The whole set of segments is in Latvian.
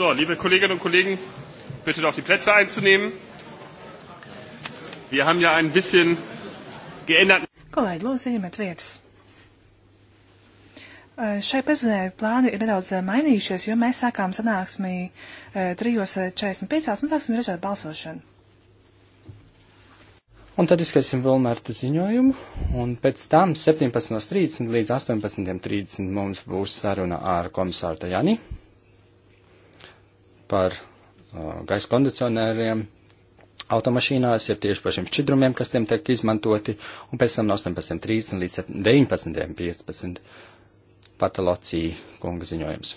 So, liebe Kolleginnen und Kollegen, bitte doch die Plätze einzunehmen. Wir haben ja ein bisschen geändert. Kolēģi, lūdzu, ieņemiet vietas. Šai pēcdienai plāni ir nedaudz mainījušies, jo mēs sākām sanāksmi 3.45 un sāksim redzēt balsošanu. Un tad izskatīsim vēl mērta ziņojumu, un pēc tam 17.30 līdz 18.30 mums būs saruna ar komisāru Tajani par uh, gaisa kondicionēriem automašīnās, ir tieši par šiem šķidrumiem, kas tiem tiek izmantoti, un pēc tam no 18.30 līdz 19.15. Patalocija kunga ziņojums.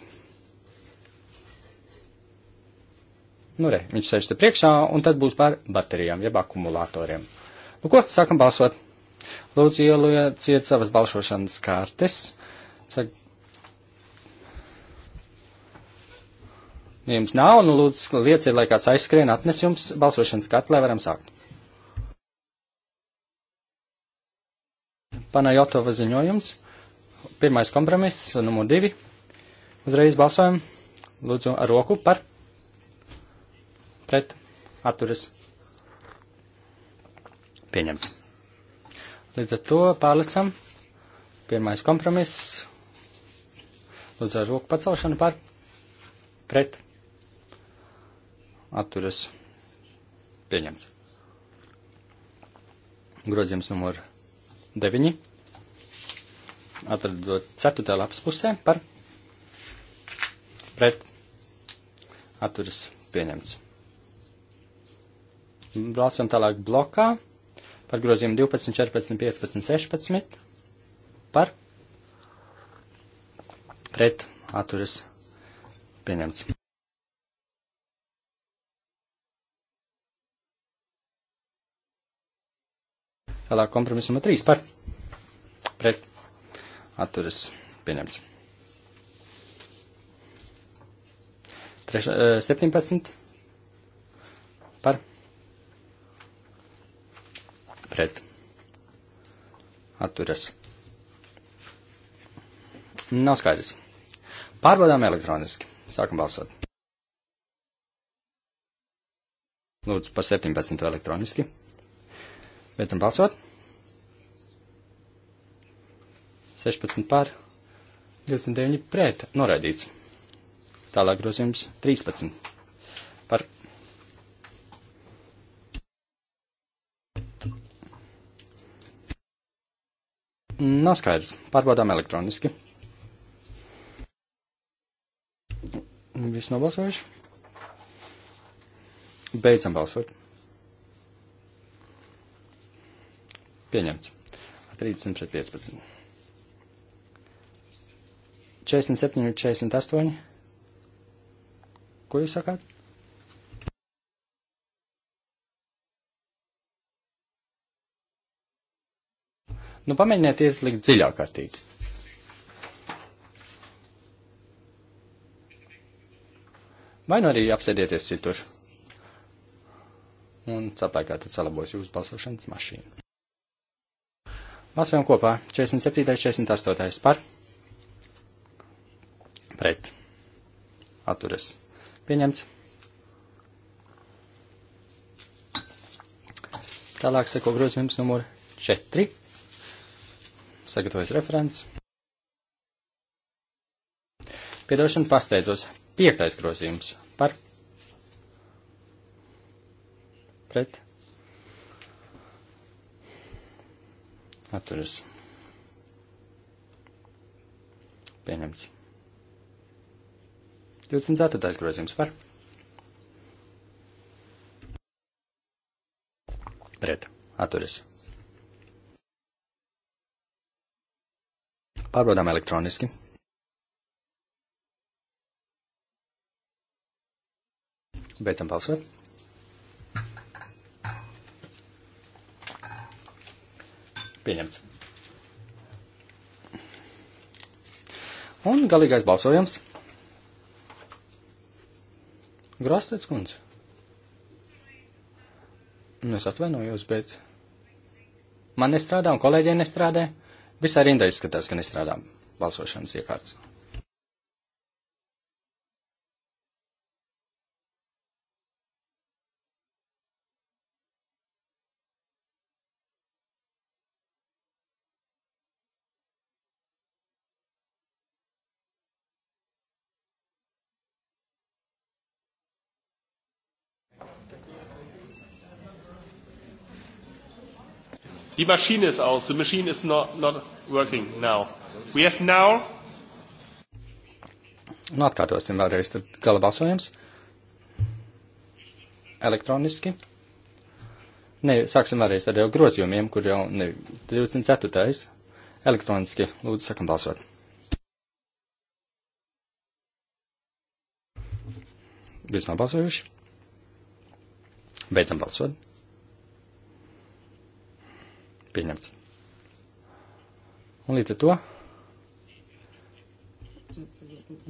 Nu, re, viņš sēž te priekšā, un tas būs par baterijām, jeb akumulatoriem. Nu, ko, sākam balsot. Lūdzu, ielieciet savas balsošanas kārtas. Sag Ja jums nav, nu lūdzu, lieciet, lai kāds aizskrien atnes jums balsošanas kartu, lai varam sākt. Panajotova ziņojums. Pirmais kompromiss, numur divi. Uzreiz balsojam. Lūdzu, ar roku par. Pret. Atturas. Pieņemts. Līdz ar to pārlecam. Pirmais kompromiss. Lūdzu, ar roku pacelšanu par. Pret atturas pieņemts. Grozījums numur 9. Atradot 4. lapas pusē par pret atturas pieņemts. Braucam tālāk blokā par grozījumu 12, 14, 15, 16 par pret atturas pieņemts. Tālāk kompromiss numur 3 par pret atturas pieņemts. Treš, 17 eh, par pret atturas. Nav skaidrs. Pārbaudām elektroniski. Sākam balsot. Lūdzu, par 17 elektroniski. Beidzam balsot. 16 pār, 29 pret, noraidīts. Tālāk grozījums 13 par. Nav skaidrs, pārbaudām elektroniski. Viss nobalsojuši? Beidzam balsot. Pieņemts. 30 pret 15. 47 ir 48. Ko jūs sakāt? Nu, pamēģiniet ieslikt dziļāk kārtīt. Vai nu arī apsēdieties citur. Un saprāt, kā tad salabos jūsu balsošanas mašīnu. Balsojam kopā 47. 48. par pret atturas pieņemts. Tālāk seko grozījums numur 4. Sagatavojas referents. Piedošana pasteidzos. Piektais grozījums par pret atturas. Pieņemts. 24. grozījums var. Pret. Atturas. Pārbaudām elektroniski. Beidzam balsot. Pieņemts. Un galīgais balsojums. Grāstēts kundze. Nu, es atvainojos, bet man nestrādā un kolēģiem nestrādā. Visā rindā izskatās, ka nestrādā balsošanas iekārtas. The machine is out. The machine is not, not working now. We have now. Nu, atkārtosim vēlreiz, tad gala balsojums. Elektroniski. Nē, sāksim vēlreiz ar jau grozījumiem, kur jau ne, 24. elektroniski. Lūdzu, sakam balsot. Viss nobalsojuši. Beidzam balsot pieņemts. Un līdz ar to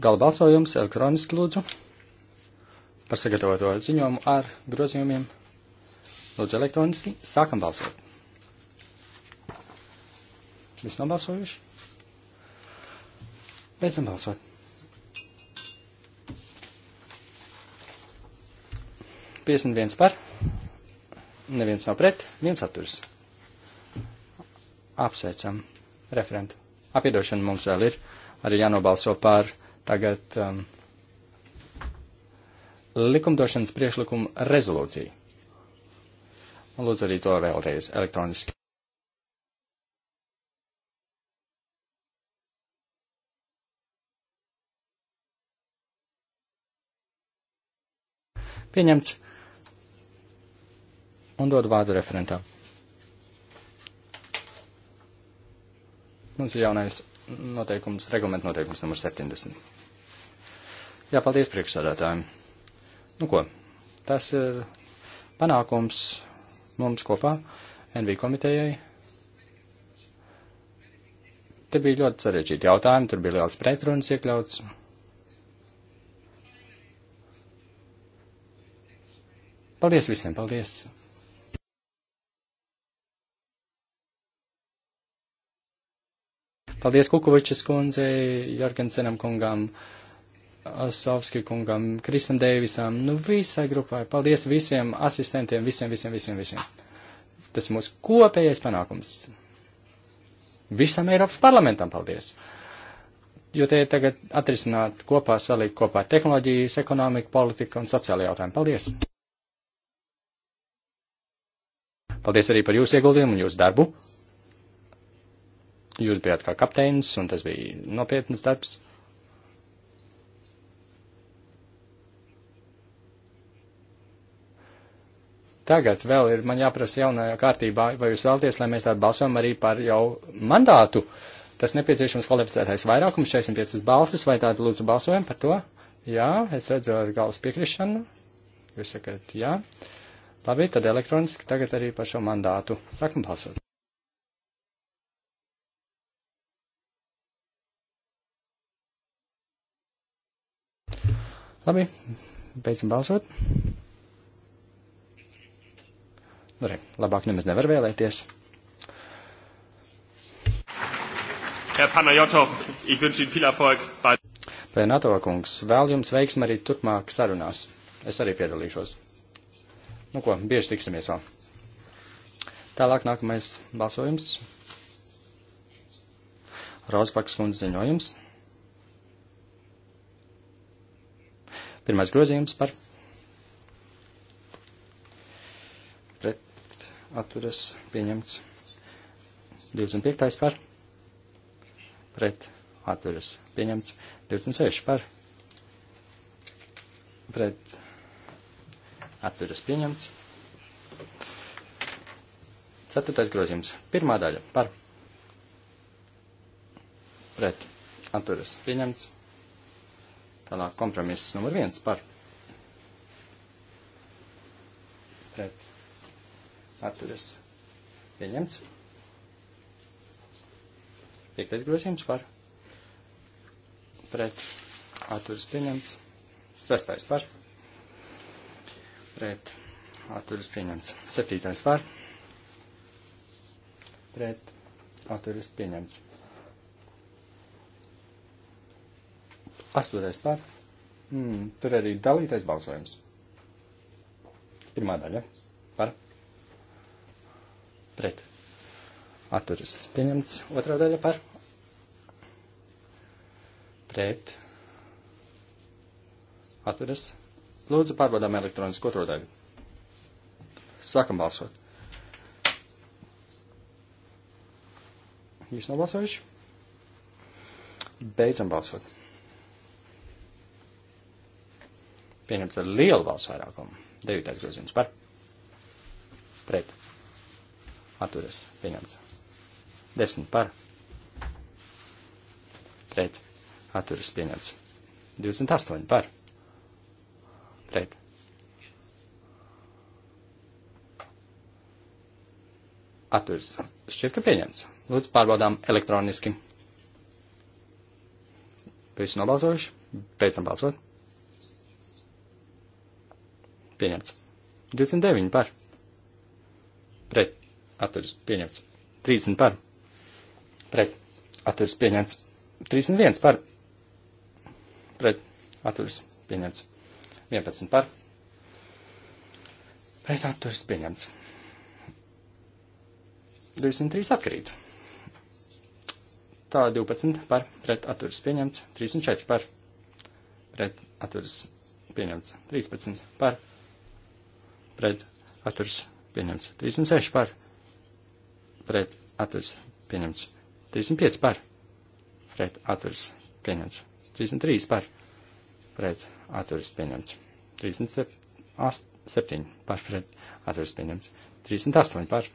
gala balsojums elektroniski lūdzu par sagatavoto ziņojumu ar grozījumiem. Lūdzu elektroniski sākam balsot. Viss nav balsojuši? Beidzam balsot. Piesdesmit viens par, neviens nav pret, viens atturs. Apsveicam referentu. Apiedošana mums vēl ir. Arī jānobalso par tagad um, likumdošanas priekšlikumu rezolūciju. Un lūdzu arī to vēlreiz elektroniski. Pieņemts. Un dod vārdu referentam. Mums ir jaunais noteikums, regulamenta noteikums numur 70. Jā, paldies priekšsādātājiem. Nu ko, tas ir eh, panākums mums kopā, NV komitejai. Te bija ļoti sarežģīti jautājumi, tur bija liels pretrunas iekļauts. Paldies visiem, paldies! Paldies Kukovičas kundzei, Jorgensenam kungam, Asovski kungam, Krisam Deivisam, nu visai grupai. Paldies visiem asistentiem, visiem, visiem, visiem, visiem. Tas ir mūsu kopējais panākums. Visam Eiropas parlamentam paldies jo tie tagad atrisināt kopā, salikt kopā tehnoloģijas, ekonomika, politika un sociāla jautājuma. Paldies! Paldies arī par jūsu ieguldījumu un jūsu darbu! Jūs bijāt kā kapteinis, un tas bija nopietnas darbs. Tagad vēl ir man jāprasa jaunajā kārtībā, vai jūs vēlties, lai mēs tādu balsojam arī par jau mandātu. Tas nepieciešams kvalificētais vairākums, 45 balsis, vai tādu lūdzu balsojam par to? Jā, es redzu ar galvas piekrišanu. Jūs sakat jā. Labi, tad elektroniski tagad arī par šo mandātu. Sākam balsot. Labi, beidzam balsot. Nu, re, labāk nemaz nevar vēlēties. Herr Panajotov, ich wünsche Ihnen viel Erfolg bei. Pēnatova kungs, vēl jums veiksmi arī turpmāk sarunās. Es arī piedalīšos. Nu ko, bieži tiksimies vēl. Tālāk nākamais balsojums. Rozbaks kundze ziņojums. Pirmais grozījums par pret atturas pieņemts. 25. par pret atturas pieņemts. 26. par pret atturas pieņemts. Ceturtais grozījums. Pirmā daļa par pret atturas pieņemts. Tālāk kompromiss numur viens par. Pret. Atturas. Pieņemts. Piektais grozījums par. Pret. Atturas pieņemts. Sestais par. Pret. Atturas pieņemts. Septītais par. Pret. Atturas pieņemts. Astotais pār. Mm, tur arī dalītais balsojums. Pirmā daļa. Par. Pret. Atturas pieņemts. Otrā daļa par. Pret. Atturas. Lūdzu, pārbaudām elektronisku otro daļu. Sākam balsot. Viss nobalsojuši? Beidzam balsot. Pieņemts ar lielu balsu vairākumu. Devītais grozījums par. Pret. Atturies. Pieņemts. Desmit par. Pret. Atturies. Pieņemts. 28 par. Pret. Atturis. Šķiet, ka pieņemts. Lūdzu, pārbaudām elektroniski. Visi nobalsojuši? Beidzam balsot. Pieņemts. 29 par. Pret. Atturis. Pieņemts. 30 par. Pret. Atturis. Pieņemts. 31 par. Pret. Atturis. Pieņemts. 11 par. Pret. Atturis. Pieņemts. 203 atkrīt. Tā 12 par. Pret. Atturis. Pieņemts. 34 par. Pret. Atturis. Pieņemts. 13 par pret atturs pieņemts. 36 par pret atturs pieņemts. 35 par pret atturs pieņemts. 33 par pret atturs pieņemts. 37 par pret atturs pieņemts. 38 par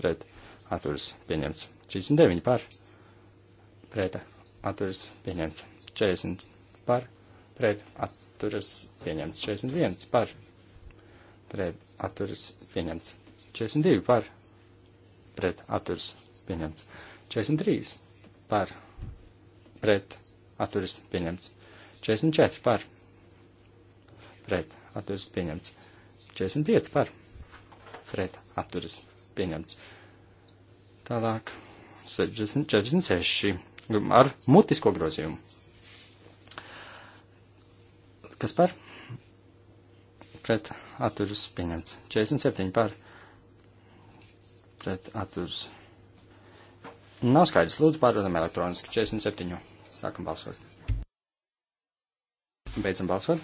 pret atturs pieņemts. 39 par pret atturs pieņemts. 40 par pret atturs pieņemts. 41 par pret pret atturas pieņemts. 42 par pret atturas pieņemts. 43 par pret atturas pieņemts. 44 par pret atturas pieņemts. 45 par pret atturas pieņemts. Tālāk 60, 46 nu, ar mutisko grozījumu. Kas par? pret atturas pieņemts. 47 par pret atturas. Nav skaidrs. Lūdzu, pārdodam elektroniski. 47. Sākam balsot. Beidzam balsot.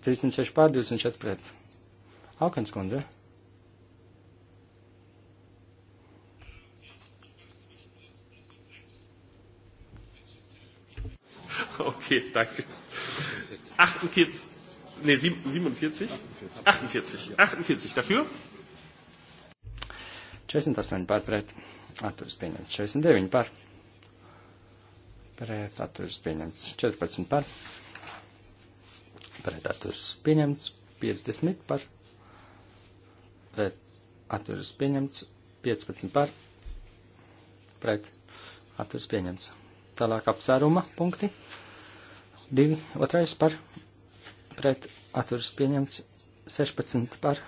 Trīsdesmit seši pār, divdesmit četri pret. Alkans kundze. Ja? Okay, danke. 48, nee, 47? 48. 48 dafür? 48 par pret. Atturis pieņemts. 69 par. Pret atturis pieņemts. 14 par. Pret atturis pieņemts. 50 par. Pret atturis pieņemts. 15 par. Pret atturis pieņemts. Tālāk apsvēruma punkti. 2, otrais par pret atturas pieņemts 16 par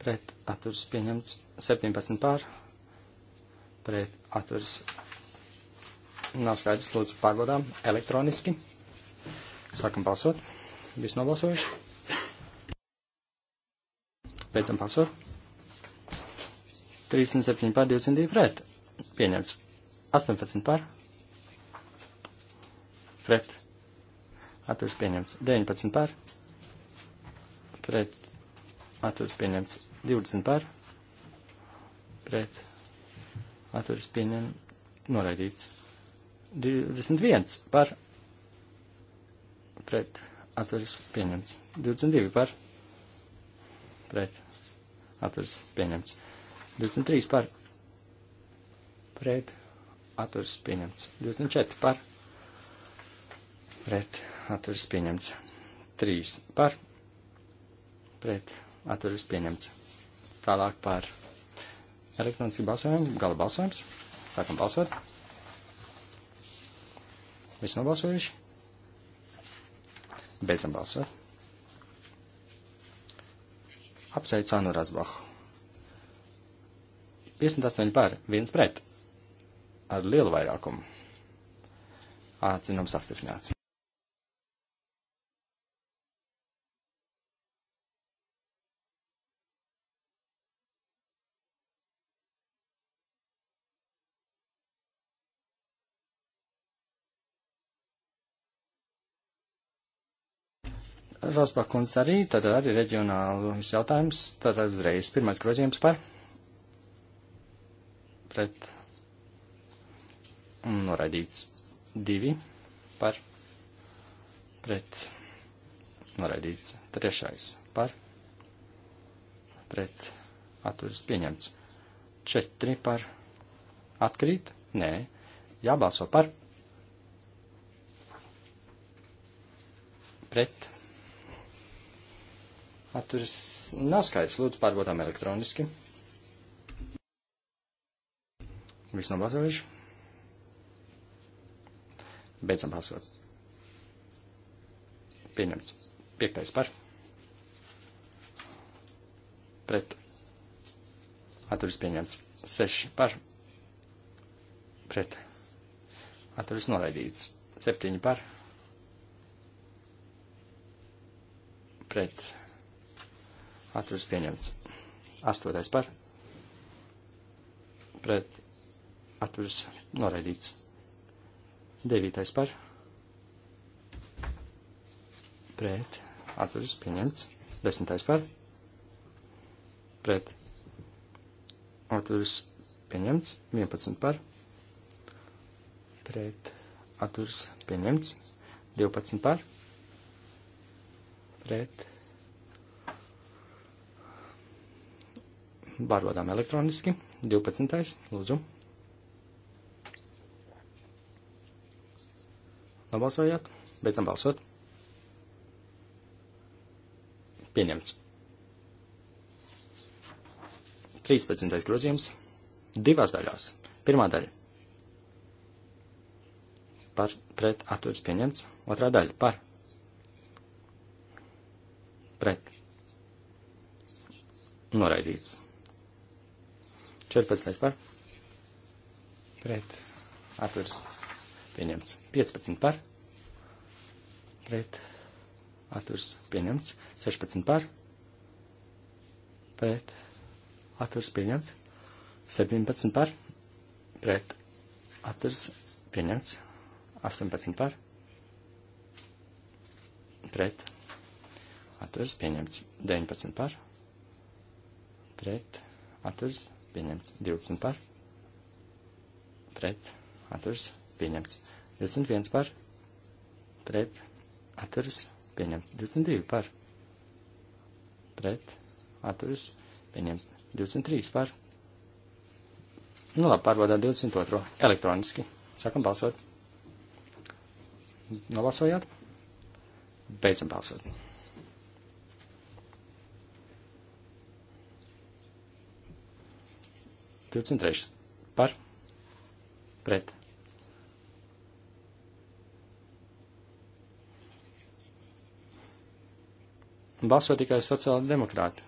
pret atturas pieņemts 17 par pret atturas nav skaidrs, lūdzu pārbaudām elektroniski. Sākam balsot. Viss nobalsojuši. Beidzam balsot. 37 par 22 pret. Pieņemts. 18 par. Pret. Atturs pieņemts 19 par. Pret. Atturs pieņemts 20 par. Pret. Atturs pieņemts noraidīts 21 par. Pret. Atturs pieņemts 22 par. Pret. Atturs pieņemts 23 par. Pret. Atturs pieņemts 24 par. Pret, pret atturas pieņemts. 3 par pret atturas pieņemts. Tālāk par elektronisku balsojumu, gala balsojums. Sākam balsot. Viss nobalsojuši. Beidzam balsot. Apsveicu Anu Razbahu. 58 par, 1 pret. Ar lielu vairākumu. Atzinums apstiprināts. Rosbakuns arī, tad arī reģionālais jautājums, tad uzreiz pirmais grozījums par pret un noraidīts divi par pret noraidīts trešais par pret atturis pieņemts četri par atkrīt, nē, jābalso par pret Atturis nav skaidrs. Lūdzu, pārbaudām elektroniski. Viss nav balsojuši. Beidzam balsot. Pieņemts. Piektais par. Pret. Atturis pieņemts. Seši par. Pret. Atturis noraidīts. Septiņi par. Pret Atturs pieņemts. Astotais par. Pret. Atturs noraidīts. Devītais par. Pret. Atturs pieņemts. Desmitais par. Pret. Atturs pieņemts. Vienpadsmit par. Pret. Atturs pieņemts. Divpadsmit par. Pret pārbaudām elektroniski. 12. lūdzu. Nobalsojāt? Beidzam balsot. Pieņemts. 13. grozījums divās daļās. Pirmā daļa par pret atturis pieņemts, otrā daļa par pret noraidīts. 14. par. Pret. Atturas. Pieņemts. 15 par. Pret. Atturas. Pieņemts. 16 par. Pret. Atturas. Pieņemts. 17 par. Pret. Atturas. Pieņemts. 18 par. Pret. Atturas. Pieņemts. 19 par. Pret. Atturas. Pieņemts pieņemts. 20 par, pret, atturas, pieņemts. 21 par, pret, atturas, pieņemts. 22 par, pret, atturas, pieņemts. 23 par. Nu labi, pārbaudām 22. elektroniski. Sākam balsot. Nolasojāt. Beidzam balsot. 23. Par. Pret. Balso tikai sociāla demokrāta.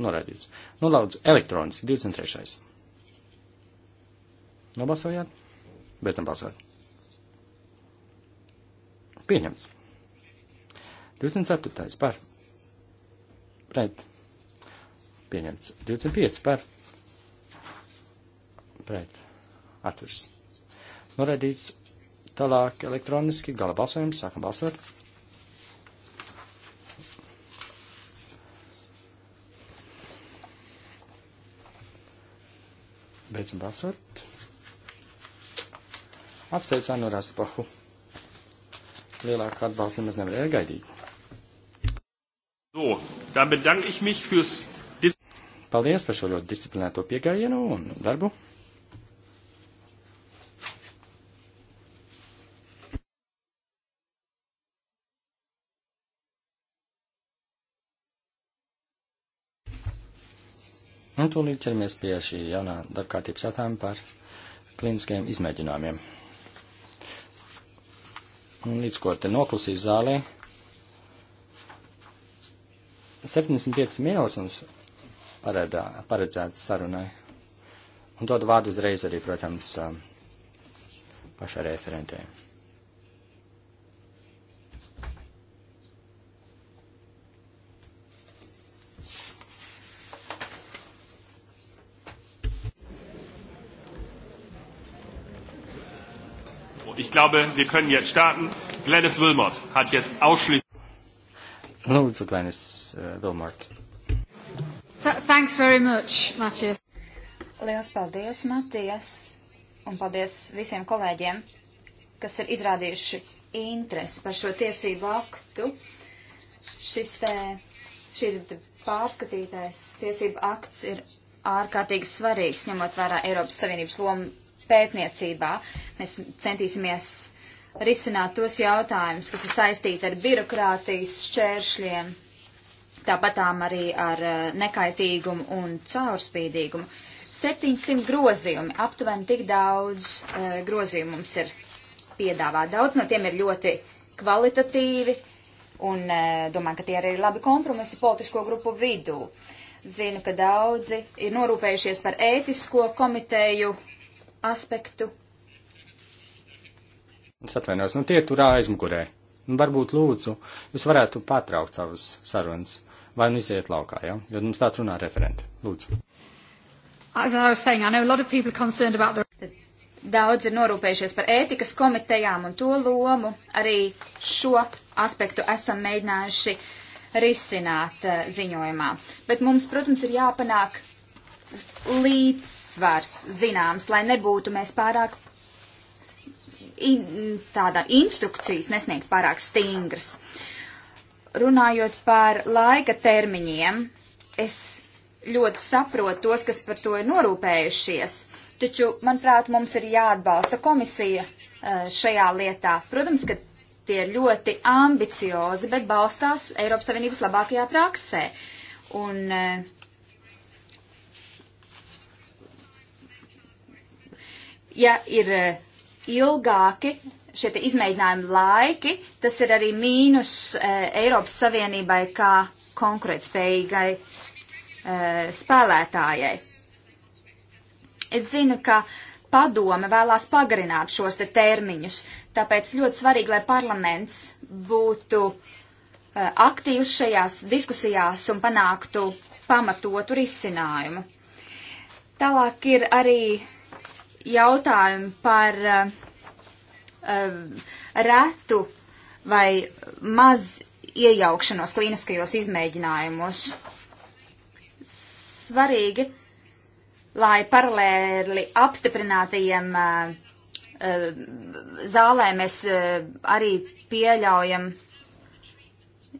Noraidīts. Nu, lūdzu, elektroniski 23. Nobalsojāt? Beidzam balsot. Pieņemts. 24. par. Pret. Pieņemts. 25 par pret atturas. Noraidīts tālāk elektroniski gala balsojums. Sākam balsot. Beidzam balsot. Apsveicām no Raspahu. Lielāku atbalstu nemaz nevarēja gaidīt. So, dann bedanke ich mich fürs Paldies par šo ļoti disciplinēto pieejamu un darbu. Un nu, tūlīt ķeramies pie šī jaunā darbkārtības jautājuma par klīniskajiem izmēģinājumiem. Un līdz ko te noklusīs zālē, 75 minūtes mums paredā, paredzēts sarunai. Un dod vārdu uzreiz arī, protams, um, pašai referentēm. glaube, wir können jetzt starten. Glennis Wilmot hat jetzt ausschließlich. Lūdzu, Glennis uh, Wilmot. Th thanks very much, Matijas. Liels paldies, Matijas, un paldies visiem kolēģiem, kas ir izrādījuši interesi par šo tiesību aktu. Šis te, šī pārskatītais tiesību akts ir ārkārtīgi svarīgs, ņemot vērā Eiropas Savienības lomu pētniecībā. Mēs centīsimies risināt tos jautājumus, kas ir saistīti ar birokrātijas šķēršļiem, tāpatām arī ar eh, nekaitīgumu un caurspīdīgumu. 700 grozījumi, aptuveni tik daudz uh, grozījumu mums ir piedāvāt. Daudz no tiem ir ļoti kvalitatīvi, un uh, domāju, ka tie arī ir labi kompromisi politisko grupu vidū. Zinu, ka daudzi ir norūpējušies par ētisko komiteju aspektu. Es atvainos, nu tie tur aizmugurē. Nu, varbūt lūdzu, jūs varētu pārtraukt savas sarunas vai nu iziet laukā, ja? jo mums tā runā referenti. Lūdzu. Saying, the... Daudz ir norūpējušies par ētikas komitejām un to lomu. Arī šo aspektu esam mēģinājuši risināt eh, ziņojumā. Bet mums, protams, ir jāpanāk līdz uzsvars zināms, lai nebūtu mēs pārāk in, tādā instrukcijas nesniegt pārāk stingras. Runājot par laika termiņiem, es ļoti saprotu tos, kas par to ir norūpējušies, taču, manuprāt, mums ir jāatbalsta komisija e, šajā lietā. Protams, ka tie ir ļoti ambiciozi, bet balstās Eiropas Savienības labākajā praksē. Un uh, ja ir eh, ilgāki šie izmēģinājumi laiki, tas ir arī mīnus eh, Eiropas Savienībai kā konkurētspējīgai eh, spēlētājai. Es zinu, ka padome vēlās pagarināt šos te termiņus, tāpēc ļoti svarīgi, lai parlaments būtu aktīvs šajās diskusijās un panāktu pamatotu risinājumu. Tālāk ir arī jautājumi par eh, retu vai maz iejaukšanos klīniskajos izmēģinājumos. Svarīgi, lai paralēli apstiprinātajiem eh, zālē mēs eh, arī pieļaujam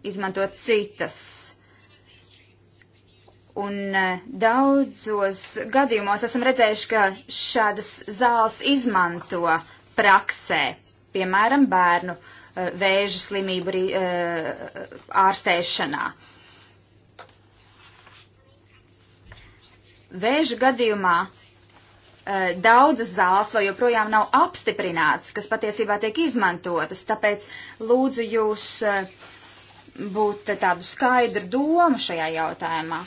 izmantot citas Un e, daudzos gadījumos esam redzējuši, ka šādas zāles izmanto praksē, piemēram, bērnu e, vēža slimību e, ārstēšanā. Vēža gadījumā daudzas zāles vēl joprojām nav apstiprināts, kas patiesībā tiek izmantotas, tāpēc lūdzu jūs būt tādu skaidru domu šajā jautājumā.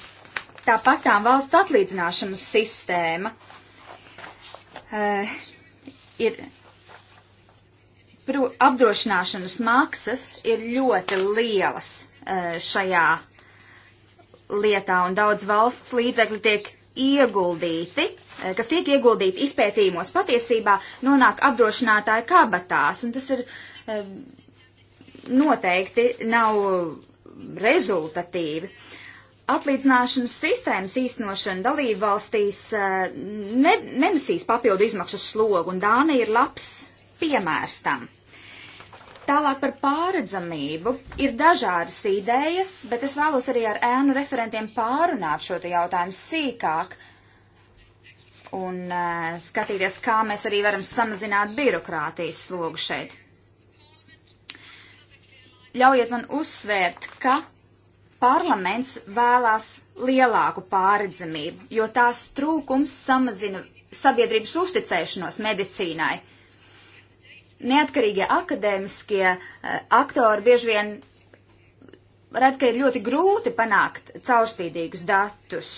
Tāpatām valsts atlīdzināšanas sistēma uh, ir pru, apdrošināšanas maksas ir ļoti lielas uh, šajā lietā, un daudz valsts līdzekļi tiek ieguldīti, uh, kas tiek ieguldīti izpētījumos, patiesībā nonāk apdrošinātāju kabatās, un tas ir uh, noteikti nav rezultatīvi. Uh, atlīdzināšanas sistēmas īstenošana dalību valstīs eh, ne, nenesīs papildu izmaksu slogu, un Dānija ir labs piemērs tam. Tālāk par pāredzamību. Ir dažādas idejas, bet es vēlos arī ar ēnu referentiem pārunāt šo jautājumu sīkāk un uh, skatīties, kā mēs arī varam samazināt birokrātijas slogu šeit. Ļaujiet man uzsvērt, ka Parlaments vēlās lielāku pāredzamību, jo tās trūkums samazina sabiedrības uzticēšanos medicīnai. Neatkarīgie akadēmiskie eh, aktori bieži vien redz, ka ir ļoti grūti panākt caurspīdīgus datus,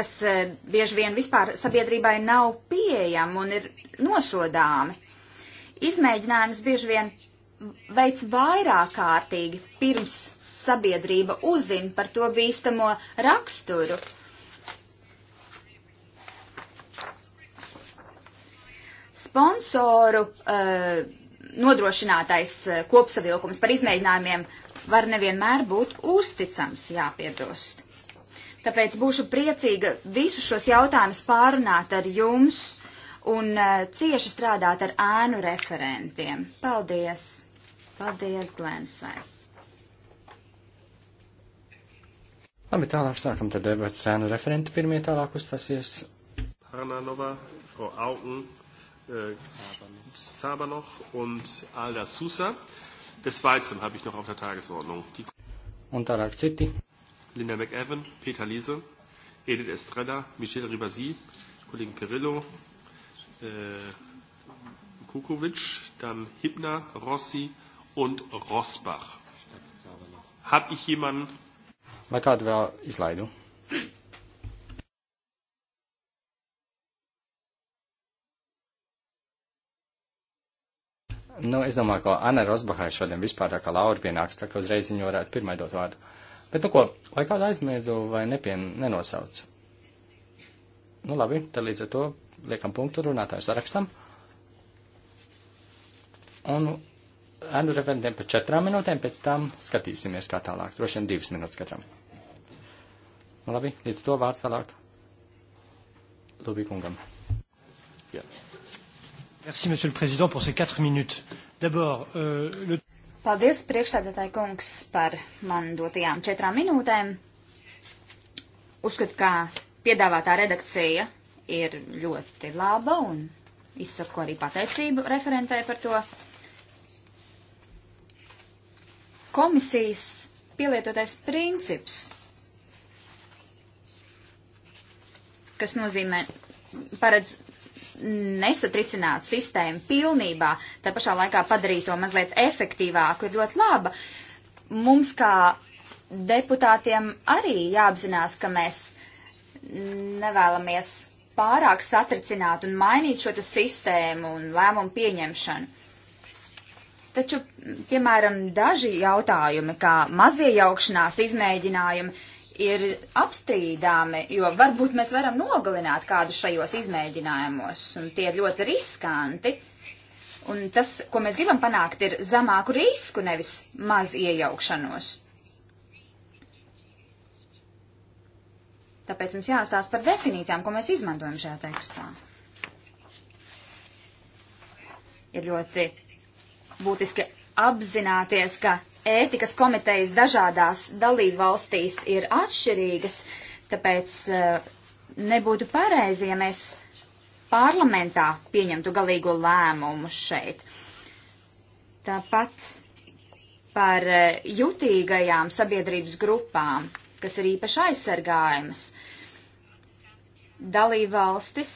kas eh, bieži vien vispār sabiedrībai nav pieejami un ir nosodāmi. Izmēģinājums bieži vien veids vairāk kārtīgi pirms sabiedrība uzzina par to bīstamo raksturu. Sponsoru uh, nodrošinātais eh, kopsavilkums par izmēģinājumiem var nevienmēr būt uzticams, jāpiebilst. Tāpēc būšu priecīga visus šos jautājumus pārunāt ar jums un uh, cieši strādāt ar ēnu referentiem. Paldies! Paldies, Glensai! Labi, tālāk sākam tad debats cēnu referenti pirmie tālāk uzstāsies. Hananova, Frau Auken, Zabanoch äh, und Alda Sousa. Des Weiteren habe ich noch auf der Tagesordnung die und Tarak City, Linda McEwan, Peter Liese, Edith Estrella, Michel Ribasi, Kollegen Perillo, äh, Kukovic, dann Hibner, Rossi und Rosbach. Habe ich jemanden Vai kādu vēl izlaidu? Nu, es domāju, ka Anna Rosbahai šodien vispār tā kā Laura pienāks, tā ka uzreiz viņu varētu pirmai dot vārdu. Bet, nu ko, vai kādu aizmiedzu vai nepien, nenosauc? Nu, labi, tad līdz ar to liekam punktu runātāju sarakstam. Un ēnu referentiem par četrām minūtēm, pēc tam skatīsimies, kā tālāk. Droši vien divas minūtes katram. Nu, labi, līdz to vārds tālāk. Lubikungam. Yeah. Merci, Monsieur le Président, pour ces quatre minutes. D'abord, euh, le... Paldies, priekšstādātāji kungs, par man dotajām četrām minūtēm. Uzskatu, ka piedāvātā redakcija ir ļoti laba un izsaku arī pateicību referentē par to. Komisijas pielietotais princips kas nozīmē paredz nesatricināt sistēmu pilnībā, tā pašā laikā padarīt to mazliet efektīvāku, ir ļoti laba. Mums kā deputātiem arī jāapzinās, ka mēs nevēlamies pārāk satricināt un mainīt šo sistēmu un lēmumu pieņemšanu. Taču, piemēram, daži jautājumi, kā maziejaukšanās izmēģinājumi, ir apstrīdāmi, jo varbūt mēs varam nogalināt kādu šajos izmēģinājumos, un tie ir ļoti riskanti. Un tas, ko mēs gribam panākt, ir zemāku risku, nevis maz iejaukšanos. Tāpēc mums jāstāsta par definīcijām, ko mēs izmantojam šajā tekstā. Ir ļoti būtiski apzināties, ka ētikas komitejas dažādās dalību valstīs ir atšķirīgas, tāpēc eh, nebūtu pareizi, ja mēs parlamentā pieņemtu galīgo lēmumu šeit. Tāpat par eh, jutīgajām sabiedrības grupām, kas ir īpaši aizsargājamas. Dalībvalstis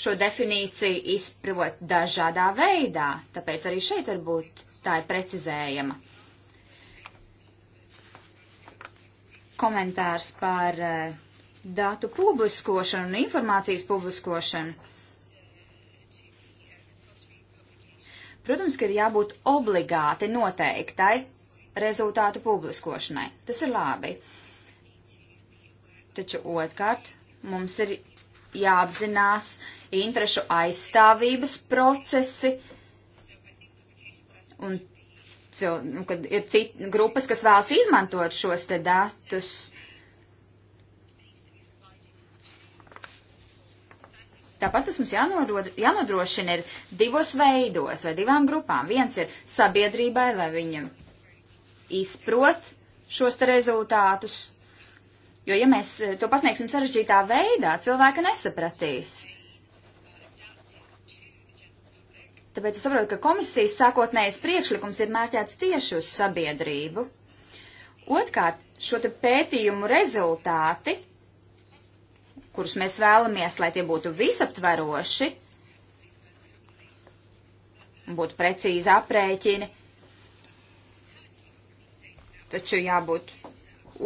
šo definīciju izprot dažādā veidā, tāpēc arī šeit var būt tā ir precizējama. Komentārs par eh, datu publiskošanu un informācijas publiskošanu. Protams, ka ir jābūt obligāti noteiktai rezultātu publiskošanai. Tas ir labi. Taču otrkārt, mums ir jāapzinās interešu aizstāvības procesi, uh, Un, cil, un nu, kad ir cit, grupas, kas vēlas izmantot šos te datus. Tāpat tas mums jānorod, jānodrošina ir divos veidos vai divām grupām. Viens ir sabiedrībai, lai viņa izprot šos te rezultātus. Jo, ja mēs to pasniegsim sarežģītā veidā, cilvēki nesapratīs. Tāpēc es saprotu, ka komisijas sākotnējais priekšlikums ir mērķēts tieši uz sabiedrību. Otkārt, šo te pētījumu rezultāti, kurus mēs vēlamies, lai tie būtu visaptveroši, būtu precīzi aprēķini, taču jābūt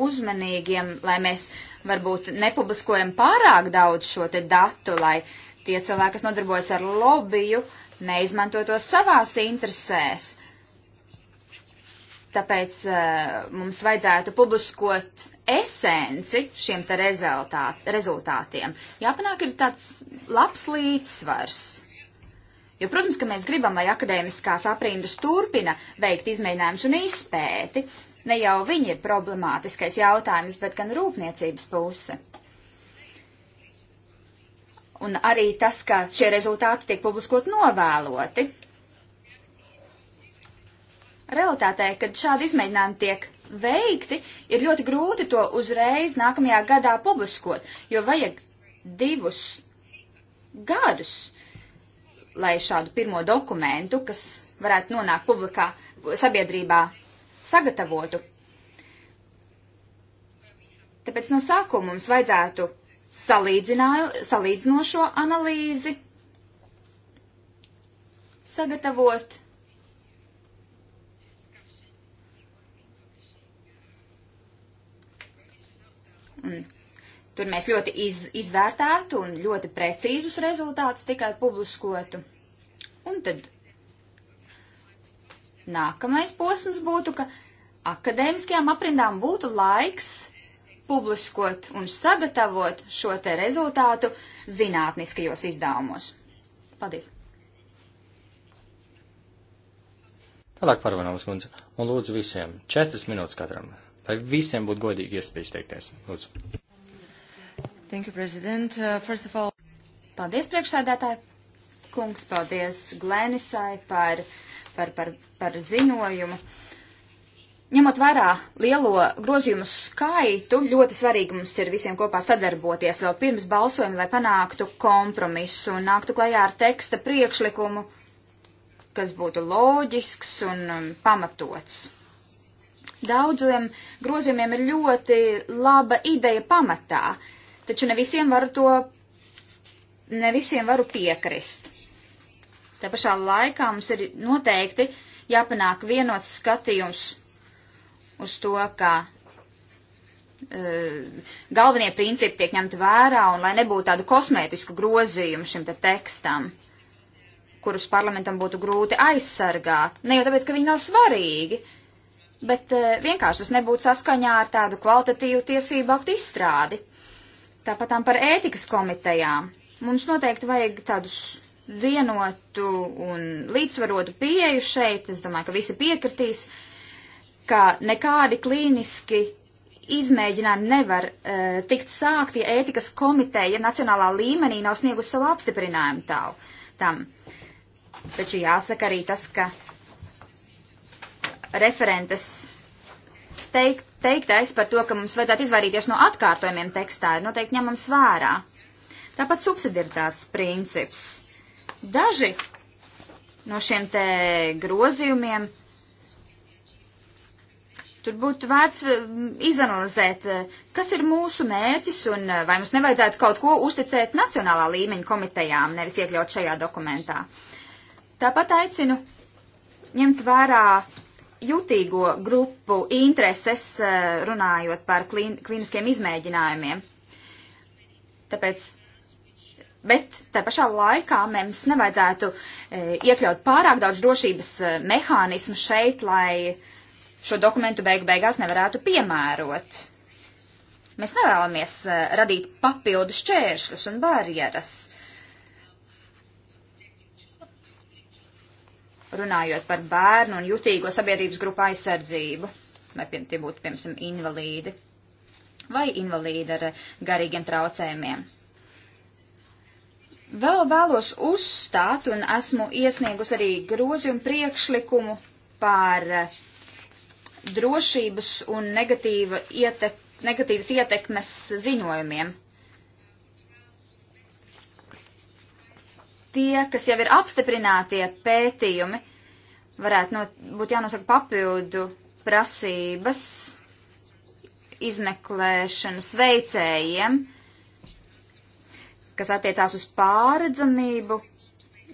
uzmanīgiem, lai mēs varbūt nepubliskojam pārāk daudz šo te datu, lai tie cilvēki, kas nodarbojas ar lobiju, uh, neizmanto to savās interesēs. Tāpēc uh, mums vajadzētu publiskot esenci šiem te rezultāt, rezultātiem. Jāpanāk ir tāds labs līdzsvars. Jo, protams, ka mēs gribam, lai akadēmiskās aprindas turpina veikt izmēģinājumus un izpēti. Ne jau viņi ir problemātiskais jautājums, bet gan rūpniecības puse un arī tas, ka šie rezultāti tiek publiskot novēloti. Realtātē, kad šādi izmēģinājumi tiek veikti, ir ļoti grūti to uzreiz nākamajā gadā publiskot, jo vajag divus gadus, lai šādu pirmo dokumentu, kas varētu nonākt publikā sabiedrībā, sagatavotu. Tāpēc no sākuma mums vajadzētu salīdzinošo analīzi sagatavot. Un tur mēs ļoti iz, izvērtētu un ļoti precīzus rezultātus tikai publiskotu. Un tad nākamais posms būtu, ka akadēmiskajām aprindām būtu laiks publiskot un sagatavot šo te rezultātu zinātniskajos izdevumos. Paldies! Tālāk parvanovas kundze, un lūdzu visiem, četras minūtes katram, lai visiem būtu godīgi iespēja izteikties. Lūdzu. Thank you, President. Uh, first of all. Paldies, priekšsēdētāji. Kungs, paldies Glēnisai par, par, par, par ziņojumu. Uh, Ņemot vērā lielo grozījumu skaitu, ļoti svarīgi mums ir visiem kopā sadarboties vēl pirms balsojuma, lai panāktu kompromisu un nāktu klajā ar teksta priekšlikumu, kas būtu loģisks un um, pamatots. Daudziem grozījumiem ir ļoti laba ideja pamatā, taču ne visiem varu to, ne visiem varu piekrist. Te pašā laikā mums ir noteikti jāpanāk vienots skatījums uz to, ka e, galvenie principi tiek ņemti vērā un lai nebūtu tādu kosmētisku grozījumu šim te tekstam, kurus parlamentam būtu grūti aizsargāt. Ne jau tāpēc, ka viņi nav svarīgi, bet e, vienkārši tas nebūtu saskaņā ar tādu kvalitatīvu tiesību aktu izstrādi. Tāpatām par ētikas komitejām. Mums noteikti vajag tādus vienotu un līdzsvarotu pieeju šeit. Es domāju, ka visi piekritīs. Uh, ka nekādi klīniski izmēģinājumi nevar uh, tikt sākti, ja ētikas komiteja nacionālā līmenī nav sniegusi savu apstiprinājumu tālu tam. Taču jāsaka arī tas, ka referentes teikt, teiktais par to, ka mums vajadzētu izvairīties no atkārtojumiem tekstā, ir noteikti ņemams vērā. Tāpat subsidiaritātes princips. Daži no šiem te grozījumiem Tur būtu vērts izanalizēt, e, kas ir mūsu mērķis un e, vai mums nevajadzētu kaut ko uzticēt nacionālā līmeņa komitejām, nevis iekļaut šajā dokumentā. Tāpat aicinu ņemt vērā jutīgo grupu intereses, e, runājot par klīn, klīniskiem izmēģinājumiem. Tāpēc, bet tā pašā laikā mums nevajadzētu iekļaut pārāk daudz drošības mehānismu šeit, lai uh, šo dokumentu beigu beigās nevarētu piemērot. Mēs nevēlamies eh, radīt papildu šķēršļus un barjeras. Runājot par bērnu un jutīgo sabiedrības grupu aizsardzību, vai pie, tie būtu, piemēram, invalīdi vai invalīdi ar eh, garīgiem traucējumiem. Vēl vēlos uzstāt un esmu iesniegus arī grozījumu priekšlikumu par uh, drošības un negatīva ietek, negatīvas ietekmes ziņojumiem. Tie, kas jau ir apstiprinātie pētījumi, varētu no, būt jānosaka papildu prasības izmeklēšanas veicējiem, kas attiecās uz pāredzamību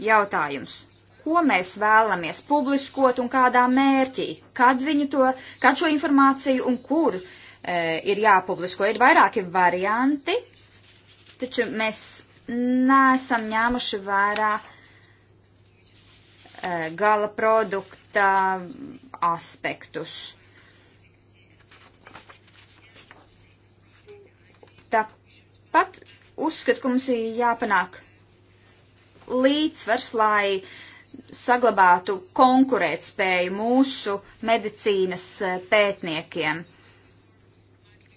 jautājums ko mēs vēlamies publiskot un kādā mērķī, kad, to, kad šo informāciju un kur e, ir jāpublisko. Ir vairāki varianti, taču mēs neesam ņēmuši vērā e, gala produkta aspektus. Tāpat uzskatu, ka mums ir jāpanāk līdzsvars, lai uh, saglabātu konkurētspēju mūsu medicīnas eh, pētniekiem.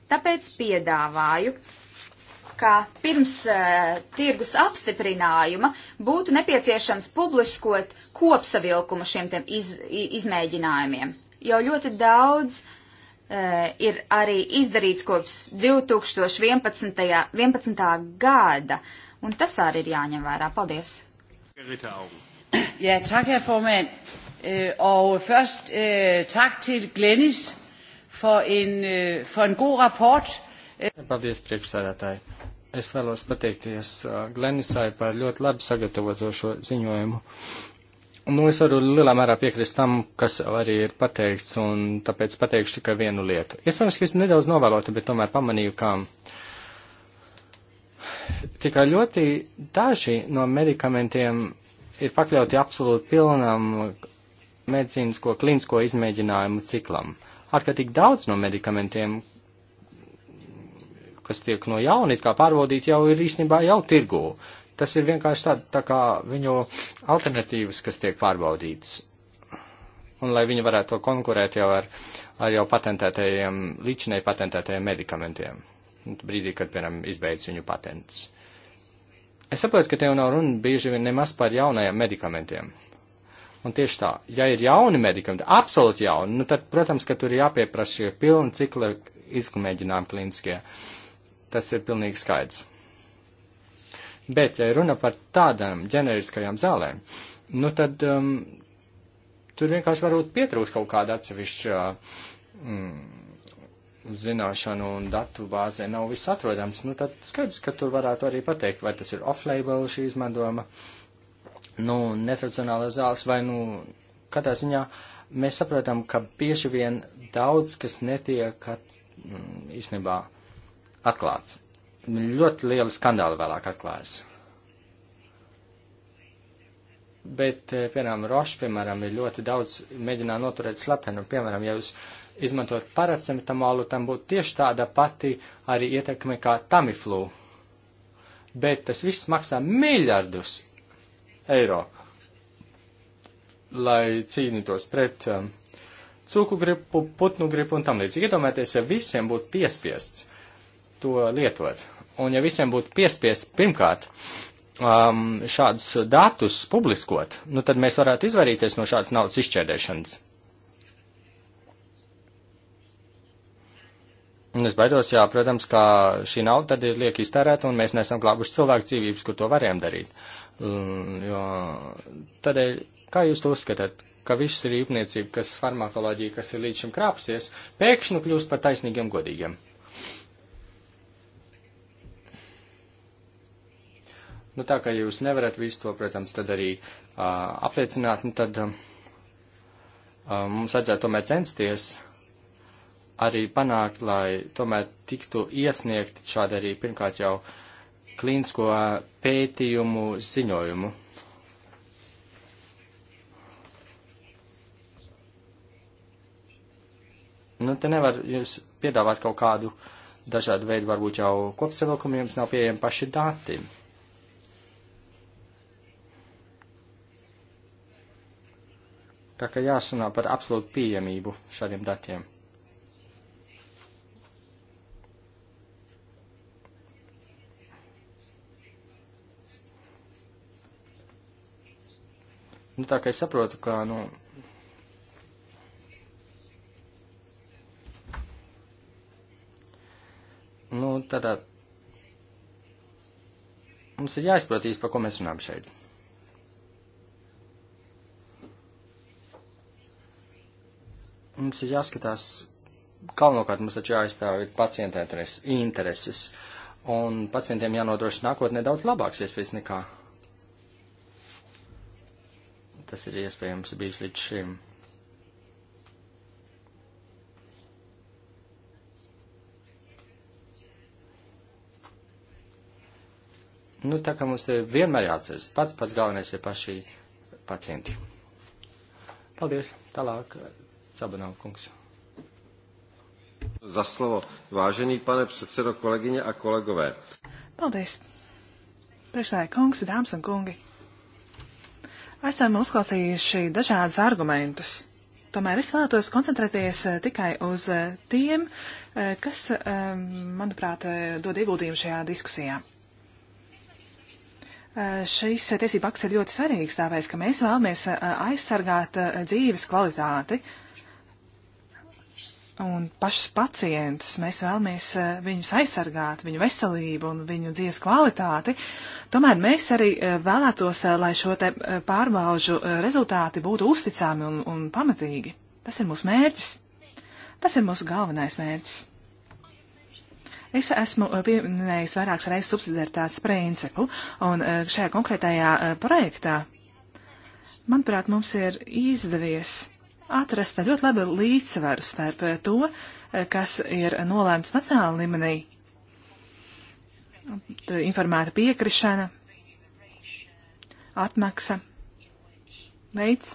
Tāpēc piedāvāju, ka pirms uh, tirgus apstiprinājuma būtu nepieciešams publiskot kopsavilkumu šiem iz, izmēģinājumiem. Jau ļoti daudz uh, ir arī izdarīts kopš 2011. 11. gada, un tas arī ir jāņem vērā. Paldies! Gerita Augen. Ja, tak herr formand. Øh, og først øh, tak til Glennis for en, øh, for en god rapport. Paldies, priekšsēdētāji. Es vēlos pateikties uh, Glenisai par ļoti labi sagatavoto šo ziņojumu. Nu, es varu lielā mērā piekrist tam, kas arī ir pateikts, un tāpēc pateikšu tikai vienu lietu. Iespējams, ka es nedaudz novēlotu, bet tomēr pamanīju, ka tikai ļoti daži no medikamentiem ir pakļauti absolūti pilnam medicīnisko klinisko izmēģinājumu ciklam. Ārkārtīgi daudz no medikamentiem, kas tiek no jauna it kā pārbaudīti, jau ir īstenībā jau tirgū. Tas ir vienkārši tā, tā kā viņu alternatīvas, kas tiek pārbaudītas. Un lai viņi varētu to konkurēt jau ar, ar jau patentētajiem, līdšanai patentētajiem medikamentiem. Brīdī, kad, piemēram, izbeidz viņu patents. Uh, Es saprotu, ka te jau nav runa bieži vien nemaz par jaunajiem medikamentiem. Un tieši tā, ja ir jauni medikamenti, absolūti jauni, nu tad, protams, ka tur ir jāpieprasa šie pilni cikla izkumēģinājumi klīniskie. Tas ir pilnīgi skaidrs. Bet, ja runa par tādām ģeneriskajām zālēm, nu tad um, tur vienkārši varbūt pietrūks kaut kāda atsevišķa uh, mm, zināšanu un datu bāzē nav viss atrodams, nu tad skaidrs, ka tur varētu arī pateikt, vai tas ir off-label šī izmantojuma, nu, netradicionāla zāles, vai, nu, katrā ziņā mēs saprotam, ka bieži vien daudz, kas netiek at, m, mm, īstenībā atklāts. Ļoti liela skandāla vēlāk atklājas. Bet, eh, piemēram, Roša, piemēram, ir ļoti daudz mēģinā noturēt slepenu, piemēram, ja jūs. Uz izmantot paracetamolu, tam būtu tieši tāda pati arī ietekme kā tamiflū. Bet tas viss maksā miljardus eiro, lai cīnītos pret um, cūku gripu, putnu gripu un tam līdzīgi. Iedomājieties, ja visiem būtu piespiests to lietot, un ja visiem būtu piespiests pirmkārt um, šādus datus publiskot, nu tad mēs varētu izvairīties no šādas naudas izšķērdēšanas. Es baidos, jā, protams, ka šī nauda tad ir liek iztērēta, un mēs nesam glābuši cilvēku dzīvības, kur to varējām darīt. Um, jo tādēļ, kā jūs to uzskatāt, ka viss ir rīpniecība, kas farmakoloģija, kas ir līdz šim krāpsies, pēkšņi kļūst par taisnīgiem godīgiem? Nu, tā kā jūs nevarat visu to, protams, tad arī uh, apliecināt, nu, tad uh, mums vajadzētu tomēr censties. Uh, arī panākt, lai tomēr tiktu iesniegt šādi arī pirmkārt jau klīnisko pētījumu ziņojumu. Nu, te nevar jūs piedāvāt kaut kādu dažādu veidu, varbūt jau kopsavilkumu, jums nav pieejami paši dati. Tā kā jāsanā par absolūtu pieejamību šādiem datiem. Nu, tā kā es saprotu, ka, nu, nu, tādā, mums ir jāizprot īsti, par ko mēs runājam šeit. Mums ir jāskatās, galvenokārt mums taču jāaizstāv ir pacienta intereses, un pacientiem jānodrošina nākotnē daudz labāks iespējas nekā tas ir iespējams bijis līdz šim. Nu, tā kā mums te vienmēr jāatceras, pats pats galvenais ir paši pacienti. Paldies. Tālāk, Cabanov kungs. Za slovo. Vážený pane předsedo, kolegyně a kolegové. Paldies. Priekšsēdētāji kungs, dāmas un kungi. Esam uzklausījuši dažādus argumentus. Tomēr es vēlētos koncentrēties eh, tikai uz eh, tiem, eh, kas, manuprāt, dod ieguldījumu šajā diskusijā. Šis tiesība akts ir ļoti svarīgs, tāpēc, ka mēs vēlamies aizsargāt dzīves kvalitāti, uh, un pašus pacientus, mēs vēlamies eh, viņus aizsargāt, viņu veselību un viņu dzīves kvalitāti, tomēr mēs arī eh, vēlētos, eh, lai šo te pārbaužu rezultāti būtu uzticami un, un pamatīgi. Tas ir mūsu mērķis. Tas ir mūsu galvenais mērķis. Es esmu pieminējis vairākas reizes subsidiaritātes principu, un šajā konkrētajā projektā, manuprāt, mums ir izdevies atrast ļoti labu līdzsvaru starp eh, to, eh, kas ir nolēmts nacionāla līmenī, informēta piekrišana, atmaksa, veids,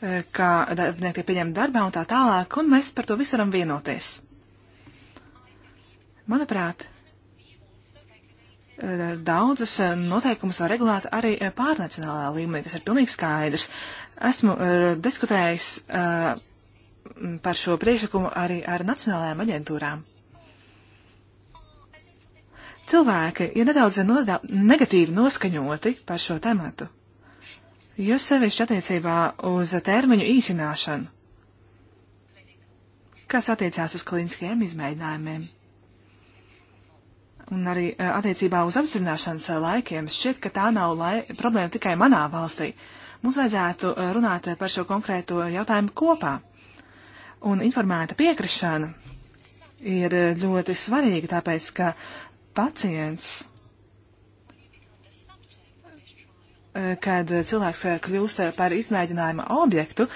eh, kā darbinieki tiek pieņemti darbā un tā tālāk, un mēs par to visu varam vienoties. Manuprāt, Daudzas eh, noteikumus var regulēt arī eh, pārnacionālā līmenī, tas ir pilnīgi skaidrs. Esmu eh, diskutējis par šo priekšlikumu arī ar nacionālajām aģentūrām. Cilvēki ir nedaudz negatīvi noskaņoti par šo tematu, jo sevišķi attiecībā uz termiņu īsināšanu, kas attiecās uz klīniskiem izmēģinājumiem un arī eh, attiecībā uz apstiprināšanas eh, laikiem šķiet, ka tā nav lai, problēma tikai manā valstī. Mums vajadzētu eh, runāt par šo konkrēto jautājumu kopā. Un informēta piekrišana ir ļoti svarīga, tāpēc ka pacients, kad cilvēks kļūst par izmēģinājuma objektu,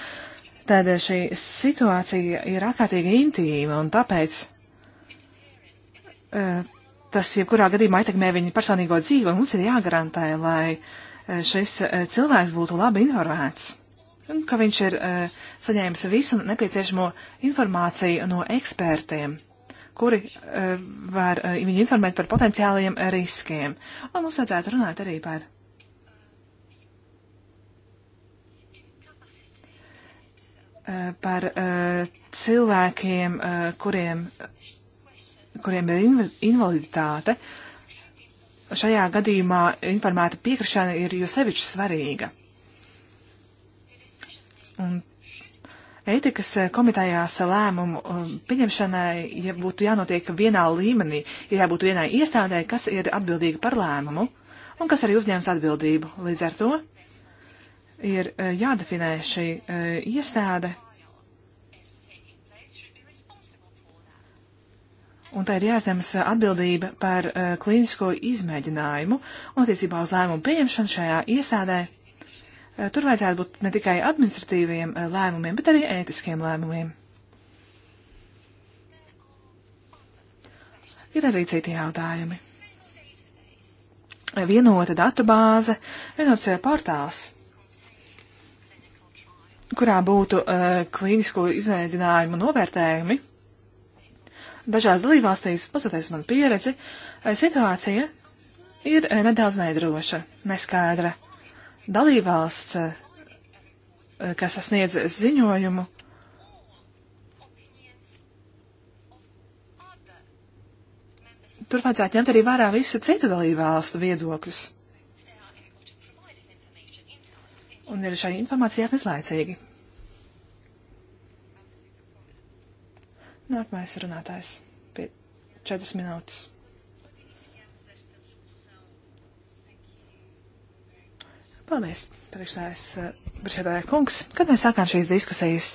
tad šī situācija ir ārkārtīgi intīma un tāpēc tas jebkurā gadījumā ietekmē viņu personīgo dzīvi, un mums ir jāgarantē, lai e, šis e, cilvēks būtu labi informēts, un ka viņš ir e, saņēmis visu nepieciešamo informāciju no ekspertiem kuri var viņu informēt par potenciāliem riskiem. Un mums vajadzētu runāt arī par par cilvēkiem, kuriem kuriem ir inv invaliditāte, šajā gadījumā informēta piekrišana ir jo sevišķi svarīga. Un ētikas komitējās lēmumu um, pieņemšanai, ja būtu jānotiek vienā līmenī, ir jābūt vienai iestādē, kas ir atbildīga par lēmumu un kas arī uzņēmas atbildību. Līdz ar to ir uh, jādefinē šī uh, iestāde, un tā ir jāzemas atbildība par uh, klīnisko izmēģinājumu un attiecībā uz lēmumu pieņemšanu šajā iestādē. Uh, tur vajadzētu būt ne tikai administratīviem uh, lēmumiem, bet arī ētiskiem lēmumiem. Ir arī citi jautājumi. Vienota datubāze, vienots portāls kurā būtu uh, klīnisko izmēģinājumu novērtējumi, dažās dalībvalstīs, paskatoties man pieredzi, eh, situācija ir eh, nedaudz nedroša, neskaidra. Dalībvalsts, eh, kas sasniedz ziņojumu, tur vajadzētu ņemt arī vērā visu citu dalībvalstu viedokļus. Un ir šai informācijās neslaicīgi. Nākamais runātājs pie 4 minūtes. Paldies, eh, priekšsēdētāja kungs. Kad mēs sākām šīs diskusijas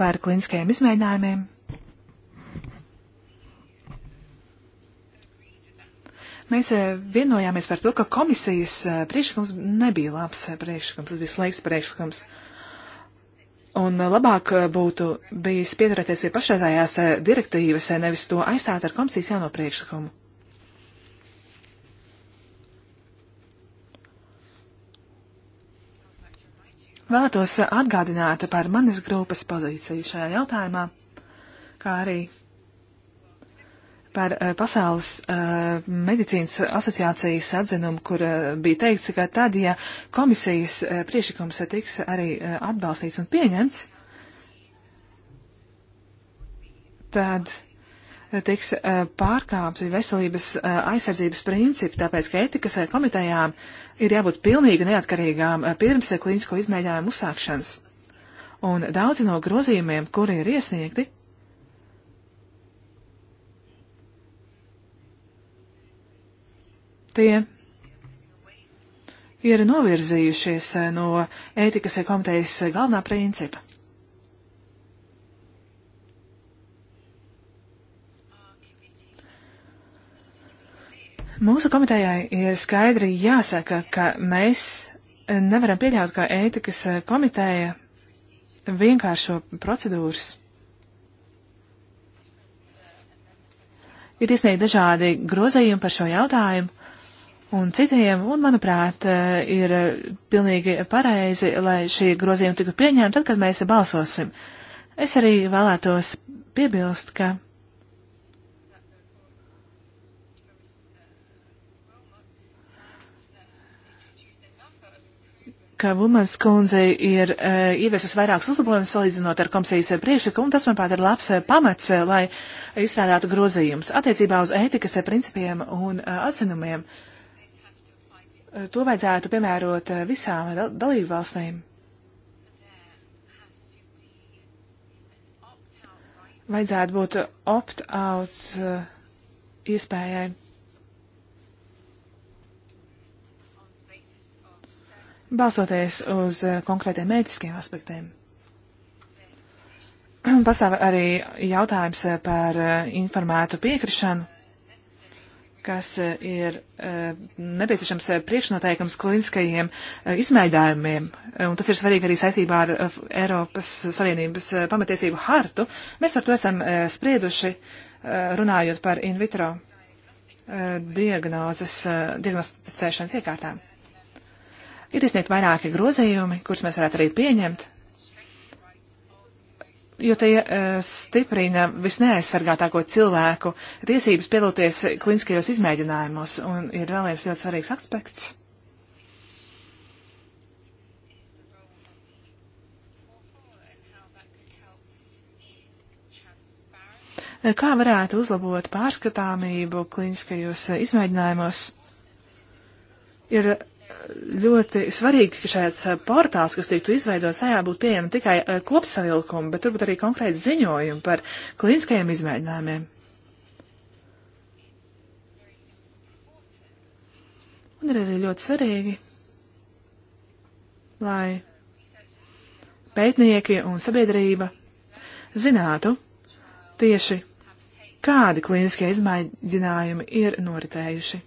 par kliniskajiem izmēģinājumiem, mēs eh, vienojāmies par to, ka komisijas eh, priekšlikums nebija labs priekšlikums, tas bija slēgts priekšlikums. priekšlikums Un labāk eh, būtu bijis pieturēties pie pašreizējās eh, direktīvas, eh, nevis to aizstāt ar komisijas jauno priekšlikumu. Vēlētos atgādināt par manas grupas pozīciju šajā jautājumā, kā arī par eh, Pasaules uh, medicīnas asociācijas atzinumu, kur uh, bija teikts, ka tad, ja komisijas uh, priešakums tiks arī atbalstīts un pieņemts, tad tiks pārkāpti veselības aizsardzības principi, tāpēc, ka etikas komitejām ir jābūt pilnīgi neatkarīgām pirms klīnisko izmēģinājumu uzsākšanas. Un daudzi no grozījumiem, kuri ir iesniegti, tie ir novirzījušies no ētikas komitejas galvenā principa. Mūsu komitejai ir skaidri jāsaka, ka mēs nevaram pieļaut, ka ētikas komiteja vienkāršo procedūras. Ir iesniegti dažādi grozījumi par šo jautājumu, un citiem, un, manuprāt, eh, ir pilnīgi pareizi, lai šī grozījuma tiktu pieņemta tad, kad mēs balsosim. Es arī vēlētos piebilst, ka. ka Vumans kundze ir uh, ieviesus vairākus uzlabojumus salīdzinot ar komisijas priekšlikumu, un tas, manuprāt, ir labs uh, pamats, uh, lai izstrādātu grozījumus attiecībā uz ētikas uh, principiem un uh, atzinumiem. Uh, Eh, to vajadzētu piemērot eh, visām dal dalību valstīm. Vajadzētu būt opt-out eh, iespējai. Balsoties uz konkrētiem mētiskiem aspektiem. Pastāv arī jautājums par informētu piekrišanu kas e, ir e, nepieciešams e, priekšnoteikums kliniskajiem izmēģinājumiem, un tas ir svarīgi arī saistībā ar Eiropas Savienības pamatiesību hartu. Mēs par to esam sprieduši, runājot par in vitro diagnozes, diagnosticēšanas iekārtām. Ir izniegt vairāki grozījumi, kurus mēs varētu arī pieņemt, jo tie eh, stiprina visneaizsargātāko cilvēku tiesības piedalīties kliniskajos izmēģinājumos. Un ir vēl viens ļoti svarīgs aspekts. Kā varētu uzlabot pārskatāmību kliniskajos izmēģinājumos? Ir ļoti svarīgi, ka šāds eh, portāls, kas tiktu izveidots, tajā būtu pieejama tikai eh, kopsavilkumi, bet turbūt arī konkrēti ziņojumi par klīniskajiem izmēģinājumiem. Un ir arī ļoti svarīgi, lai pētnieki un sabiedrība zinātu tieši, kādi klīniskie izmēģinājumi ir noritējuši.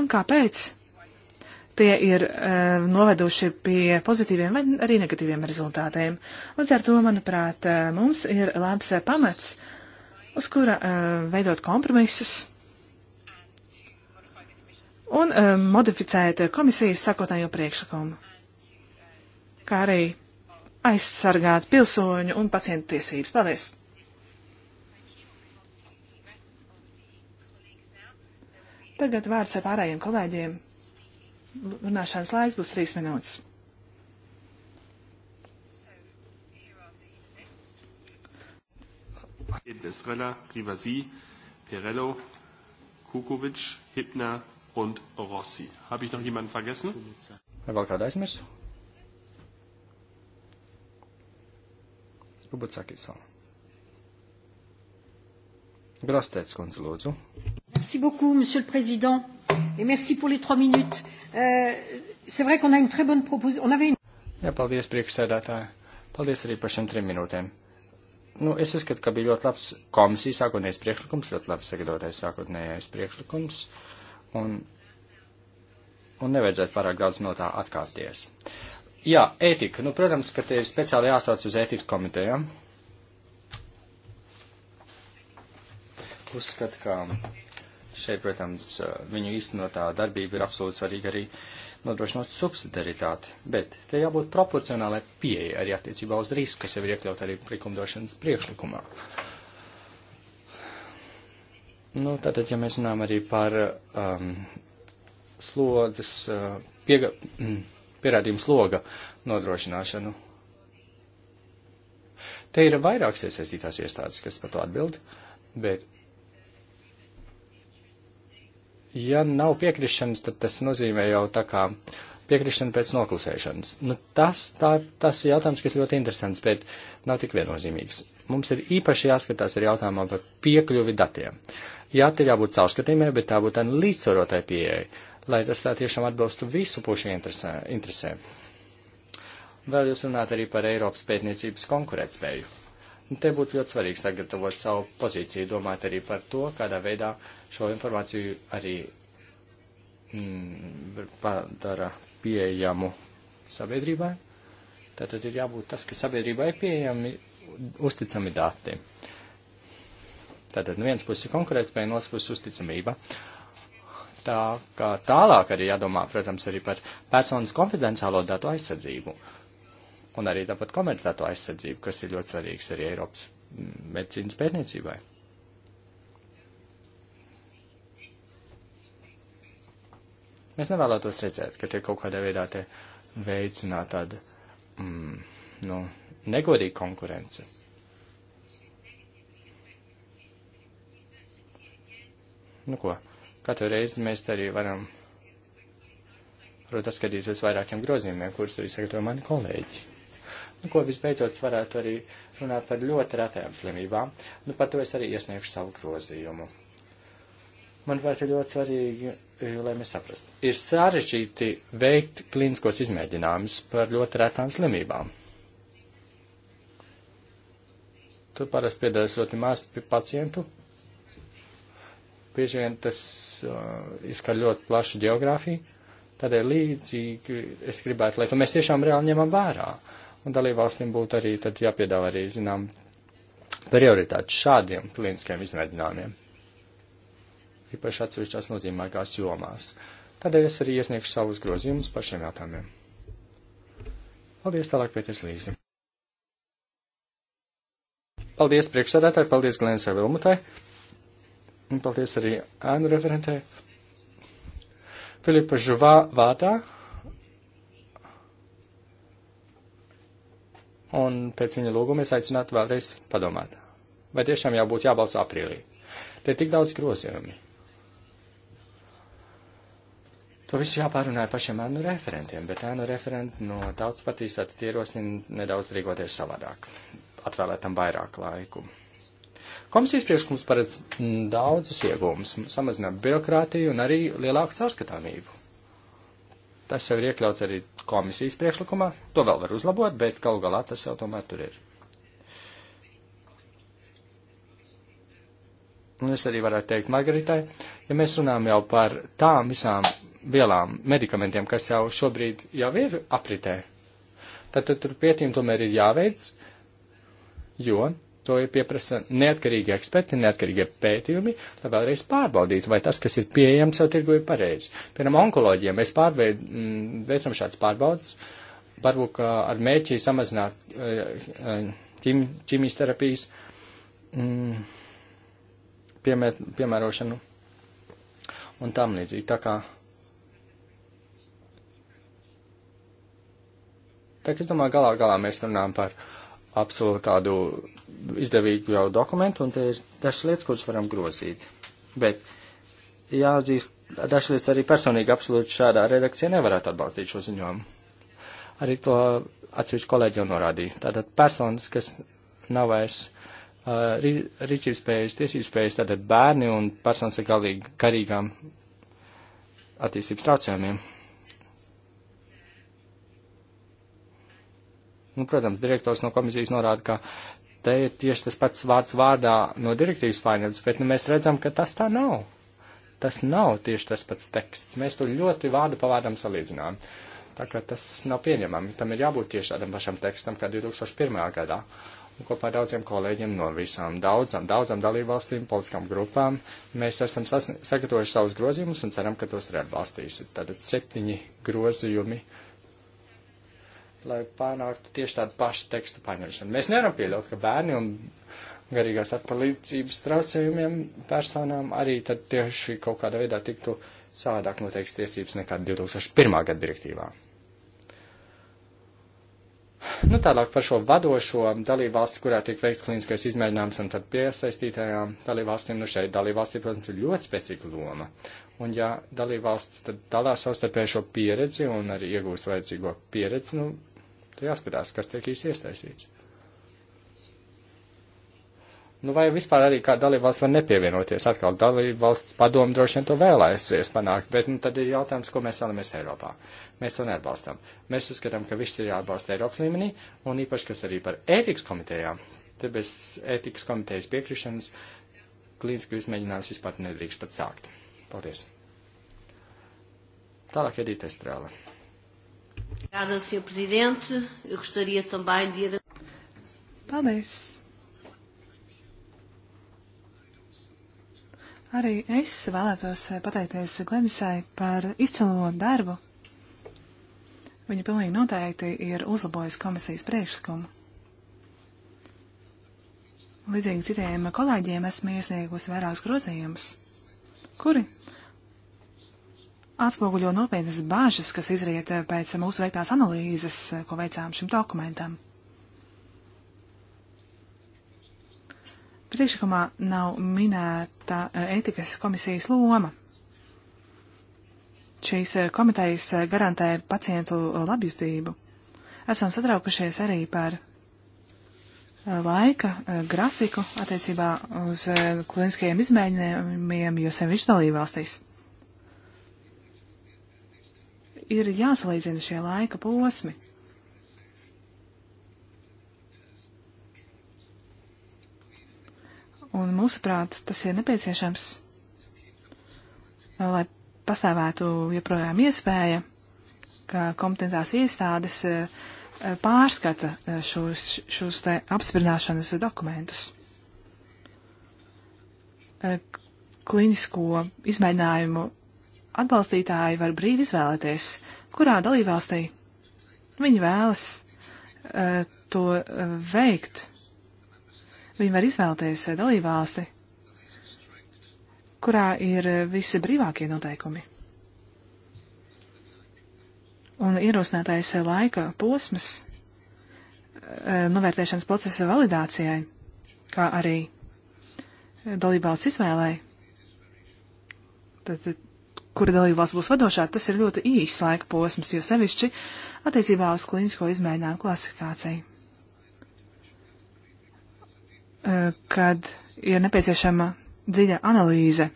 un kāpēc tie ir uh, noveduši pie pozitīviem vai arī negatīviem rezultātiem. Līdz ar to, manuprāt, eh, mums ir labs eh, pamats, uz kura uh, veidot kompromisus un uh, modificēt komisijas sakotnējo priekšlikumu, kā arī aizsargāt pilsoņu un pacientu tiesības. Paldies! Tagad vārds ar pārējiem kolēģiem. Runāšanas laiks būs trīs minūtes. Estrella, Rivasi, Perello, Kukovic, Hipner und Rossi. Habe ich noch jemanden vergessen? Herr Walker, da ist mir. Kubacaki-san. Grastēts, kundze, lūdzu. Merci beaucoup, monsieur le président, et merci pour les trois minutes. Euh, c'est vrai qu'on a une très bonne proposition. On avait une... Jā, paldies, priekšsēdētāji. Paldies arī par šiem trim minūtēm. Nu, es uzskatu, ka bija ļoti labs komisijas sākotnējais priekšlikums, ļoti labi sagatavotais sākotnējais priekšlikums, un, un nevajadzētu pārāk daudz no tā atkārties. Jā, ētika. Nu, protams, ka te ir speciāli jāsauc uz ētikas komitejām. Ja? uzskata, ka šeit, protams, viņu īstenotā darbība ir absolūti svarīga arī nodrošinot subsidiaritāti, bet te jābūt proporcionālai pieeja arī attiecībā uz risku, kas jau ir iekļaut arī likumdošanas priekšlikumā. Nu, tātad, ja mēs runājam arī par um, slodzes, uh, piega, mm, pierādījumu sloga nodrošināšanu, te ir vairākas iesaistītās iestādes, kas par to atbild, bet ja nav piekrišanas, tad tas nozīmē jau tā kā piekrišana pēc noklusēšanas. Nu, tas, tā, tas ir jautājums, kas ļoti interesants, bet nav tik viennozīmīgs. Mums ir īpaši jāskatās ar jautājumā par piekļuvi datiem. Jā, te jābūt caurskatījumai, bet tā būtu tā līdzsvarotai pieejai, lai tas tiešām atbilstu visu pušu interesē, interesēm. Vēl jūs runājat arī par Eiropas pētniecības konkurētspēju. Un te būtu ļoti svarīgi sagatavot savu pozīciju, domāt arī par to, kādā veidā šo informāciju arī mm, padara pieejamu sabiedrībai. Tātad ir jābūt tas, ka sabiedrībai ir pieejami uzticami dati. Tātad no nu vienas puses ir konkurētspēja, no otras puses uzticamība. Tā kā tālāk arī jādomā, protams, arī par personas konfidenciālo datu aizsardzību. Uh, un arī tāpat komercēto aizsardzību, kas ir ļoti svarīgs arī Eiropas mm, medicīnas pētniecībai. Mēs nevēlētos redzēt, ka tiek kaut kādā veidā te veicināt tāda, mm, nu, negodīga konkurence. Nu ko, katru reizi mēs arī varam, protams, skatīties vairākiem grozījumiem, kurus arī sagatavo mani kolēģi. Nu, ko visbeidzot varētu arī runāt par ļoti retām slimībām, nu par to es arī iesniegšu savu grozījumu. Manuprāt, ir ļoti svarīgi, e, lai mēs saprastu. Ir sarežģīti veikt klīniskos izmēģinājumus par ļoti retām slimībām. Tur parasti piedalās ļoti maz pacientu. Bieži vien tas uh, izskar ļoti plašu geogrāfiju. Tādēļ līdzīgi es gribētu, lai to mēs tiešām reāli ņemam vērā. Uh, un dalībvalstīm būtu arī tad jāpiedāvā arī, zinām, prioritāti šādiem klīniskiem izmēģinājumiem. Īpaši atsevišķās nozīmīgās jomās. Tādēļ es arī iesniegšu savus grozījumus par šiem jautājumiem. Paldies tālāk, Pēters Līzi. Paldies priekšsēdētāji, paldies Glensai Vilmutai, un paldies arī ēnu referentei. Filipa Žuvā vārdā un pēc viņa lūguma es aicinātu vēlreiz padomāt. Vai tiešām jābūt jābalso aprīlī? Te ir tik daudz grozījumi. To visu jāpārunāja pašiem ēnu referentiem, bet ēnu referenti no daudz patīs, tad tie rosina nedaudz rīkoties savādāk, atvēlētam vairāk laiku. Komisijas priekšlikums paredz daudzus iegūmus, samazina birokrātiju un arī lielāku caurskatāmību. Tas jau ir iekļauts arī komisijas priekšlikumā. To vēl var uzlabot, bet galu galā tas jau tomēr tur ir. Un es arī varētu teikt Margaritai, ja mēs runājam jau par tām visām vielām, medikamentiem, kas jau šobrīd jau ir apritē, tad, tad tur pētījumi tomēr ir jāveic, jo To ir pieprasa neatkarīgi eksperti, neatkarīgie pētījumi, lai vēlreiz pārbaudītu, vai tas, kas ir pieejams, jau tirgu ir pareizi. Piemēram, onkoloģiem mēs pārveid, m, mm, veicam šāds pārbaudas, varbūt ar mēķi samazināt eh, eh, ķim, ķimijas terapijas m, mm, piemēr, piemērošanu un tam līdzīgi. Tā kā Tā kā es domāju, galā galā mēs runājam par absolūtu tādu izdevīgu jau dokumentu, un te ir dažas lietas, kuras varam grozīt. Bet jāatzīst, dažas lietas arī personīgi absolūti šādā redakcijā nevarētu atbalstīt šo ziņojumu. Arī to atsevišķi kolēģi jau norādīja. Tātad personas, kas nav vairs uh, rīcības spējas, tiesības spējas, tātad bērni un personas ar galīgi garīgām attīstības traucējumiem. Nu, protams, direktors no komisijas norāda, ka Te ir tieši tas pats vārds vārdā no direktīvas pārņemts, bet nu, mēs redzam, ka tas tā nav. Tas nav tieši tas pats teksts. Mēs to ļoti vārdu pa vārdam salīdzinām. Tā kā tas nav pieņemami. Tam ir jābūt tieši tādam pašam tekstam, kā 2001. gadā. Un kopā ar daudziem kolēģiem no visām daudzām, daudzām dalībvalstīm, politiskām grupām mēs esam sagatavojuši savus grozījumus un ceram, ka tos arī atbalstīsiet. Tātad septiņi grozījumi lai panāktu tieši tādu pašu tekstu paņemšanu. Mēs nevaram pieļaut, ka bērni un garīgās atpalīdzības traucējumiem personām arī tad tieši kaut kādā veidā tiktu savādāk noteikts tiesības nekā 2001. gada direktīvā. Nu, tālāk par šo vadošo dalību valsti, kurā tiek veikts klīniskais izmēģinājums un tad piesaistītajām dalību valstīm, nu šeit dalību valstī, protams, ir ļoti spēcīga loma. Un ja dalību valsts tad dalās savstarpēju šo pieredzi un arī iegūst vajadzīgo pieredzi, nu, Te jāskatās, kas tiek īsti iesaistīts. Nu, vai vispār arī kā dalībvalsts var nepievienoties? Atkal dalībvalsts padomu droši vien to vēlēsies panākt, bet nu, tad ir jautājums, ko mēs vēlamies Eiropā. Mēs to neatbalstam. Mēs uzskatām, ka viss ir jāatbalsta Eiropas līmenī, un īpaši, kas arī par ētikas komitejām. Te bez ētikas komitejas piekrišanas klīnisku izmēģinājumus vispār nedrīkst pat sākt. Paldies. Tālāk Edita Estrēla. Paldies! Arī es vēlētos eh, pateikties Glenisai par izcilo darbu. Viņa pilnīgi noteikti ir uzlabojusi komisijas priekšlikumu. Līdzīgi citiem kolēģiem esmu iesniegusi vairākus grozījumus, kuri atspoguļo nopietnas bāžas, kas izriet eh, pēc mūsu veiktās analīzes, eh, ko veicām šim dokumentam. Priekšlikumā nav minēta ētikas eh, komisijas loma. Šīs komitejas garantē pacientu labjūtību. Esam satraukušies arī par laika grafiku attiecībā uz kliniskajiem izmēģinājumiem, jo sevišķi dalībvalstīs ir jāsalīdzina šie laika posmi. Un mūsuprāt, tas ir nepieciešams, lai pastāvētu joprojām iespēja, ka kompetentās iestādes eh, pārskata eh, šos, šos te apspriedāšanas dokumentus. Eh, klinisko izmēģinājumu atbalstītāji var brīvi izvēlēties, kurā dalībvalstī viņi vēlas uh, to uh, veikt. Viņi var izvēlēties uh, dalībvalsti, kurā ir visi brīvākie noteikumi. Un ierosinātais laika posms novērtēšanas procesa validācijai, kā arī dalībvalsts izvēlē, tad, tad kura dalībvalsts būs vadošā, tas ir ļoti īss laika posms, jo sevišķi attiecībā uz klīnisko izmēģinājumu klasifikāciju. Kad ir nepieciešama dziļa analīze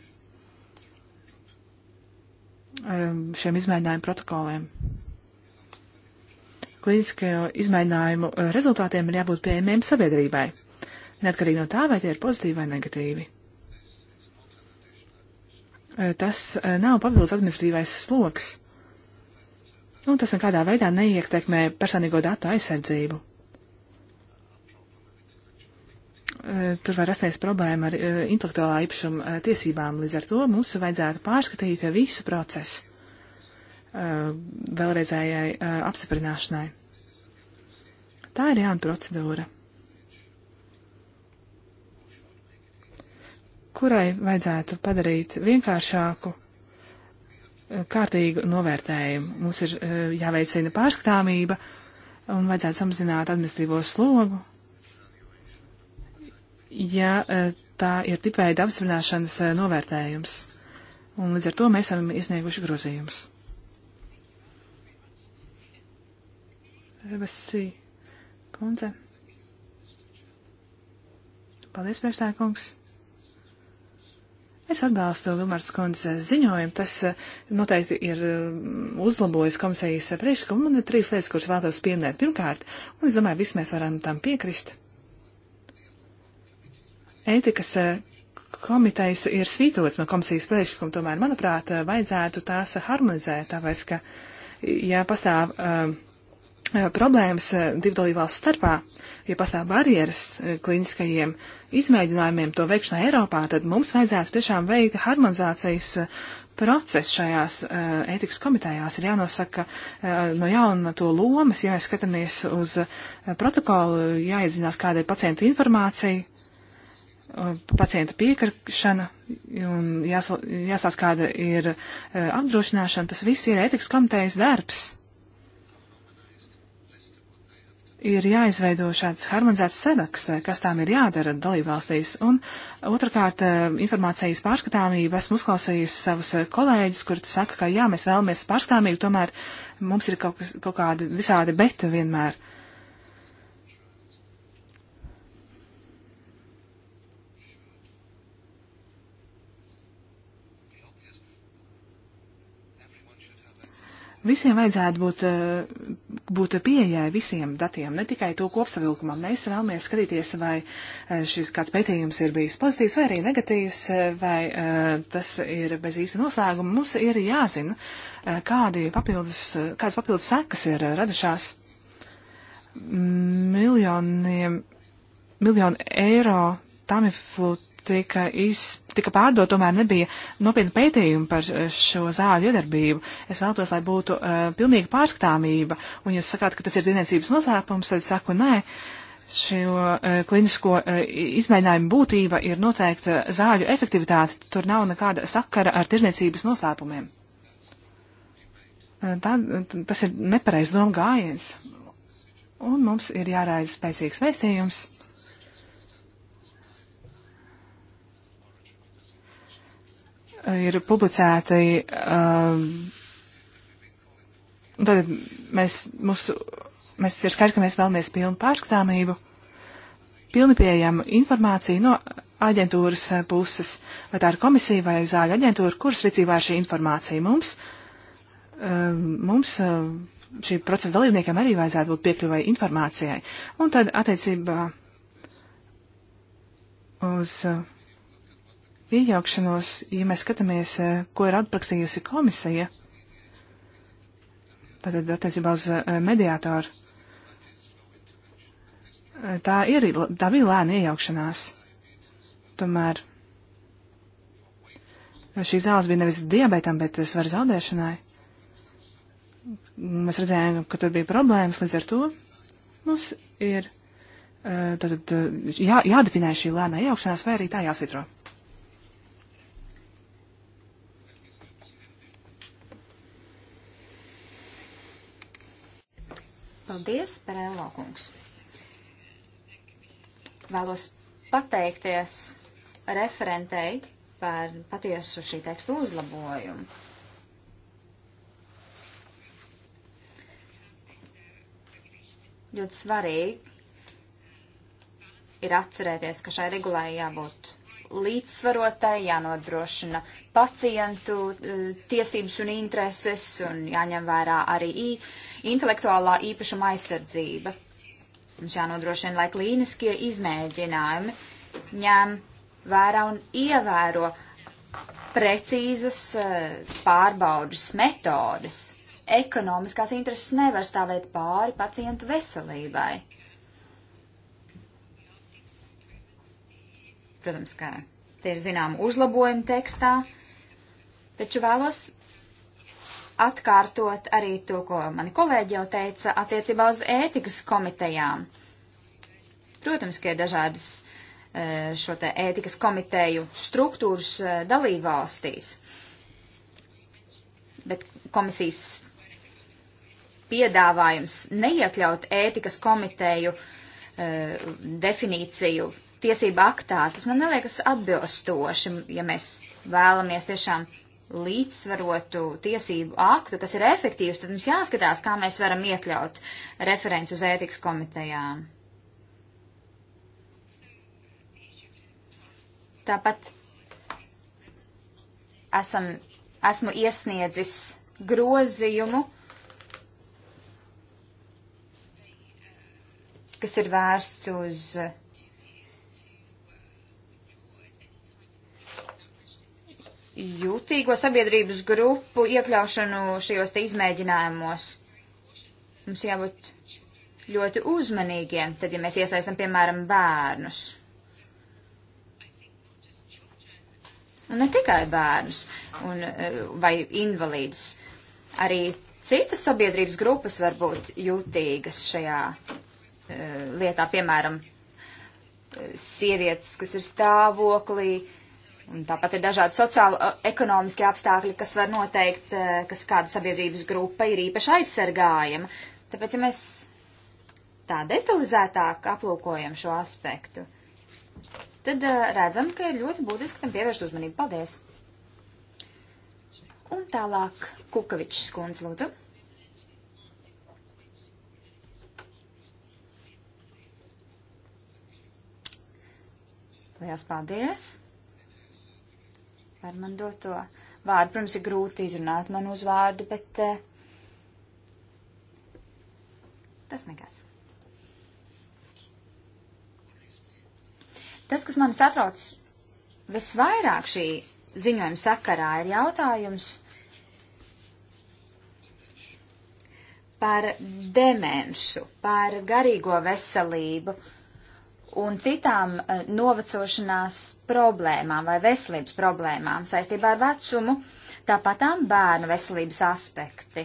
šiem izmēģinājumu protokoliem. Klīnisko izmēģinājumu rezultātiem ir jābūt pieejamiem sabiedrībai, neatkarīgi no tā, vai tie ir pozitīvi vai negatīvi. Eh, tas eh, nav papildus administratīvais sloks, un nu, tas nekādā veidā neietekmē personīgo datu aizsardzību. Eh, tur var rasties problēma ar intelektuālā īpašuma tiesībām, līdz ar to mums vajadzētu pārskatīt visu procesu vēlreizējai apstiprināšanai. Tā ir jauna procedūra. kurai vajadzētu padarīt vienkāršāku eh, kārtīgu novērtējumu. Mums ir eh, jāveicina pārskatāmība un vajadzētu samazināt administratīvo slogu. Ja eh, tā ir tipēda apstiprināšanas novērtējums. Un līdz ar to mēs esam iesnieguši grozījumus. Vasī kundze. Paldies, priekšstākungs. Es atbalstu Lumāras kundzes ziņojumu. Tas eh, noteikti ir mm, uzlabojis komisijas eh, priekšlikumu. Man ir trīs lietas, kuras vēlos pieminēt. Pirmkārt, un es domāju, visi mēs varam tam piekrist. Ētikas eh, komitejas ir svītrots no komisijas priekšlikuma, tomēr, manuprāt, vajadzētu tās harmonizēt, tāpēc, ka, ja pastāv uh, Eh, problēmas eh, divu dalībvalstu starpā, ja pastāv barjeras eh, klīniskajiem izmēģinājumiem to veikšanā Eiropā, tad mums vajadzētu tiešām veikt harmonizācijas procesu šajās ētikas komitējās. Ir jānosaka no jauna to lomas, ja mēs skatāmies uz protokolu, jāiedzinās, kāda ir pacienta informācija, pacienta piekrišana un jāsās, kāda ir apdrošināšana. Tas viss ir ētikas komitejas darbs ir jāizveido šāds harmonizēts saraksts, eh, kas tām ir jādara dalībvalstīs. Un otrkārt, eh, informācijas pārskatāmība, esmu uzklausījusi savus eh, kolēģus, kur saka, ka jā, mēs vēlamies pārskatāmību, tomēr mums ir kaut, kas, kaut kādi visādi bet vienmēr. Uh, Visiem vajadzētu būt, eh, būt pieejai visiem datiem, ne tikai to kopsavilkumam. Mēs vēlamies skatīties, vai eh, šis kāds pētījums ir bijis pozitīvs vai arī negatīvs, eh, vai tas ir bez īsta noslēguma. Mums ir jāzina, kādi papildus, kādas papildus sekas ir radušās miljoniem, miljonu eiro tamiflu tika, iz, tika pārdot, tomēr nebija nopietna pētījuma par eh, šo zāļu iedarbību. Es vēlos, lai būtu uh, pilnīga pārskatāmība, un jūs sakāt, ka tas ir tirdzniecības noslēpums, tad saku nē. Šo uh, klinisko uh, izmēģinājumu būtība ir noteikta zāļu efektivitāte, tur nav nekāda sakara ar tirdzniecības noslēpumiem. Uh, tā, tas ir nepareiz doma gājiens. Un mums ir jāraida spēcīgs vēstījums. Uh, ir publicēti. Uh, tad mēs, mūsu, mēs ir skaidrs, ka mēs vēlamies pilnu pārskatāmību, pilni pieejamu informāciju no aģentūras puses, vai tā ir komisija vai zāļu aģentūra, kuras rīcībā ir šī informācija mums. Uh, mums uh, šī procesa dalībniekiem arī vajadzētu būt piekļuvai informācijai. Un tad attiecībā uz. Uh, iejaukšanos, ja mēs skatāmies, eh, ko ir aprakstījusi komisija, tātad attiecībā uz eh, mediātoru, eh, tā, ir, tā bija lēna iejaukšanās. Tomēr šī zāles bija nevis diabetam, bet svara zaudēšanai. Mēs redzējām, ka tur bija problēmas, līdz ar to mums ir tātad, jā, jādefinē šī lēna iejaukšanās vai arī tā jāsitro. Paldies, Perēlo kungs. Vēlos pateikties referentei par patiesu šī teksta uzlabojumu. Ļoti svarīgi ir atcerēties, ka šai regulai jābūt līdzsvarotai, jānodrošina pacientu e, tiesības un intereses un jāņem vērā arī intelektuālā īpašuma aizsardzība. Mums jānodrošina, lai klīniskie izmēģinājumi ņem vērā un ievēro precīzas e, pārbaudas metodes. Ekonomiskās intereses nevar stāvēt pāri pacientu veselībai. Protams, ka te ir zinām uzlabojumi tekstā, taču vēlos atkārtot arī to, ko mani kolēģi jau teica attiecībā uz ētikas komitejām. Protams, ka ir dažādas e, šo te ētikas komiteju struktūras e, dalībvalstīs, bet komisijas piedāvājums neiekļaut ētikas komiteju e, definīciju tiesība aktā. Tas man liekas atbilstoši, ja mēs vēlamies tiešām līdzsvarotu tiesību aktu, kas ir efektīvs, tad mums jāskatās, kā mēs varam iekļaut referents uz ētikas komitejām. Tāpat esam, esmu iesniedzis grozījumu, kas ir vērsts uz uh, jūtīgo sabiedrības grupu iekļaušanu šajos te izmēģinājumos. Mums jābūt ļoti uzmanīgiem, tad, ja mēs iesaistam, piemēram, bērnus. Un ne tikai bērnus un, eh, vai invalīdus, arī citas sabiedrības grupas var būt jūtīgas šajā uh, lietā, piemēram, eh, sievietes, kas ir stāvoklī, uh, Un tāpat ir dažādi sociāli, ekonomiski apstākļi, kas var noteikt, e, kas kāda sabiedrības grupa ir īpaši aizsargājama. Tāpēc, ja mēs tā detalizētāk aplūkojam šo aspektu, tad e, redzam, ka ir ļoti būtiski tam pievērst uzmanību. Paldies! Un tālāk Kukavičs kundze, lūdzu. Lielas paldies! par man doto vārdu. Protams, ir grūti izrunāt man uzvārdu, bet uh, tas nekas. Tas, kas man satrauc visvairāk šī ziņojuma sakarā, ir jautājums par demenšu, par garīgo veselību. Uh, un citām eh, novecošanās problēmām vai veselības problēmām saistībā ar vecumu, tāpatām bērnu veselības aspekti.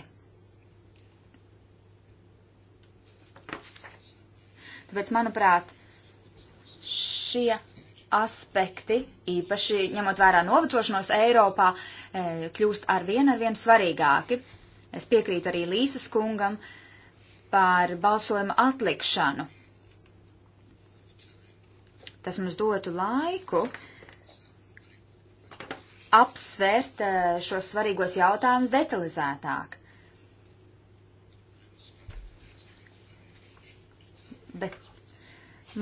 Tāpēc, manuprāt, šie aspekti, īpaši ņemot vērā novecošanos Eiropā, eh, kļūst ar vien ar vien svarīgāki. Es piekrītu arī Līsas kungam par balsojumu atlikšanu kas mums dotu laiku apsvērt eh, šos svarīgos jautājumus detalizētāk. Bet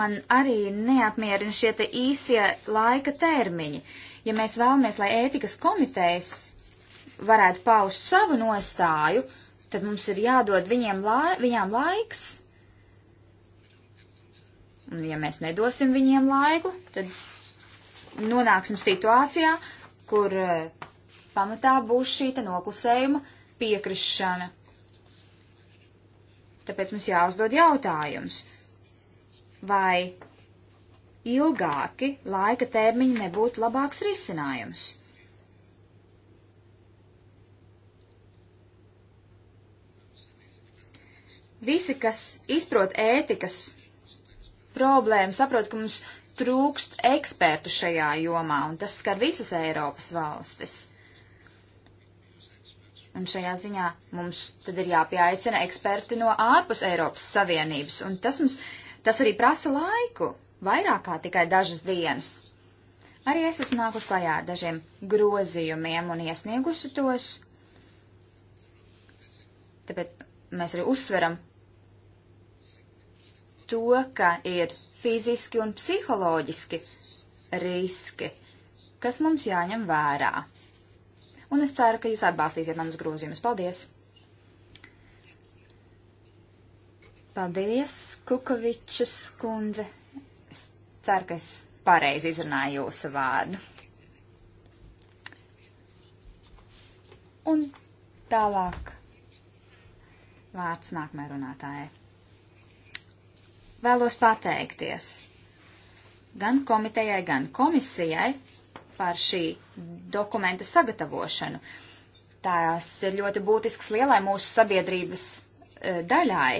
man arī neapmierina šie te īsie laika termiņi. Ja mēs vēlamies, lai ētikas komitejas varētu paust savu nostāju, tad mums ir jādod viņiem lai, viņām laiks Un ja mēs nedosim viņiem laiku, tad nonāksim situācijā, kur eh, pamatā būs šī te noklusējuma piekrišana. Tāpēc mums jāuzdod jautājums, vai ilgāki laika termiņi nebūtu labāks risinājums? Visi, kas izprot ētikas problēma. Saprotu, ka mums trūkst ekspertu šajā jomā, un tas skar visas Eiropas valstis. Un šajā ziņā mums tad ir jāpieaicina eksperti no ārpus Eiropas Savienības, un tas mums, tas arī prasa laiku, vairāk kā tikai dažas dienas. Arī es esmu nākus klajā ar dažiem grozījumiem un iesniegusi tos. Tāpēc mēs arī uzsveram to, ka ir fiziski un psiholoģiski riski, kas mums jāņem vērā. Un es ceru, ka jūs atbalstīsiet manus grozījumus. Paldies! Paldies, Kukovičs kundze. Es ceru, ka es pareizi izrunāju jūsu vārdu. Un tālāk vārds nākamajai runātājai. Vēlos pateikties gan komitejai, gan komisijai par šī dokumenta sagatavošanu. Tās ir ļoti būtisks lielai mūsu sabiedrības e, daļai.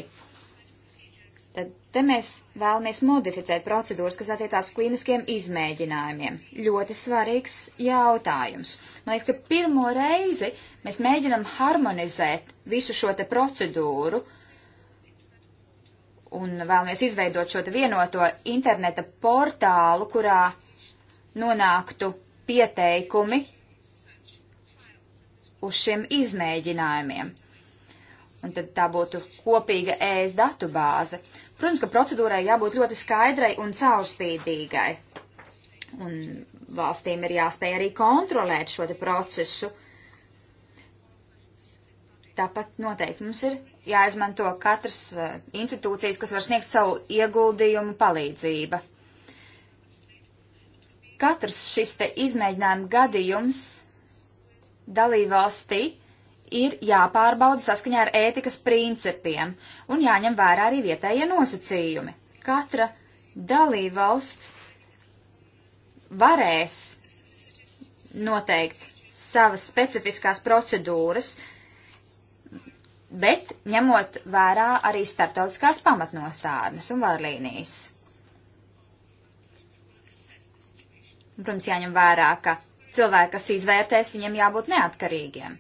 Tad te mēs vēlamies modificēt procedūras, kas attiecās klīniskiem izmēģinājumiem. Ļoti svarīgs jautājums. Man liekas, ka pirmo reizi mēs mēģinam harmonizēt visu šo te procedūru uh, un vēlamies izveidot šo vienoto interneta portālu, kurā nonāktu pieteikumi uz šiem izmēģinājumiem. Un tad tā būtu kopīga ēs datu bāze. Protams, ka procedūrai jābūt ļoti skaidrai un caurspīdīgai. Un valstīm ir jāspēj arī kontrolēt šo procesu. Tāpat noteikti mums ir jāizmanto katras e, institūcijas, kas var sniegt savu ieguldījumu palīdzība. Katrs šis te izmēģinājuma gadījums dalībvalstī ir jāpārbauda saskaņā ar ētikas principiem un jāņem vērā arī vietējie nosacījumi. Katra dalībvalsts varēs noteikt savas specifiskās procedūras, uh, bet ņemot vērā arī starptautiskās pamatnostādnes un vadlīnijas. Protams, jāņem vērā, ka cilvēki, kas izvērtēs, viņiem jābūt neatkarīgiem.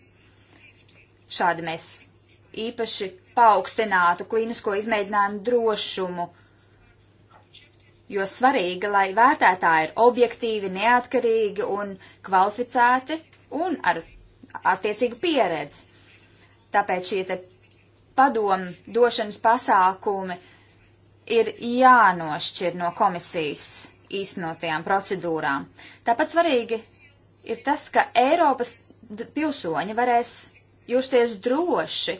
Šādi mēs īpaši paaugstinātu klīnisko izmēģinājumu drošumu, jo svarīgi, lai vērtētāji ir objektīvi, neatkarīgi un kvalificēti un ar attiecīgu pieredzi. Tāpēc šie te padomu došanas pasākumi ir jānošķir no komisijas īstenotajām procedūrām. Tāpat svarīgi ir tas, ka Eiropas pilsoņi varēs justies droši.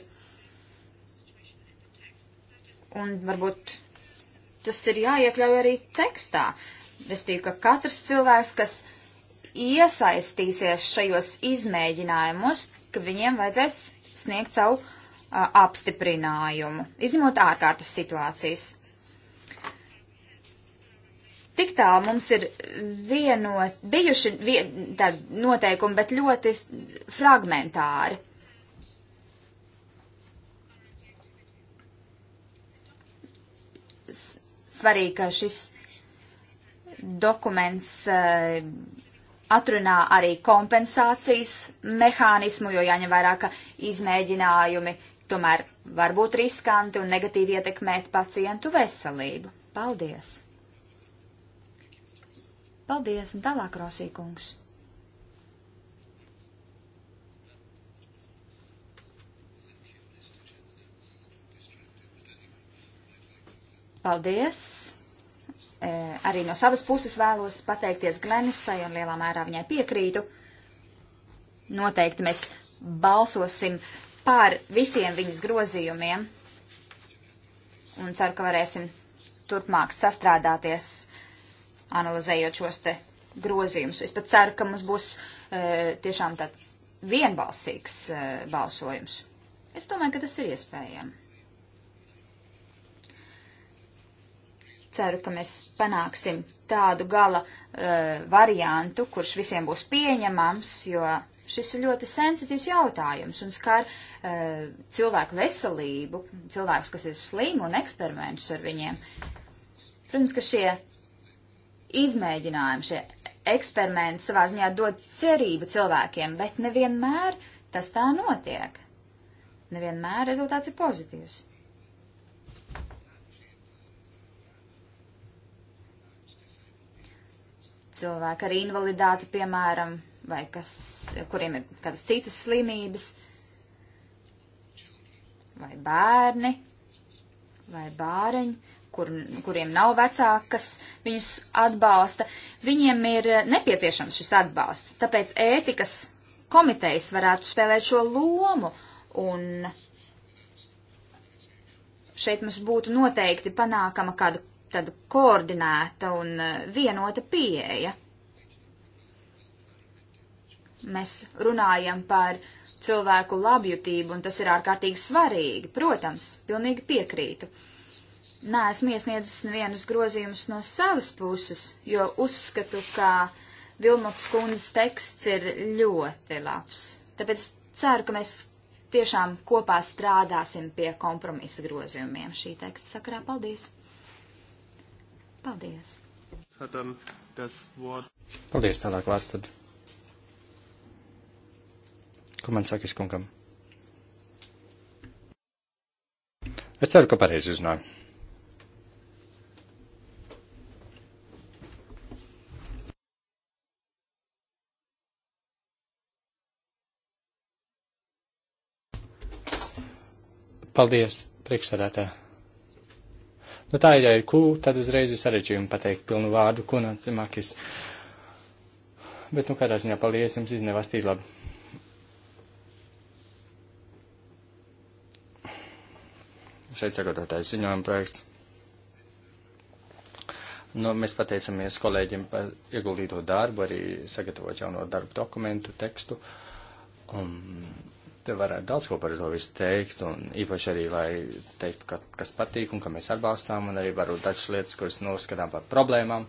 Un varbūt tas ir jāiekļauj arī tekstā. Es tīku, ka katrs cilvēks, kas iesaistīsies šajos izmēģinājumos, ka viņiem vajadzēs sniegt savu a, apstiprinājumu, izņemot ārkārtas situācijas. Tik tālu mums ir vienot, bijuši vien, noteikumi, bet ļoti fragmentāri. svarīgi, ka šis dokuments atrunā arī kompensācijas mehānismu, jo jāņem vērā, ka izmēģinājumi tomēr var būt riskanti un negatīvi ietekmēt pacientu veselību. Paldies! Paldies, un tālāk, Rosīkungs! Paldies! E, arī no savas puses vēlos pateikties Glenisai un lielā mērā viņai piekrītu. Noteikti mēs balsosim pār visiem viņas grozījumiem un ceru, ka varēsim turpmāk sastrādāties, analizējot šos te grozījumus. Es pat ceru, ka mums būs e, tiešām tāds vienbalsīgs e, balsojums. Es domāju, ka tas ir iespējams. ceru, ka mēs panāksim tādu gala uh, variantu, kurš visiem būs pieņemams, jo šis ir ļoti sensitīvs jautājums un skar uh, cilvēku veselību, cilvēkus, kas ir slimi un eksperimentus ar viņiem. Protams, ka šie izmēģinājumi, šie eksperimenti savā ziņā dod cerību cilvēkiem, bet nevienmēr tas tā notiek. Nevienmēr rezultāts ir pozitīvs. cilvēki ar invaliditāti, piemēram, vai kas, kuriem ir kādas citas slimības, vai bērni, vai bāreņi, kur, kuriem nav vecāki, kas viņus atbalsta. Viņiem ir nepieciešams šis atbalsts, tāpēc ētikas komitejas varētu spēlēt šo lomu un šeit mums būtu noteikti panākama kāda tāda koordinēta un eh, vienota pieeja. Mēs runājam par cilvēku labjutību, un tas ir ārkārtīgi svarīgi, protams, pilnīgi piekrītu. Nē, esmu iesniedzis nevienus grozījumus no savas puses, jo uzskatu, ka Vilmots kundzes teksts ir ļoti labs. Tāpēc ceru, ka mēs tiešām kopā strādāsim pie kompromisa grozījumiem šī teksta sakarā. Paldies! Paldies! Paldies, tālāk vārds tad. Ko man saka izkungam? Es ceru, ka pareizi uzrunāju. Paldies, priekšsēdētāji! Nu tā, ja ir Q, tad uzreiz ir sarežģījumi pateikt pilnu vārdu Kunacimakis. Bet, nu, kādā ziņā paldies, jums iznevās tīt labi. Šeit sagatavotājs ziņojuma projekts. Nu, mēs pateicamies kolēģiem par ieguldīto darbu, arī sagatavot jauno darbu dokumentu, tekstu. Um, Te varētu daudz ko par to visu teikt, un īpaši arī, lai teikt, ka, kas patīk un ka mēs atbalstām, un arī varbūt dažas lietas, kuras noskatām par problēmām.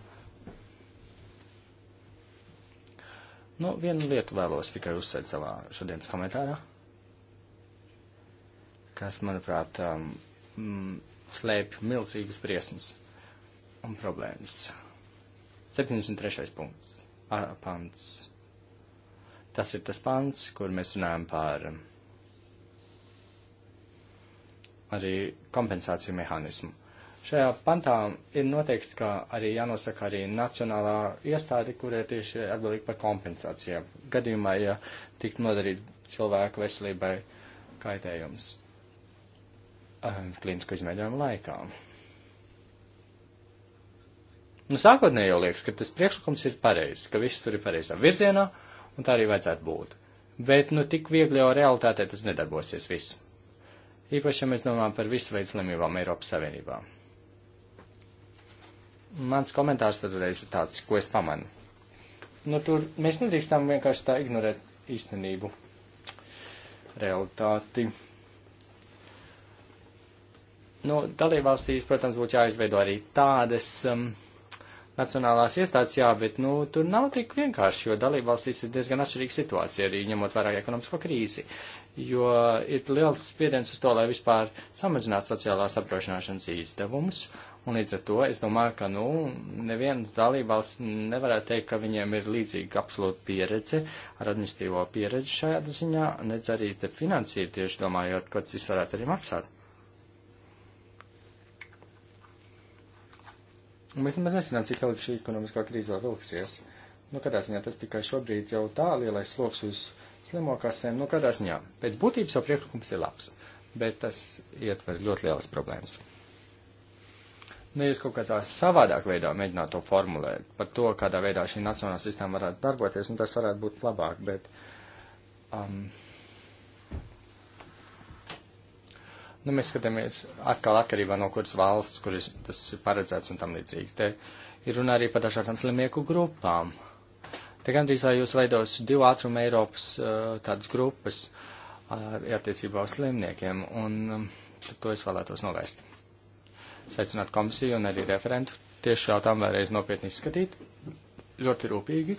Nu, vienu lietu vēlos tikai uzsvērt savā šodienas komentārā, kas, manuprāt, um, mm, slēpj milzīgas briesmas un problēmas. 73. punkts. Pants. Tas ir tas pants, kur mēs runājam par um, arī kompensāciju mehānismu. Šajā pantā ir noteikts, ka arī jānosaka arī nacionālā iestāde, kurai tieši atbildīgi par kompensācijām. Gadījumā, ja tiktu nodarīt cilvēku veselībai kaitējums um, klīnisku izmēģinājumu laikā. Nu, sākotnēji jau liekas, ka tas priekšlikums ir pareizs, ka viss tur ir pareizā virzienā, uh, un tā arī vajadzētu būt. Bet, nu, tik viegli jau realitātē tas nedarbosies viss. Īpaši, ja mēs domājam par visu veidu slimībām Eiropas Savienībā. Mans komentārs tad reiz ir tāds, ko es pamanu. Nu, tur mēs nedrīkstam vienkārši tā ignorēt īstenību, realitāti. Nu, dalībvalstīs, protams, būtu jāizveido arī tādas um, nacionālās iestādes, jā, bet, nu, tur nav tik vienkārši, jo dalībvalstīs ir diezgan atšķirīga situācija, arī ņemot vērā ekonomisko krīzi, jo ir liels spiediens uz to, lai vispār samazinātu sociālās apdrošināšanas izdevumus, un līdz ar to es domāju, ka, nu, neviens dalībvalsts nevarētu teikt, ka viņiem ir līdzīga absolūta pieredze ar administīvo pieredzi šajā ziņā, nedz arī te finansīri tieši domājot, ko tas varētu arī maksāt. Un nu, mēs nemaz nezinām, cik ilgi šī ekonomiskā krīze vēl vilksies. Nu, kādā ziņā tas tikai šobrīd jau tā lielais sloks uz slimo kasēm, nu, kādā ziņā. Pēc būtības jau priekšlikums ir labs, bet tas ietver ļoti lielas problēmas. Nu, jūs kaut kādā savādāk veidā mēģināt to formulēt par to, kādā veidā šī nacionālā sistēma varētu darboties, un nu, tas varētu būt labāk, bet. Um, Nu, mēs skatāmies atkal atkarībā no kuras valsts, kur tas ir paredzēts un tam līdzīgi. Te ir runa arī par dažādām slimnieku grupām. Te gandrīz vai jūs veidos divu ātrumu Eiropas eh, tādas grupas attiecībā uz slimniekiem, un um, to es vēlētos novērst. Sveicināt komisiju un arī referentu tieši jautājumu vēlreiz nopietni izskatīt, ļoti rūpīgi,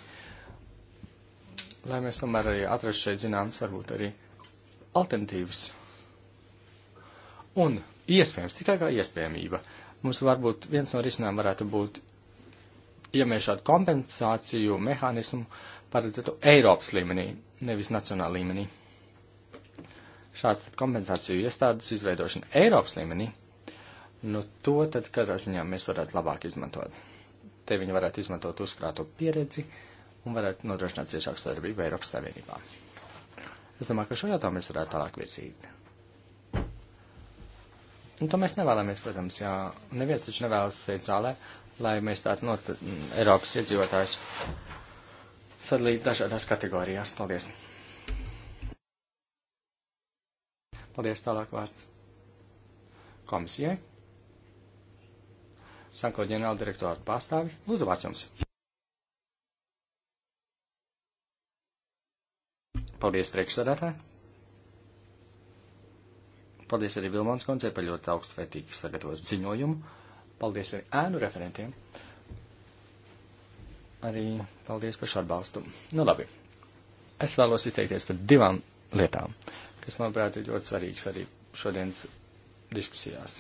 lai mēs tomēr arī atrastu šeit zināmas, varbūt arī alternatīvas Un iespējams, tikai kā iespējamība, mums varbūt viens no risinājumiem varētu būt, ja mēs šādu kompensāciju mehānismu paredzētu Eiropas līmenī, nevis nacionāla līmenī. Šāds tad kompensāciju iestādes izveidošana Eiropas līmenī, nu to tad katrā ziņā mēs varētu labāk izmantot. Te viņi varētu izmantot uzkrāto pieredzi un varētu nodrošināt ciešāku sadarbību Eiropas Savienībā. Es domāju, ka šo jautājumu mēs varētu tālāk virzīt. Un nu, to mēs nevēlamies, protams, jā. Neviens taču nevēlas sēdēt zālē, lai mēs tādu not Eiropas iedzīvotājus sadalītu dažādās kategorijās. Paldies! Paldies tālāk vārds komisijai. Sanko ģenerāla direktora pārstāvi. Lūdzu, vārds jums. Paldies, priekšsēdētāji. Paldies arī Vilmons koncei par ļoti augstvērtīgu sagatavotu ziņojumu. Paldies arī ēnu referentiem. Arī paldies par šo atbalstu. Nu labi. Es vēlos izteikties par divām lietām, kas, manuprāt, ir ļoti svarīgas arī šodienas diskusijās.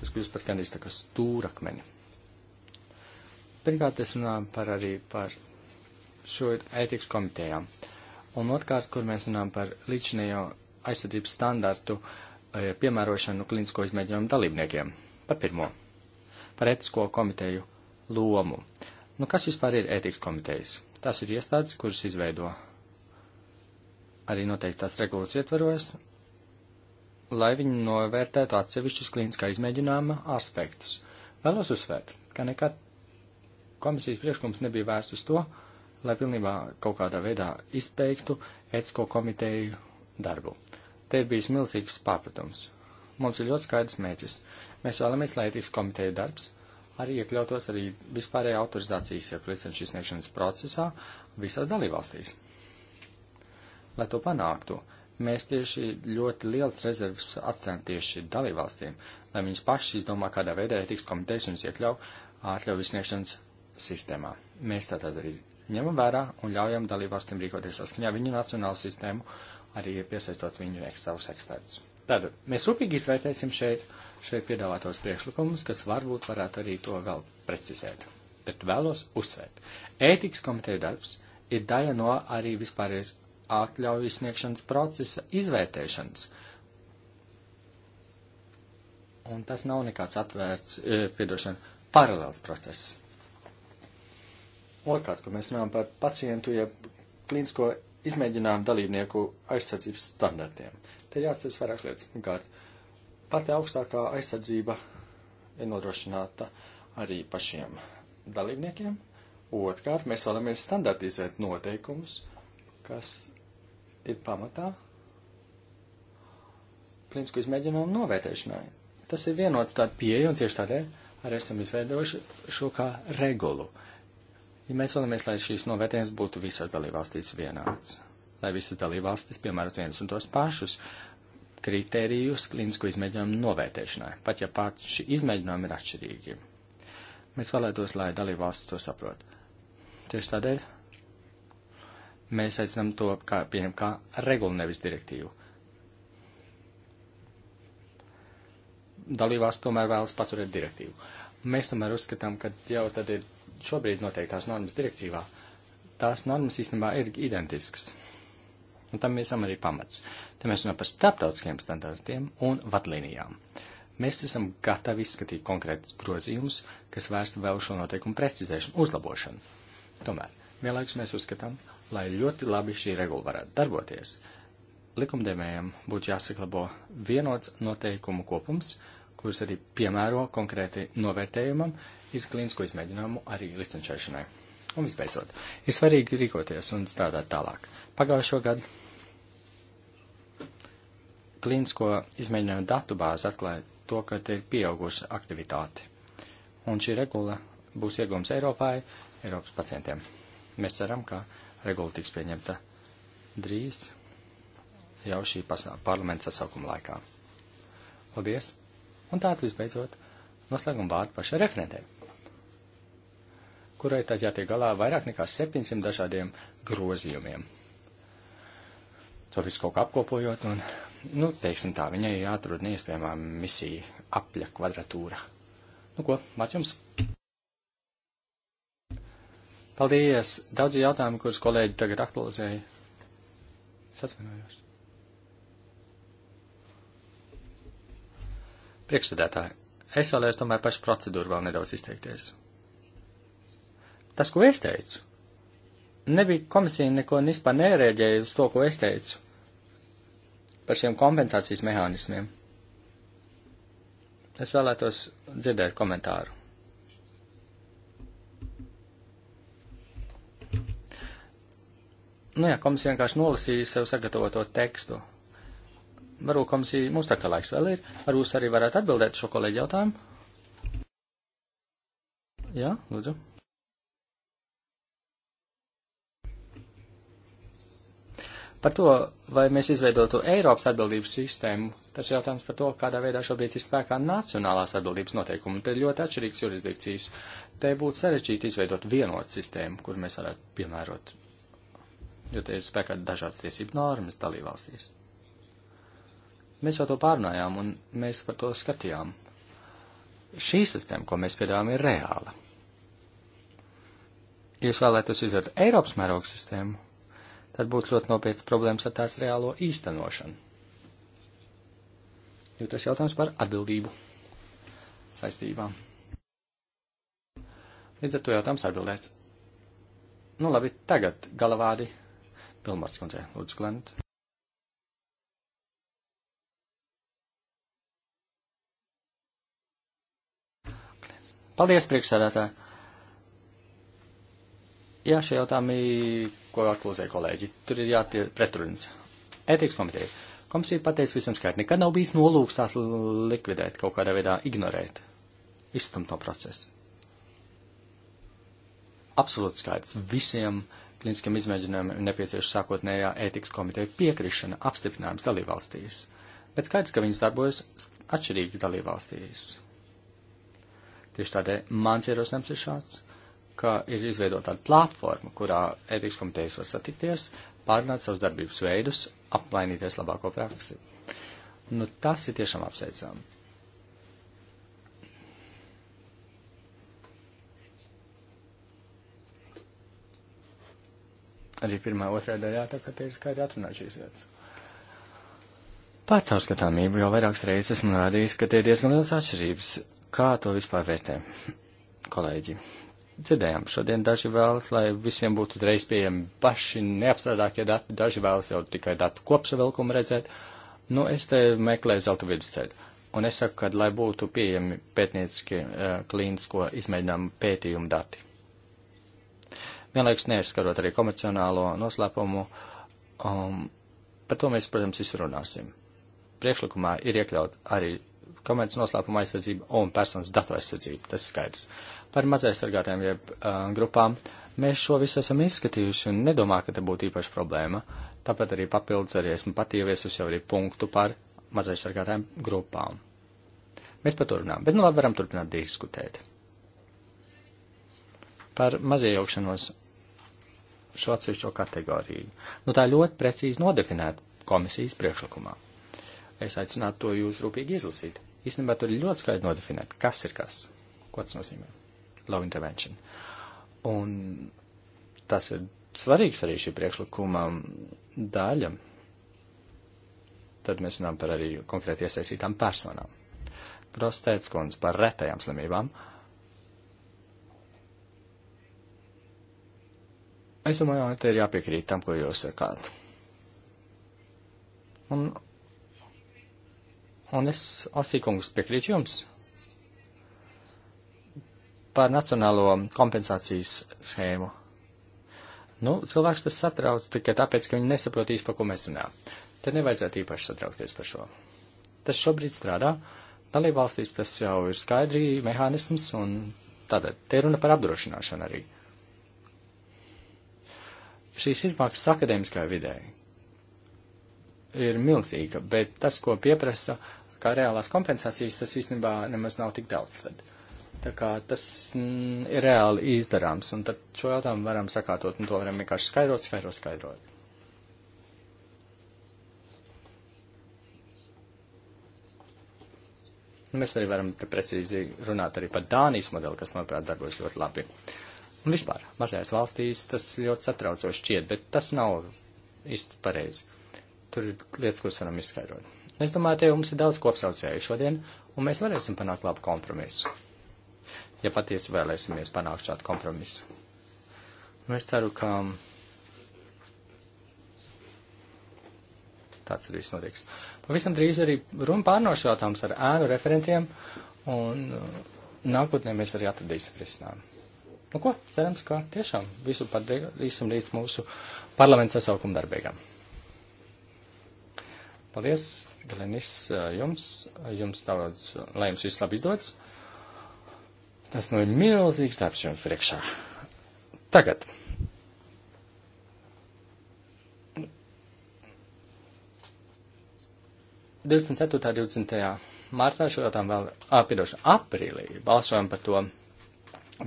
Tas kļūst par gandrīz tā kā stūrakmeni. Pirmkārt, es runāju par arī par šo ētikas komitejām. Un otrkārt, kur mēs runājam par līdzinējo aizsardzības standartu eh, piemērošanu klinisko izmēģinājumu dalībniekiem. Par pirmo. Par etisko komiteju lomu. Nu, kas vispār ir ētikas komitejas? Tās ir iestādes, kuras izveido arī noteiktās regulas ietveros, lai viņi novērtētu atsevišķus klīniskā izmēģinājuma aspektus. Vēlos uzsvērt, ka nekad komisijas priekšlikums nebija vērsts uz to, lai pilnībā kaut kādā veidā izbeigtu etisko komiteju darbu. Te ir bijis milzīgs pārpratums. Mums ir ļoti skaidrs mērķis. Mēs vēlamies, lai etikas komiteja darbs arī iekļautos arī vispārējā autorizācijas jau licenču izsniegšanas procesā visās dalībvalstīs. Lai to panāktu, mēs tieši ļoti liels rezervus atstājam tieši dalībvalstīm, lai viņas pašas izdomā, kādā veidā etikas komitejas viņas iekļau atļauju izsniegšanas sistēmā. Mēs tātad arī ņemam vērā un ļaujam dalībvalstīm rīkoties saskaņā viņu nacionālu sistēmu arī piesaistot viņu savus ekspertus. Tad mēs rūpīgi izvērtēsim šeit, šeit piedāvātos priekšlikumus, kas varbūt varētu arī to vēl precizēt. Bet vēlos uzsvērt. Ētikas komiteja darbs ir daļa no arī vispārējais atļauju sniegšanas procesa izvērtēšanas. Un tas nav nekāds atvērts, e, piedošana, paralēls process. Otrkārt, kad mēs runājam par pacientu, ja klīnisko izmēģinājumu dalībnieku aizsardzības standartiem. Te jāatceras vairākas lietas. Pirmkārt, pati augstākā aizsardzība ir nodrošināta arī pašiem dalībniekiem. Otkārt, mēs vēlamies standartizēt noteikumus, kas ir pamatā klīnisku izmēģinājumu novērtēšanai. Tas ir vienots tāda pieeja, un tieši tādēļ arī esam izveidojuši šo kā regulu. Uh, Ja mēs vēlamies, lai šīs novērtējums būtu visās dalībvalstīs vienāds, lai visas dalībvalstis piemērot vienus un tos pašus kritērijus klīnisko izmēģinājumu novērtēšanai, pat ja pat šī izmēģinājumi ir atšķirīgi. Mēs vēlētos, lai dalībvalstis to saprot. Tieši tādēļ mēs aicinām to kā, pieņem kā regulu, nevis direktīvu. Dalībvalsts tomēr vēlas paturēt direktīvu. Mēs tomēr uzskatām, ka jau tad ir šobrīd noteiktās normas direktīvā, tās normas īstenībā ir identiskas. Un tam mēs esam arī pamats. Te mēs runājam par starptautiskiem standartiem un vadlīnijām. Mēs esam gatavi izskatīt konkrētus grozījumus, kas vērstu vēl šo noteikumu precizēšanu, uzlabošanu. Tomēr, vienlaikus mēs uzskatām, lai ļoti labi šī regula varētu darboties, likumdevējiem būtu jāsaklabo vienots noteikumu kopums, kuras arī piemēro konkrēti novērtējumam, izklīnisko izmēģinājumu arī licenčēšanai. Un visbeidzot, ir svarīgi rīkoties un strādāt tālāk. Pagājušo gadu klīnisko izmēģinājumu datu bāze atklāja to, ka te ir pieauguša aktivitāte. Un šī regula būs iegums Eiropai, Eiropas pacientiem. Mēs ceram, ka regula tiks pieņemta drīz jau šī parlamenta sasaukuma laikā. Paldies! Un tātad visbeidzot noslēguma vārdu pašai referentē, kurai tad jātiek galā vairāk nekā 700 dažādiem grozījumiem. To visu kaut kā apkopojot, un, nu, teiksim tā, viņai jāatrod neiespējamā misija apļa kvadratūra. Nu ko, māc jums! Paldies! Daudz jautājumu, kurus kolēģi tagad aktualizēja. Es atvainojos. Priekšsēdētāji, es vēlējos tomēr pašu procedūru vēl nedaudz izteikties. Tas, ko es teicu, nebija komisija neko vispār nērēģēja uz to, ko es teicu par šiem kompensācijas mehānismiem. Es vēlētos dzirdēt komentāru. Nu jā, komisija vienkārši nolasīja sev sagatavoto tekstu varbūt komisija, mums tā kā laiks vēl ir, varbūt jūs arī varētu atbildēt šo kolēģi jautājumu. Jā, lūdzu. Par to, vai mēs izveidotu Eiropas atbildības sistēmu, tas ir jautājums par to, kādā veidā šobrīd ir spēkā nacionālās atbildības noteikumi. Te ir ļoti atšķirīgs jurisdikcijas. Te būtu sarežģīti izveidot vienotu sistēmu, kur mēs varētu piemērot, jo te ir spēkā dažādas tiesību normas dalībvalstīs. Mēs jau to pārnājām un mēs par to skatījām. Šī sistēma, ko mēs piedāvājam, ir reāla. Ja jūs vēlētos izveidot Eiropas mēroga sistēmu, tad būtu ļoti nopietnas problēmas ar tās reālo īstenošanu. Jo tas jautājums par atbildību saistībām. Līdz ar to jautājums atbildēts. Nu labi, tagad galavādi Pilmārts kundzei, lūdzu, klent. Paldies, priekšsēdētāji! Jā, šie jautājumi, ko aktualizē kolēģi, tur ir jātie pretrunas. Ētikas komiteja. Komisija pateica visam skaidri, nekad nav bijis nolūks tās likvidēt, kaut kādā veidā ignorēt, izstumt no procesa. Absolūti skaidrs. Visiem klīniskiem izmēģinājumiem ir nepieciešama sākotnējā ētikas komiteja piekrišana, apstiprinājums dalībvalstīs. Bet skaidrs, ka viņas darbojas atšķirīgi dalībvalstīs. Tieši tādēļ mans ierosinājums ir šāds, ka ir izveidot tādu platformu, kurā ētikas komitejas var satikties, pārnāt savus darbības veidus, apmainīties labāko praksi. Nu, tas ir tiešām apsveicami. Arī pirmā, otrā daļā, tā kā te ir skaidri atrunāt šīs lietas. Pats caurskatāmību jau vairākas reizes esmu rādījis, ka te ir diezgan liels atšķirības Kā to vispār vērtē, kolēģi? Dzirdējām, šodien daži vēlas, lai visiem būtu reiz pieejami paši neapstrādākie dati, daži vēlas jau tikai datu kopsavilkumu redzēt. Nu, es te meklēju zelta vidusceļu. Un es saku, ka lai būtu pieejami pētnieciskie eh, klīnisko izmēģinājumu pētījumu dati. Vienlaikus neaizskarot arī komercionālo noslēpumu, um, par to mēs, protams, visu runāsim. Priekšlikumā ir iekļaut arī komerces noslēpuma aizsardzība un personas datu aizsardzība. Tas skaidrs. Par mazaizsargātiem jeb uh, grupām mēs šo visu esam izskatījuši un nedomā, ka te būtu īpaša problēma. Tāpat arī papildus arī esmu patīvies uz jau arī punktu par mazaizsargātām grupām. Mēs par to runājam, bet nu labi varam turpināt diskutēt. Par maziejaukšanos šo atsevišķo kategoriju. Nu tā ļoti precīzi nodefinēta komisijas priekšlikumā. Es aicinātu to jūs rūpīgi izlasīt īstenībā tur ir ļoti skaidri nodefinēta, kas ir kas, ko tas nozīmē. Low intervention. Un tas ir svarīgs arī šī priekšlikuma daļa. Tad mēs runājam par arī konkrēti iesaistītām personām. Grostēts kundze par retajām slimībām. Es domāju, ka te ir jāpiekrīt tam, ko jūs sakāt. Un Un es, Asīkungs, piekrītu jums par nacionālo kompensācijas schēmu. Nu, cilvēks tas satrauc tikai tāpēc, ka viņi nesaprotīs, par ko mēs runājam. Te nevajadzētu īpaši satraukties par šo. Tas šobrīd strādā. Dalībvalstīs tas jau ir skaidri mehānisms, un tātad te runa par apdrošināšanu arī. Šīs izmaksas akadēmiskajā vidē ir milzīga, bet tas, ko pieprasa, uh, kā reālās kompensācijas, tas īstenībā nemaz nav tik daudz. Tad. Tā kā tas mm, ir reāli izdarāms, un tad šo jautājumu varam sakārtot, un to varam vienkārši skaidrot, skaidrot, skaidrot. Mēs arī varam te precīzi runāt arī par Dānijas modeli, kas, manuprāt, darbojas ļoti labi. Un vispār, mazajās valstīs tas ļoti satraucoši šķiet, bet tas nav īsti pareizi. Tur ir lietas, kuras varam izskaidrot. Es domāju, te mums ir daudz kopsaucēju šodien, un mēs varēsim panākt labu kompromisu. Ja patiesi vēlēsimies panākt šādu kompromisu. Nu, es ceru, ka tāds arī notiks. Pavisam drīz arī runa pārnošu jautājums ar ēnu referentiem, un uh, nākotnē mēs arī atradīsim risinājumu. Nu ko, cerams, ka tiešām visu padarīsim līdz mūsu parlaments sasaukuma darbībām. Paldies, Glenis, jums. Jums daudz, lai jums viss labi izdodas. Tas nu ir milzīgs darbs jums priekšā. Tagad. Divdesmit ceturtā, divdesmitajā martā šo jautājumu vēl, apiedošu, aprīlī balsojam par to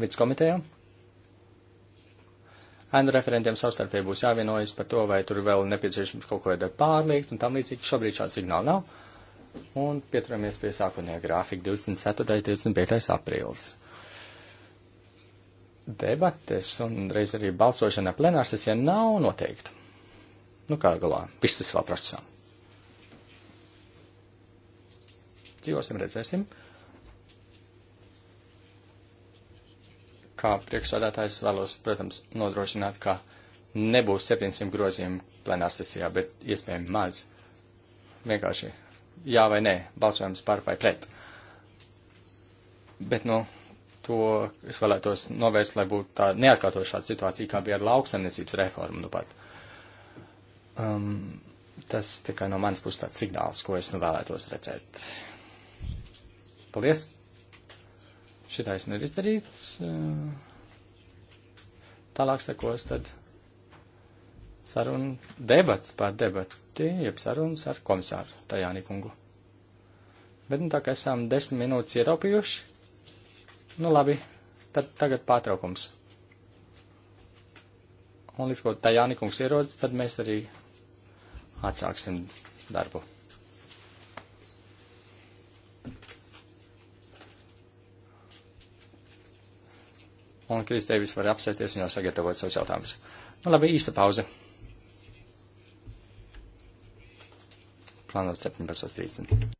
vidskomitejām ēnu referentiem savstarpēji būs jāvienojas par to, vai tur vēl nepieciešams kaut ko pārliekt un tam līdzīgi. Šobrīd šāda signāla nav. Un pieturamies pie sākotnējā grafika 24. un 25. aprīlis. Debates un reiz arī balsošana plenārsesijā nav noteikta. Nu kā galā, viss tas vēl procesā. Dzīvosim, redzēsim. kā priekšsādātājs vēlos, protams, nodrošināt, ka nebūs 700 grozījumu plenārsesijā, bet iespējami maz. Vienkārši jā vai nē, balsojums par vai pret. Bet, nu, to es vēlētos novērst, lai būtu tā neatkārtot šāda situācija, kā bija ar lauksaimniecības reformu. Nu pat. Um, tas tikai no manas puses tāds signāls, ko es nu vēlētos redzēt. Paldies! Šitais nav izdarīts. Tālāk sekos tad saruna debats par debati, jeb sarunas ar komisāru Tajāni kungu. Bet nu tā kā esam desmit minūtes ietaupījuši, nu labi, tad tagad pārtraukums. Un līdz ko Tajāni kungs ierodas, tad mēs arī atsāksim darbu. un Kris Deivis var apsēsties un jau sagatavot savus jautājumus. Nu labi, īsta pauze. Plānot 17.30.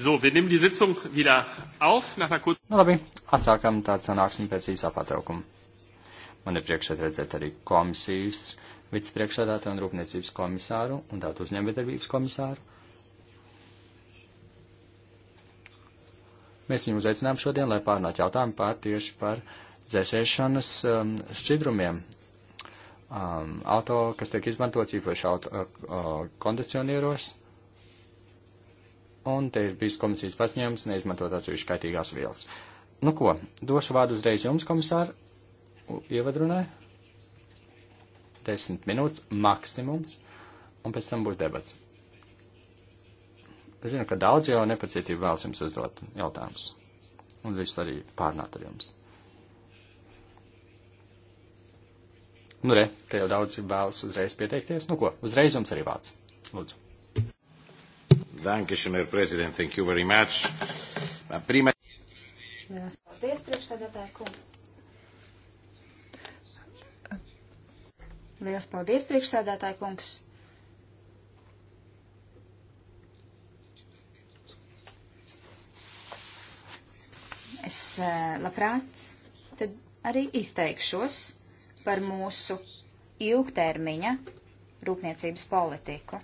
So, wir nehmen die Sitzung wieder auf nach einer kurzen. Nu, labi, atsākam tādu sanāksmi pēc īsā patraukuma. Man ir priekšā redzēt arī komisijas vicepriekšādātāju un rūpniecības komisāru un datu uzņēmējdarbības komisāru. Mēs viņu uzaicinām šodien, lai pārnāt jautājumu pār tieši par dzēsēšanas um, šķidrumiem. Um, auto, kas tiek izmantots īpaši auto uh, uh, kondicionieros, un te ir bijis komisijas paziņojums neizmantot atsevišķi kaitīgās vielas. Nu ko, došu vārdu uzreiz jums, komisāri, ievadrunai desmit minūtes maksimums, un pēc tam būs debats. Es zinu, ka daudz jau nepacietību vēlas jums uzdot jautājumus, un viss arī pārnāt ar jums. Nu, re, te jau daudz vēlas uzreiz pieteikties. Nu ko, uzreiz jums arī vārds. Lūdzu. Danke, Šunēr, prezident, thank you very much. Prima... Paldies, priekšsēdētāji, kungi. Liels paldies, priekšsēdētāji kungs! Es eh, labprāt tad arī izteikšos par mūsu ilgtermiņa rūpniecības politiku.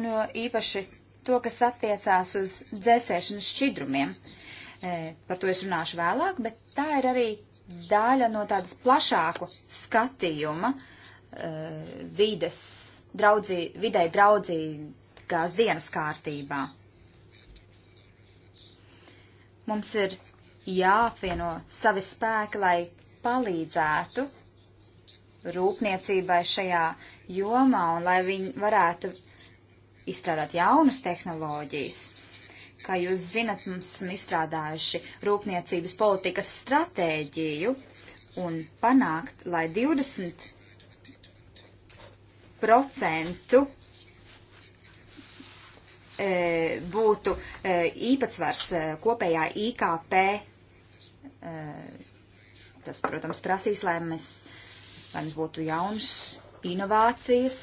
Un jo īpaši to, kas attiecās uz dzēsēšanas šķidrumiem. Eh, par to es runāšu vēlāk, bet tā ir arī daļa no tādas plašāku skatījuma uh, vides draudzī, vidē draudzīgās dienas kārtībā. Mums ir jāapvieno savi spēki, lai palīdzētu rūpniecībai šajā jomā un lai viņi varētu izstrādāt jaunas tehnoloģijas. Kā jūs zinat, mums izstrādājuši rūpniecības politikas stratēģiju un panākt, lai 20% e, būtu e, īpatsvars e, kopējā IKP. Tas, protams, prasīs, lai mēs, lai mums būtu jauns inovācijas,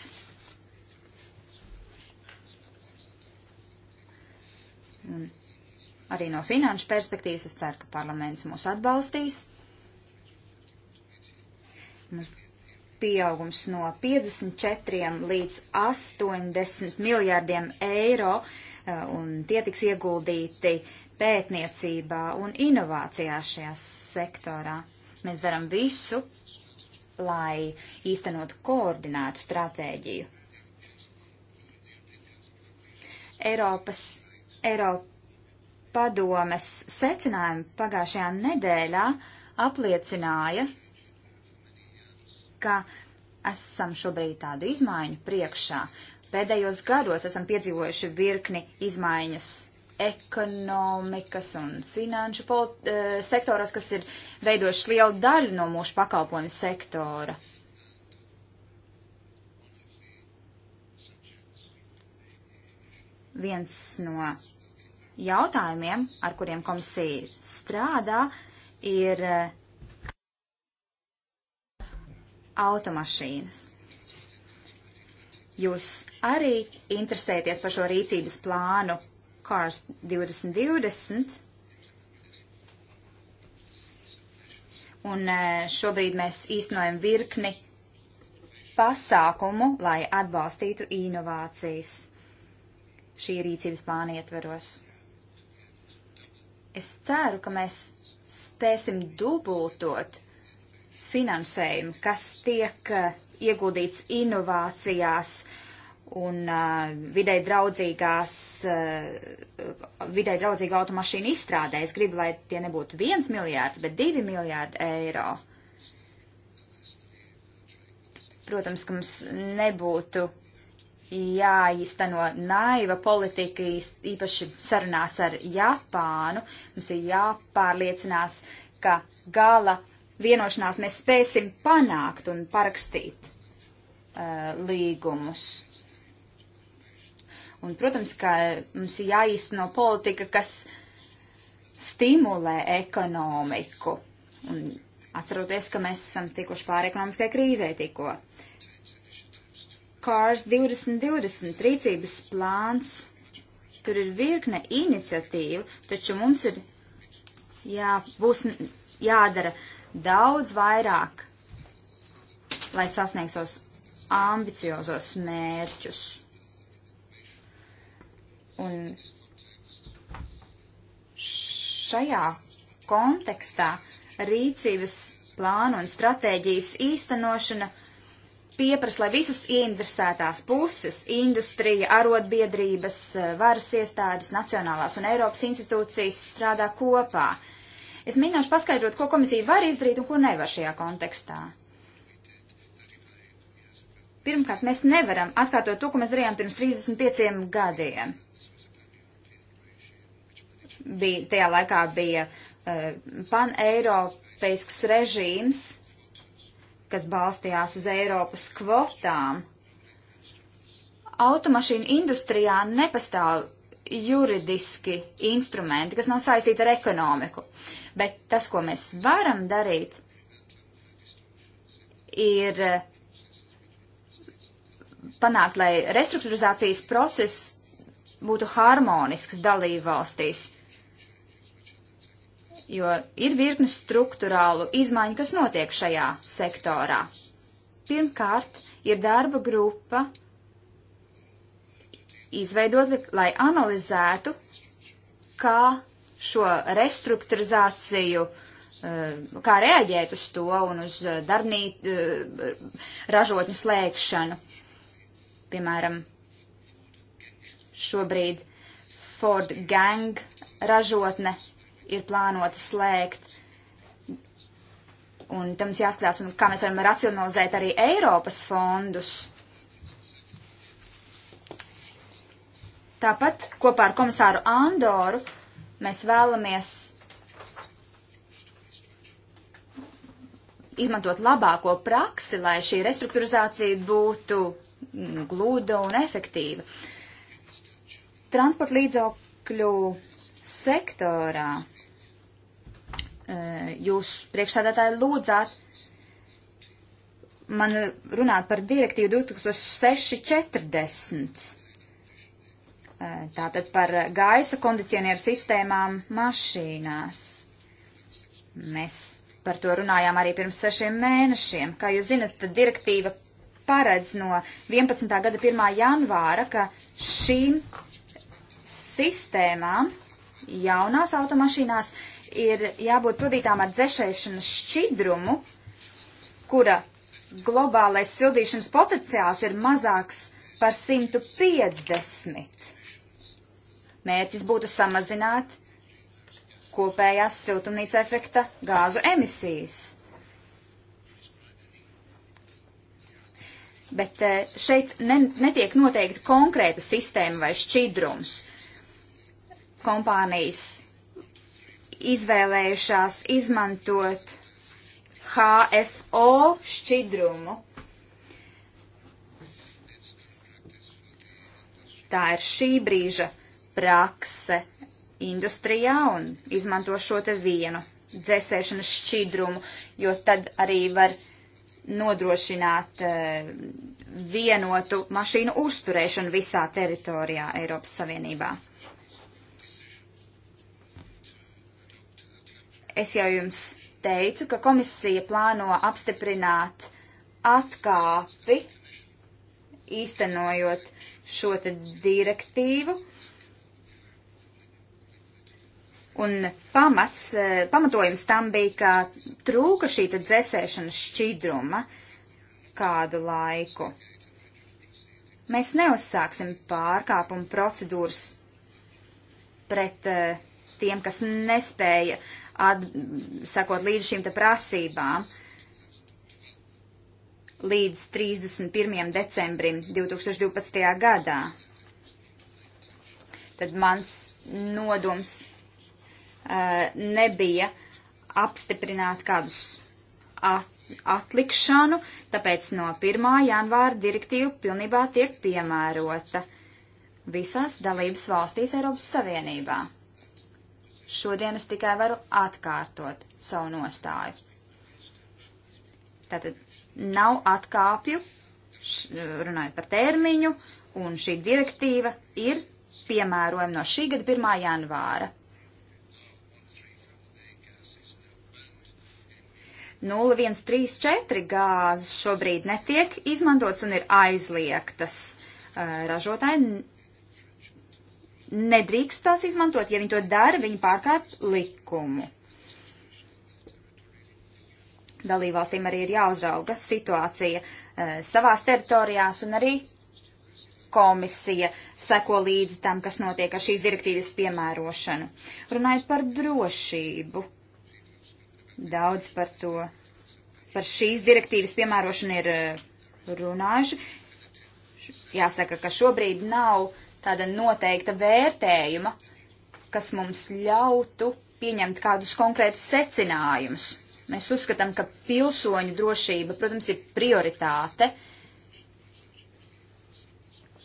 Arī no finanšu perspektīvas es ceru, ka parlaments mūs atbalstīs. Mums pieaugums no 54 līdz 80 miljārdiem eiro, eh, un tie tiks ieguldīti pētniecībā un inovācijās šajā sektorā. Mēs darām visu, lai īstenot koordinātu stratēģiju. Eiropas Eiropa padomes secinājumi pagājušajā nedēļā apliecināja, ka esam šobrīd tādu izmaiņu priekšā. Pēdējos gados esam piedzīvojuši virkni izmaiņas ekonomikas un finanšu eh, sektoros, kas ir veidojuši lielu daļu no mūsu pakalpojumu sektora. Viens no jautājumiem, ar kuriem komisija strādā, ir eh, automašīnas. Jūs arī interesēties par šo rīcības plānu Cars 2020. Un eh, šobrīd mēs īstenojam virkni pasākumu, lai atbalstītu inovācijas šī rīcības plāna ietveros. Es ceru, ka mēs spēsim dubultot finansējumu, kas tiek eh, ieguldīts inovācijās un uh, vidē draudzīgās, uh, vidē draudzīgu automašīnu izstrādē. Es gribu, lai tie nebūtu viens miljārds, bet divi miljārdi eiro. Protams, ka mums nebūtu jāīsteno naiva politika, īpaši sarunās ar Japānu. Mums ir jāpārliecinās, ka gala vienošanās mēs spēsim panākt un parakstīt uh, līgumus. Un, protams, ka mums ir jāīsteno politika, kas stimulē ekonomiku. Un atceroties, ka mēs esam tikuši pāri ekonomiskai krīzē tikko. Kārs 2020 rīcības plāns, tur ir virkne iniciatīva, taču mums ir jā, būs jādara daudz vairāk, lai sasniegtu savus ambiciozos mērķus. Un šajā kontekstā rīcības plāna un stratēģijas īstenošana pieprasa, lai visas ieinteresētās puses - industrija, arotbiedrības, eh, varas iestādes, nacionālās un Eiropas institūcijas strādā kopā. Es mēģināšu paskaidrot, ko komisija var izdarīt un ko nevar šajā kontekstā. Pirmkārt, mēs nevaram atkārtot to, ko mēs darījām pirms 35 gadiem. Bija, tajā laikā bija uh, paneiropeisks režīms, kas balstījās uz Eiropas kvotām. Automašīnu industrijā nepastāv juridiski instrumenti, kas nav saistīti ar ekonomiku. Bet tas, ko mēs varam darīt, ir eh, panākt, lai restruktūrizācijas process būtu harmonisks dalību valstīs jo ir virkni struktūrālu izmaiņu, kas notiek šajā sektorā. Pirmkārt, ir darba grupa izveidot, lai analizētu, kā šo restruktūrizāciju, eh, kā reaģēt uz to un uz eh, darbnīt, eh, ražotņu slēgšanu. Piemēram, šobrīd Ford Gang ražotne ir plānota slēgt. Un tam mums jāskatās, un kā mēs varam racionalizēt arī Eiropas fondus. Tāpat kopā ar komisāru Andoru mēs vēlamies izmantot labāko praksi, lai šī restruktūrizācija būtu glūda un efektīva. Transporta līdzokļu sektorā Eh, jūs priekšsādātāji lūdzāt man runāt par direktīvu 2640. Eh, tātad par gaisa kondicionieru sistēmām mašīnās. Mēs par to runājām arī pirms sešiem mēnešiem. Kā jūs zinat, tad direktīva paredz no 11. gada 1. janvāra, ka šīm sistēmām jaunās automašīnās uh, ir jābūt pildītām ar dzēšēšanas šķidrumu, kura globālais sildīšanas potenciāls ir mazāks par 150. Mērķis būtu samazināt kopējās siltumnīca efekta gāzu emisijas. Bet eh, šeit ne, netiek noteikti konkrēta sistēma vai šķidrums. Kompānijas izvēlējušās izmantot HFO šķidrumu. Tā ir šī brīža prakse industrijā un izmanto šo te vienu dzēsēšanas šķidrumu, jo tad arī var nodrošināt uh, vienotu mašīnu uzturēšanu visā teritorijā Eiropas Savienībā. Es jau jums teicu, ka komisija plāno apstiprināt atkāpi, īstenojot šo te direktīvu. Un pamats, eh, pamatojums tam bija, ka trūka šī te dzēsēšanas šķidruma kādu laiku. Mēs neuzsāksim pārkāpumu procedūras pret uh, tiem, kas nespēja at, sakot līdz šīm te prasībām līdz 31. decembrim 2012. gadā. Tad mans nodoms uh, nebija apstiprināt kādus at, atlikšanu, tāpēc no 1. janvāra direktīva pilnībā tiek piemērota visās dalības valstīs Eiropas Savienībā. Šodien es tikai varu atkārtot savu nostāju. Tātad nav atkāpju, runājot par termiņu, un šī direktīva ir piemērojama no šī gada 1. janvāra. 0134 gāzes šobrīd netiek izmantots un ir aizliegtas. Uh, ražotāji nedrīkst tās izmantot. Ja viņi to dara, viņi pārkāpj likumu. Dalībvalstīm arī ir jāuzrauga situācija e, savās teritorijās un arī komisija seko līdzi tam, kas notiek ar šīs direktīvas piemērošanu. Runājot par drošību, daudz par to, par šīs direktīvas piemērošanu ir eh, runājuši. Jāsaka, ka šobrīd nav uh, tāda noteikta vērtējuma, kas mums ļautu pieņemt kādus konkrētus secinājumus. Mēs uzskatām, ka pilsoņu drošība, protams, ir prioritāte,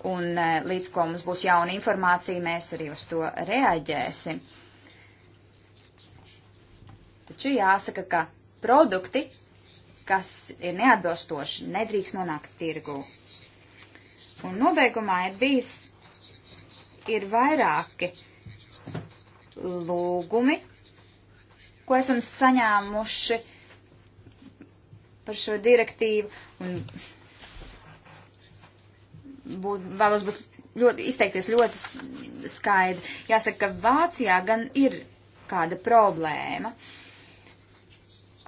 un e, līdz ko mums būs jauna informācija, mēs arī uz to reaģēsim. Taču jāsaka, ka produkti, kas ir neatbilstoši, nedrīkst nonākt tirgū. Un nobeigumā ir bijis ir vairāki lūgumi, ko esam saņēmuši par šo direktīvu. Un būt, vēlos būt ļoti, izteikties ļoti skaidri. Jāsaka, ka Vācijā gan ir kāda problēma,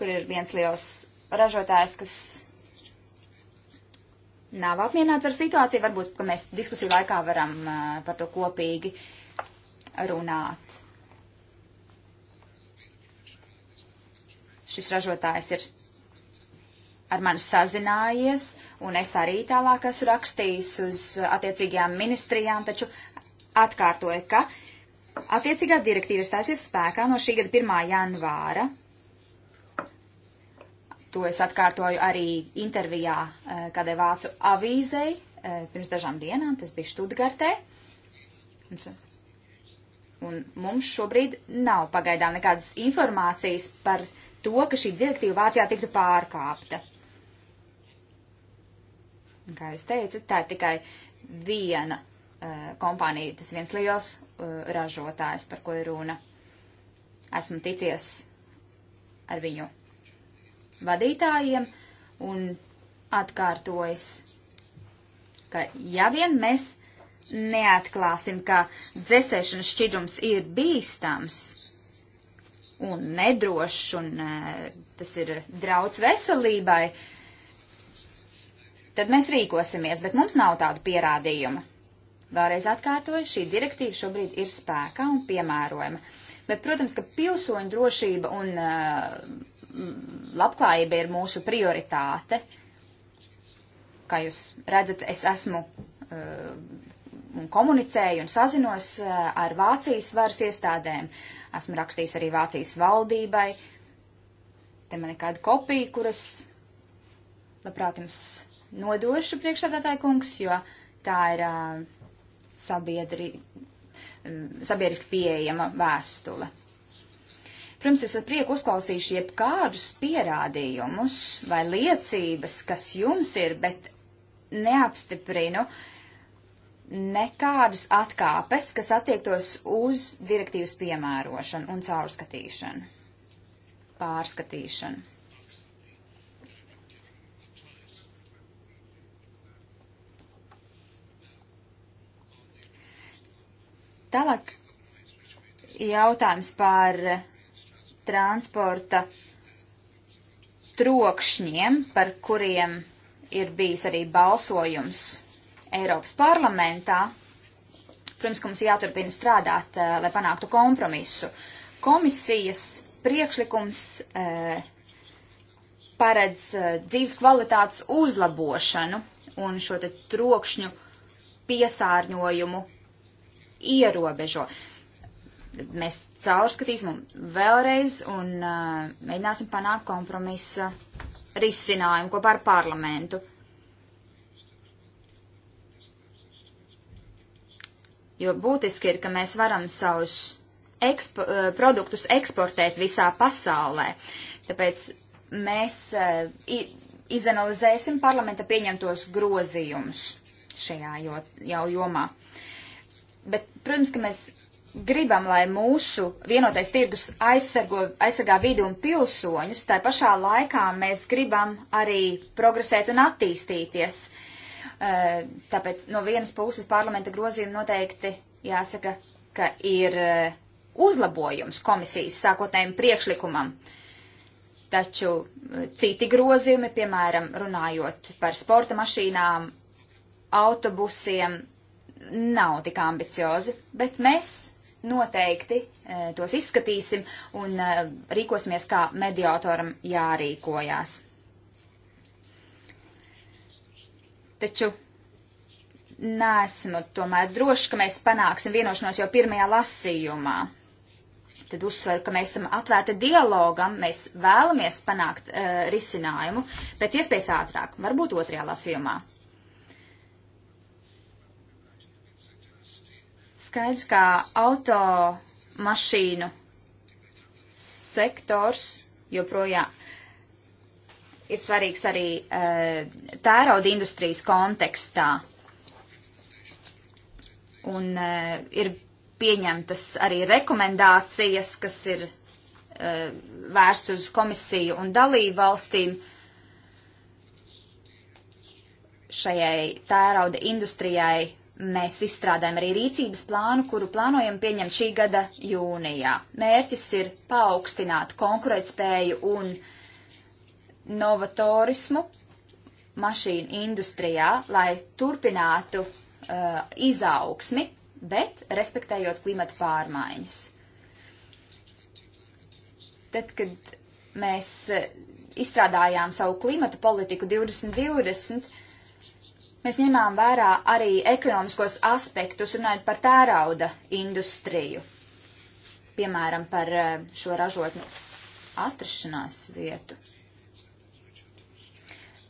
kur ir viens liels ražotājs, kas nav apmierināts ar situāciju. Varbūt, ka mēs diskusiju laikā varam eh, par to kopīgi runāt. Šis ražotājs ir ar mani sazinājies, un es arī tālāk esmu rakstījis uz attiecīgajām ministrijām, taču atkārtoju, ka attiecīgā direktīva ir stājusies spēkā no šī gada 1. janvāra, To es atkārtoju arī intervijā eh, kādai vācu avīzei eh, pirms dažām dienām, tas bija Študgartē. Un mums šobrīd nav pagaidām nekādas informācijas par to, ka šī direktīva Vācijā tiktu pārkāpta. Un, kā jūs teicat, tā ir tikai viena uh, kompānija, tas viens liels uh, ražotājs, par ko ir runa. Esmu ticies ar viņu vadītājiem un atkārtojas, ka ja vien mēs neatklāsim, ka dzēsēšanas šķidrums ir bīstams un nedrošs un e, tas ir drauds veselībai, tad mēs rīkosimies, bet mums nav tādu pierādījumu. Vēlreiz atkārtoju, šī direktīva šobrīd ir spēkā un piemērojama. Bet, protams, ka pilsoņu drošība un uh, labklājība ir mūsu prioritāte. Kā jūs redzat, es esmu uh, un komunicēju un sazinos uh, ar Vācijas varas iestādēm. Esmu rakstījis arī Vācijas valdībai. Te man ir kāda kopija, kuras labprāt jums nodošu priekšsēdētāju kungs, jo tā ir uh, sabiedri, um, sabiedriski pieejama vēstule. Protams, es ar prieku uzklausīšu jebkādus pierādījumus vai liecības, kas jums ir, bet neapstiprinu nekādas atkāpes, kas attiektos uz direktīvas piemērošanu un caurskatīšanu, pārskatīšanu. Tālāk jautājums par transporta trokšņiem, par kuriem ir bijis arī balsojums Eiropas parlamentā. Protams, ka mums jāturpina strādāt, eh, lai panāktu kompromisu. Komisijas priekšlikums eh, paredz eh, dzīves kvalitātes uzlabošanu un šo te trokšņu piesārņojumu ierobežo mēs caurskatīsim vēlreiz un uh, mēģināsim panākt kompromisa risinājumu kopā ar parlamentu. Jo būtiski ir, ka mēs varam savus ekspo uh, produktus eksportēt visā pasaulē. Tāpēc mēs uh, izanalizēsim parlamenta pieņemtos grozījumus šajā jo, jau jomā. Bet, protams, ka mēs gribam, lai mūsu vienotais tirgus aizsargo, aizsargā vidi un pilsoņus, tā pašā laikā mēs gribam arī progresēt un attīstīties. Eh, tāpēc no vienas puses parlamenta grozījuma noteikti jāsaka, ka ir eh, uzlabojums komisijas sākotnējiem priekšlikumam. Taču eh, citi grozījumi, piemēram, runājot par sporta mašīnām, autobusiem, nav tik ambiciozi, bet mēs noteikti eh, tos izskatīsim un eh, rīkosimies, kā mediātoram jārīkojās. Taču nesmu tomēr droši, ka mēs panāksim vienošanos jau pirmajā lasījumā. Tad uzsveru, ka mēs esam atvērti dialogam, mēs vēlamies panākt uh, risinājumu pēc iespējas ātrāk, varbūt otrajā lasījumā. skaidrs, ka automašīnu sektors joprojām ir svarīgs arī eh, tērauda industrijas kontekstā. Un eh, ir pieņemtas arī rekomendācijas, kas ir eh, vērsts uz komisiju un dalību valstīm šajai tērauda industrijai Mēs izstrādājam arī rīcības plānu, kuru plānojam pieņemt šī gada jūnijā. Mērķis ir paaugstināt konkurētspēju un novatorismu mašīnu industrijā, lai turpinātu uh, izaugsmi, bet respektējot klimata pārmaiņas. Tad, kad mēs uh, izstrādājām savu klimata politiku 2020, Mēs ņemām vērā arī ekonomiskos aspektus, runājot par tērauda industriju, piemēram, par eh, šo ražotņu atrašanās vietu.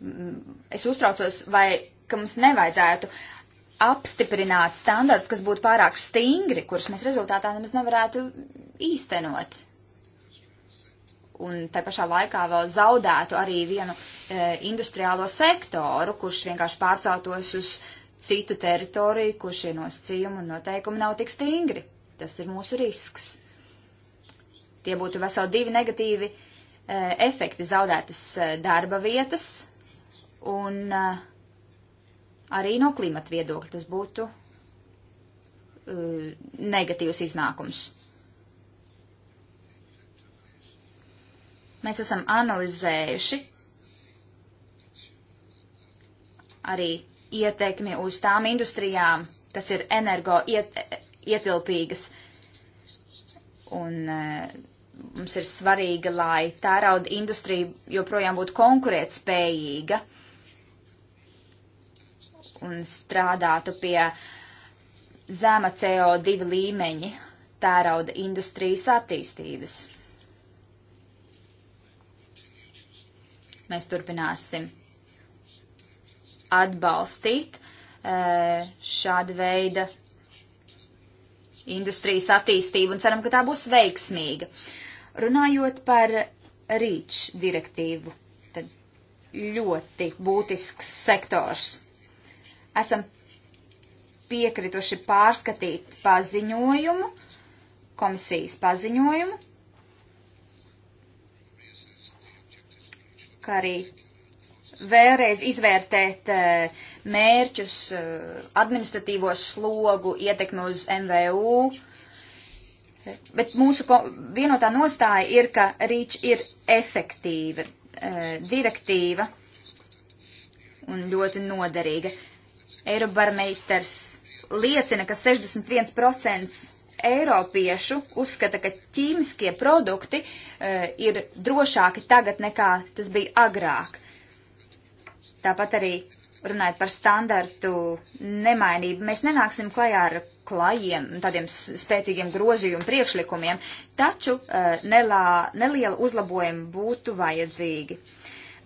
Mm, es uztraucos, vai, ka mums nevajadzētu apstiprināt standarts, kas būtu pārāk stingri, kurus mēs rezultātā nemaz nevarētu īstenot un tai pašā laikā vēl zaudētu arī vienu e, industriālo sektoru, kurš vienkārši pārceltos uz citu teritoriju, kur šie nosacījumi un noteikumi nav tik stingri. Tas ir mūsu risks. Tie būtu veseli divi negatīvi e, efekti - zaudētas e, darba vietas un e, arī no klimata viedokļa tas būtu e, negatīvs iznākums. Mēs esam analizējuši arī ieteikmi uz tām industrijām, kas ir energo iet, ietilpīgas. Un uh, mums ir svarīga, lai tērauda industrija joprojām būtu konkurētspējīga un strādātu pie zema CO2 līmeņa tērauda industrijas attīstības. Mēs turpināsim atbalstīt e, šāda veida industrijas attīstību un ceram, ka tā būs veiksmīga. Runājot par rīč direktīvu, tad ļoti būtisks sektors. Esam piekrituši pārskatīt paziņojumu, komisijas paziņojumu, kā arī vēlreiz izvērtēt eh, mērķus, eh, administratīvo slogu, ietekmi uz MVU. Bet mūsu vienotā nostāja ir, ka rīč ir efektīva eh, direktīva un ļoti noderīga. Eirobarometrs liecina, ka 61% Eiropiešu uzskata, ka ķīmiskie produkti uh, ir drošāki tagad nekā tas bija agrāk. Tāpat arī runājot par standartu nemainību, mēs nenāksim klajā ar klajiem, tādiem spēcīgiem grozījumu priekšlikumiem, taču uh, nelā, neliela uzlabojuma būtu vajadzīgi.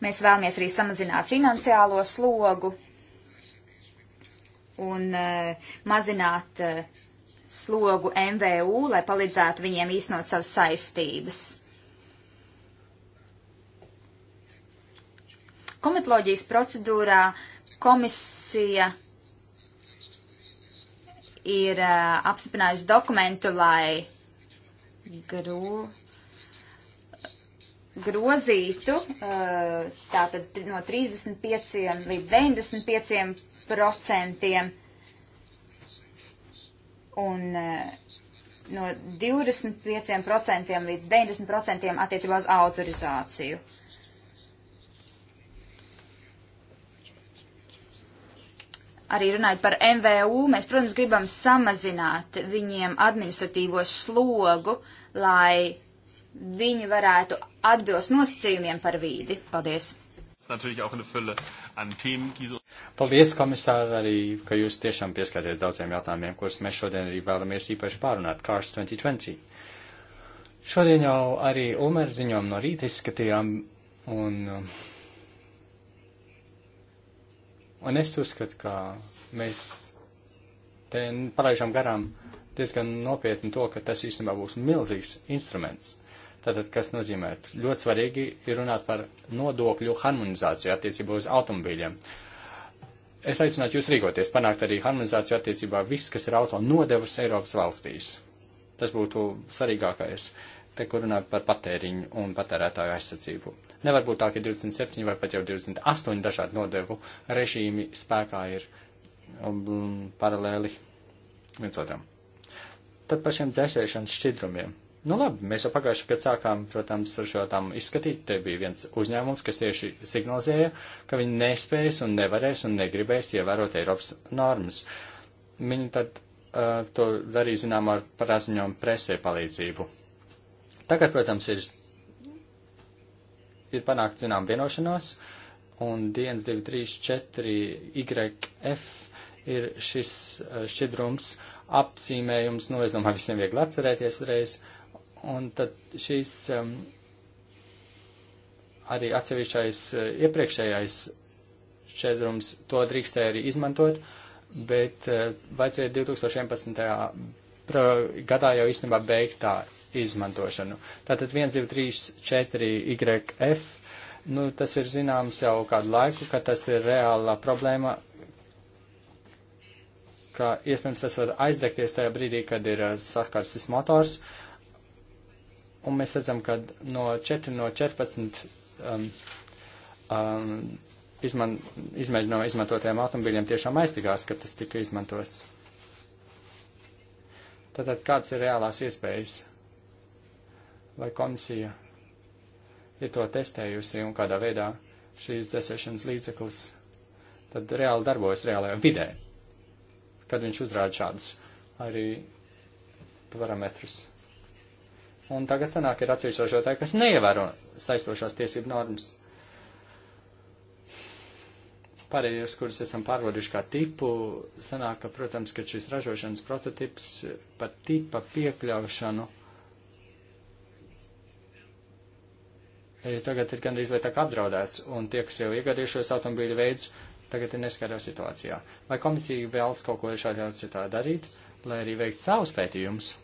Mēs vēlamies arī samazināt finansiālo slogu un uh, mazināt uh, slogu MVU, lai palīdzētu viņiem īstenot savas saistības. Komitoloģijas procedūrā komisija ir uh, apstiprinājusi dokumentu, lai gro, grozītu uh, tātad no 35 līdz 95 procentiem un eh, no 25% līdz 90% attiecībā uz autorizāciju. arī runājot par MVU, mēs, protams, gribam samazināt viņiem administratīvo slogu, lai viņi varētu atbilst nosacījumiem par vīdi. Paldies! natürlich auch eine Fülle an Themen. Paldies, komisāri, arī, ka jūs tiešām pieskatiet daudziem jautājumiem, kurus mēs šodien arī vēlamies īpaši pārunāt. Kārs 2020. Šodien jau arī Ulmer ziņojumu no rīta izskatījām, un, um, un es uzskatu, ka mēs te palaižam garām diezgan nopietni to, ka tas īstenībā būs milzīgs instruments. Uh, Tātad, kas nozīmē, ļoti svarīgi ir runāt par nodokļu harmonizāciju attiecībā uz automobīļiem. Es aicinātu jūs rīkoties, panākt arī harmonizāciju attiecībā viss, kas ir auto nodevas Eiropas valstīs. Tas būtu svarīgākais, te, kur runāt par patēriņu un patērētāju aizsardzību. Nevar būt tā, ka 27 vai pat jau 28 dažādu nodevu režīmi spēkā ir um, paralēli viens otram. Tad par šiem dzēsēšanas šķidrumiem Nu labi, mēs jau pagājuši pēc sākām, protams, ar šo tām izskatīt. Te bija viens uzņēmums, kas tieši signalizēja, ka viņi nespējas un nevarēs un negribēs ievērot Eiropas normas. Viņi tad uh, to darīja zinām ar paraziņojumu presē palīdzību. Tagad, protams, ir, ir panākt zinām vienošanās, un 1, 2, 3, 4, YF ir šis šķidrums apzīmējums, nu, es domāju, visiem viegli atcerēties reiz. Uh, Un tad šīs um, arī atsevišķais uh, iepriekšējais šķēdrums, to drīkstēja arī izmantot, bet uh, vajadzēja 2011. gadā jau īstenībā beigt tā izmantošanu. Tātad 1, 2, 3, 4, YF, nu tas ir zināms jau kādu laiku, ka tas ir reāla problēma, ka iespējams tas var aizdegties tajā brīdī, kad ir uh, sakarsis motors. Uh, Un mēs redzam, ka no 4 no 14 um, um, izman, izmēģino izmantotajiem automobīļiem tiešām aiztikās, ka tas tika izmantots. Tātad kāds ir reālās iespējas? Vai komisija ir to testējusi un kādā veidā šīs desēšanas līdzeklis tad reāli darbojas reālajā vidē, kad viņš uzrāda šādus arī parametrus. Un tagad sanāk, ir atsevišķi ražotāji, kas neievēro saistošās tiesību normas. Pārējos, kurus esam pārvadījuši kā tipu, sanāk, ka, protams, ka šis ražošanas prototips par tipa piekļaušanu e, tagad ir gandrīz vai tā kā apdraudēts, un tie, kas jau iegādījušos automobīļu veidus, tagad ir neskaidrā situācijā. Vai komisija vēlas kaut ko šādā citā darīt, lai arī veikt savus pētījumus?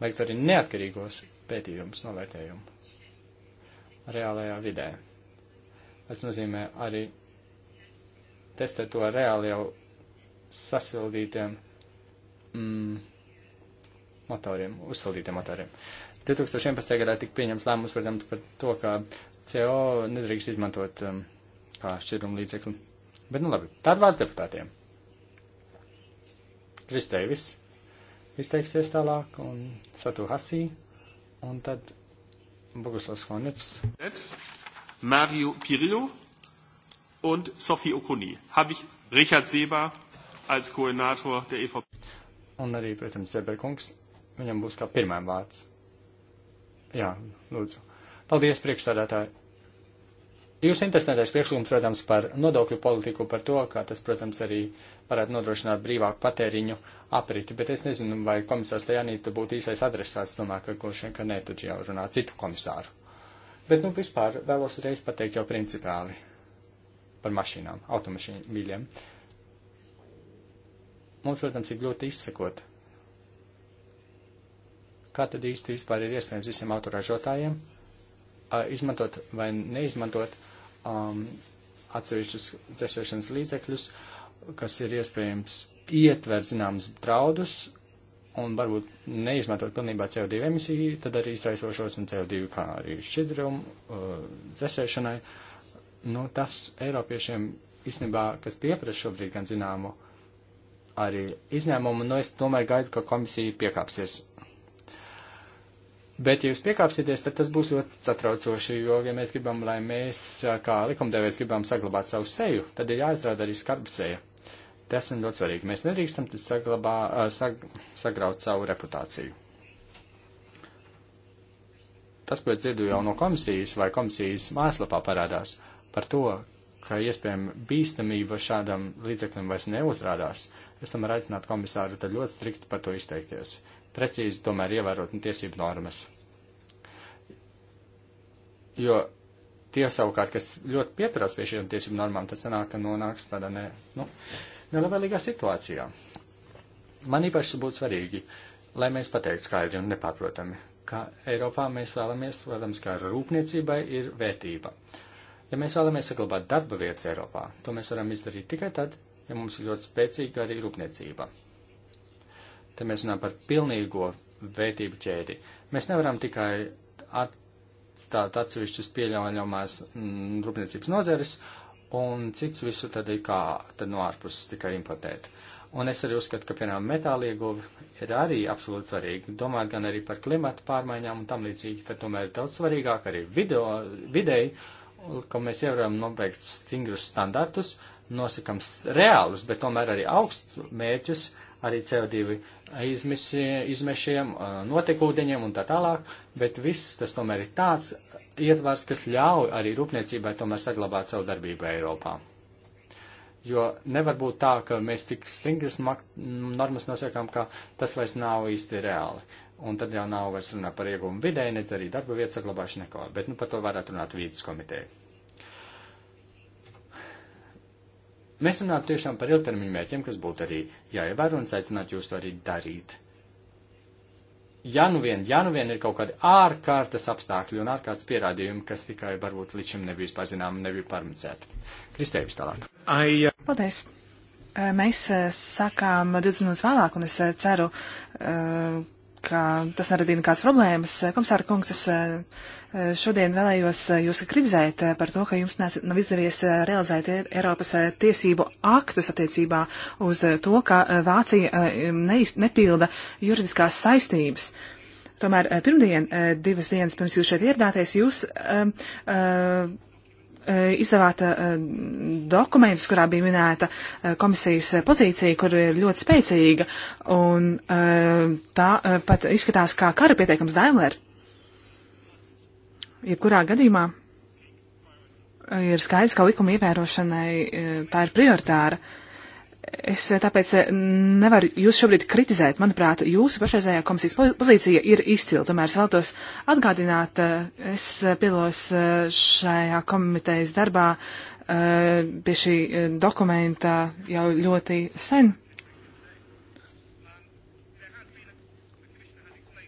veikt arī neatkarīgos pētījumus, novērtējumu reālajā vidē. Tas nozīmē arī testēt to reāli jau sasildītiem mm, motoriem, uzsildītiem motoriem. 2011. gadā tika pieņems lēmums, protams, par to, ka CO nedrīkst izmantot um, kā šķirumu līdzekli. Bet, nu labi, tāda vārds deputātiem. Kristēvis izteiksies tālāk, un Satu Hasī, un tad Boguslavs Hornets. Mario Pirillo und Sophie Okuni. Habe ich Richard Seber als Koordinator der EVP. Un arī, protams, Zeberkungs, viņam būs kā pirmajam vārds. Jā, lūdzu. Paldies, priekšsādātāji. Jūs interesantais priekšlikums, protams, par nodokļu politiku, par to, kā tas, protams, arī varētu nodrošināt brīvāku patēriņu apriti, bet es nezinu, vai komisārs Tajānī tu būtu īsais adresāts, domāju, ka kurš vienkārši nē, tu jau runā citu komisāru. Bet, nu, vispār vēlos reiz pateikt jau principāli par mašīnām, automašīnām. Mums, protams, ir ļoti izsekot kā tad īsti vispār ir iespējams visiem autoražotājiem izmantot vai neizmantot um, atsevišķus dzēsēšanas līdzekļus, kas ir iespējams ietver zināmas draudus un varbūt neizmantot pilnībā CO2 emisiju, tad arī izraisošos un CO2 kā arī šķidrumu uh, dzēsēšanai. Nu, tas Eiropiešiem īstenībā, kas pieprasa šobrīd gan zināmu arī izņēmumu, nu es tomēr gaidu, ka komisija piekāpsies Bet, ja jūs piekāpsieties, tad tas būs ļoti satraucoši, jo, ja mēs gribam, lai mēs, kā likumdevējs, gribam saglabāt savu seju, tad ir jāizrāda arī skarba seja. Tas ir ļoti svarīgi. Mēs nedrīkstam saglabā, sag, sagraut savu reputāciju. Tas, ko es dzirdu jau no komisijas vai komisijas mājaslapā parādās par to, ka iespējama bīstamība šādam līdzeklim vairs neuzrādās, es tomēr aicinātu komisāru tad ļoti strikti par to izteikties. Uh, precīzi tomēr ievērot nu, tiesību normas. Jo tie savukārt, kas ļoti pieturās pie šiem tiesību normām, tad sanāk, ka nonāks tādā ne, nu, nelabvēlīgā situācijā. Man īpaši būtu svarīgi, lai mēs pateiktu skaidri un nepārprotami, ka Eiropā mēs vēlamies, protams, ka rūpniecībai ir vērtība. Ja mēs vēlamies saglabāt darba vietas Eiropā, to mēs varam izdarīt tikai tad, ja mums ir ļoti spēcīga arī rūpniecība. Te mēs runājam par pilnīgo vērtību ķēdi. Mēs nevaram tikai atstāt atsevišķus pieļaujamās mm, rūpniecības nozeres un cits visu tad ir kā tad no ārpuses tikai importēt. Un es arī uzskatu, ka, piemēram, metāla ieguve ir arī absolūti svarīga. Domājot gan arī par klimatu pārmaiņām un tam līdzīgi, tad tomēr ir daudz svarīgāk arī video, videi, ka mēs ievaram nobeigt stingrus standartus, nosakam reālus, bet tomēr arī augsts mērķus, arī CO2 izmešiem, notekūdeņiem un tā tālāk, bet viss tas tomēr ir tāds ietvars, kas ļauj arī rūpniecībai tomēr saglabāt savu darbību Eiropā. Jo nevar būt tā, ka mēs tik stingras normas nosakām, ka tas vairs nav īsti reāli. Un tad jau nav vairs runā par ieguvumu vidē, nedz arī darba vietas saglabāšanu neko. Bet nu, par to varētu runāt vīdes komiteja. mēs runātu tiešām par ilgtermiņu mērķiem, kas būtu arī jāievēro un aicinātu jūs to arī darīt. Ja nu vien, ja nu vien ir kaut kādi ārkārtas apstākļi un ārkārtas pierādījumi, kas tikai varbūt līdz šim nebija pazinām un nebija parmicēti. Kristēvis tālāk. Ai, jā. Paldies. Mēs sākām 20 minūtes vēlāk, un es ceru, ka tas neradīja nekādas problēmas. Komisāra kungs, es Šodien vēlējos eh, jūs kritizēt eh, par to, ka jums nav izdevies eh, realizēt Eiropas tiesību aktus attiecībā uz to, ka Vācija neiz, nepilda juridiskās saistības. Tomēr pirmdien, divas dienas pirms jūs šeit ieradāties, jūs uh, uh, izdevāt uh, dokumentus, kurā bija minēta uh, komisijas pozīcija, kur ir ļoti spēcīga, un uh, tā pat izskatās kā kara pieteikums Daimler jebkurā gadījumā eh, ir skaidrs, ka likuma ievērošanai eh, tā ir prioritāra. Es eh, tāpēc nevaru jūs šobrīd kritizēt. Manuprāt, jūsu pašreizējā komisijas pozīcija ir izcila. Tomēr es vēlos atgādināt, es piedalos šajā komitejas darbā pie šī dokumenta jau ļoti sen.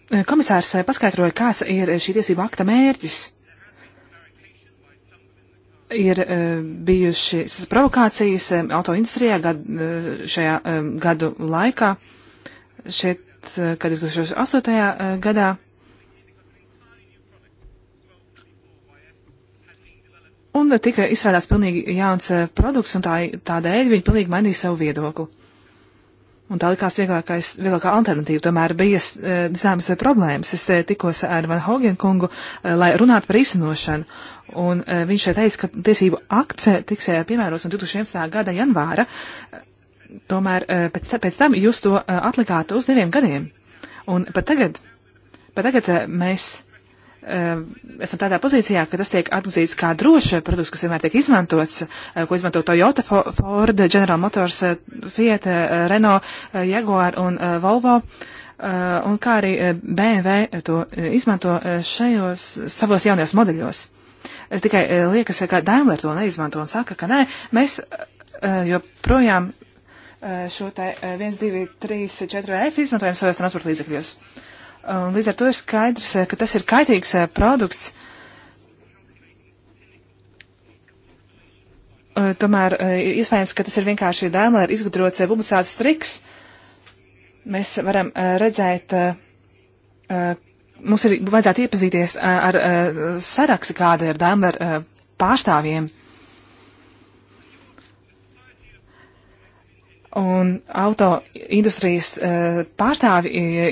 Eh, komisārs eh, paskaidroja, kāds ir šī tiesība akta mērķis. Ir eh, bijušas provokācijas autoindustrijā gad, šajā gadu laikā, šeit, kad 2008. gadā. Un tika izstrādāts pilnīgi jauns produkts, un tā, tādēļ viņi pilnīgi mainīja savu viedokli. Un tā likās vieglākais, vieglākā alternatīva. Tomēr bija eh, zināmas problēmas. Es eh, tikos ar Van Hogen kungu, eh, lai runātu par īstenošanu. Un viņš šeit teica, ka tiesību akts tiks piemērots no 2011. gada janvāra. Tomēr pēc, pēc tam jūs to atlikāt uz diviem gadiem. Un pat tagad, pat tagad mēs esam tādā pozīcijā, ka tas tiek atzīts kā drošs produkts, kas vienmēr tiek izmantots, eh, ko izmanto Toyota, Ford, General Motors, eh, Fiat, eh, Renault, Jaguar un Volvo. Un kā arī BMW to izmanto šajos savos jaunajos modeļos. Tikai liekas, ka Daimler to neizmanto un saka, ka nē, mēs joprojām šo te 1, 2, 3, 4 F izmantojam savos transporta līdzekļos. Uh, Līdz ar to ir skaidrs, eh, ka tas ir kaitīgs eh, produkts. Eh, tomēr iespējams, ka tas ir vienkārši Daimler izgudrots publicēts triks. Mēs varam redzēt, mums ir vajadzētu iepazīties ar sarakstu, kāda ir Daimler pārstāvjiem. Un auto industrijas eh, pārstāvi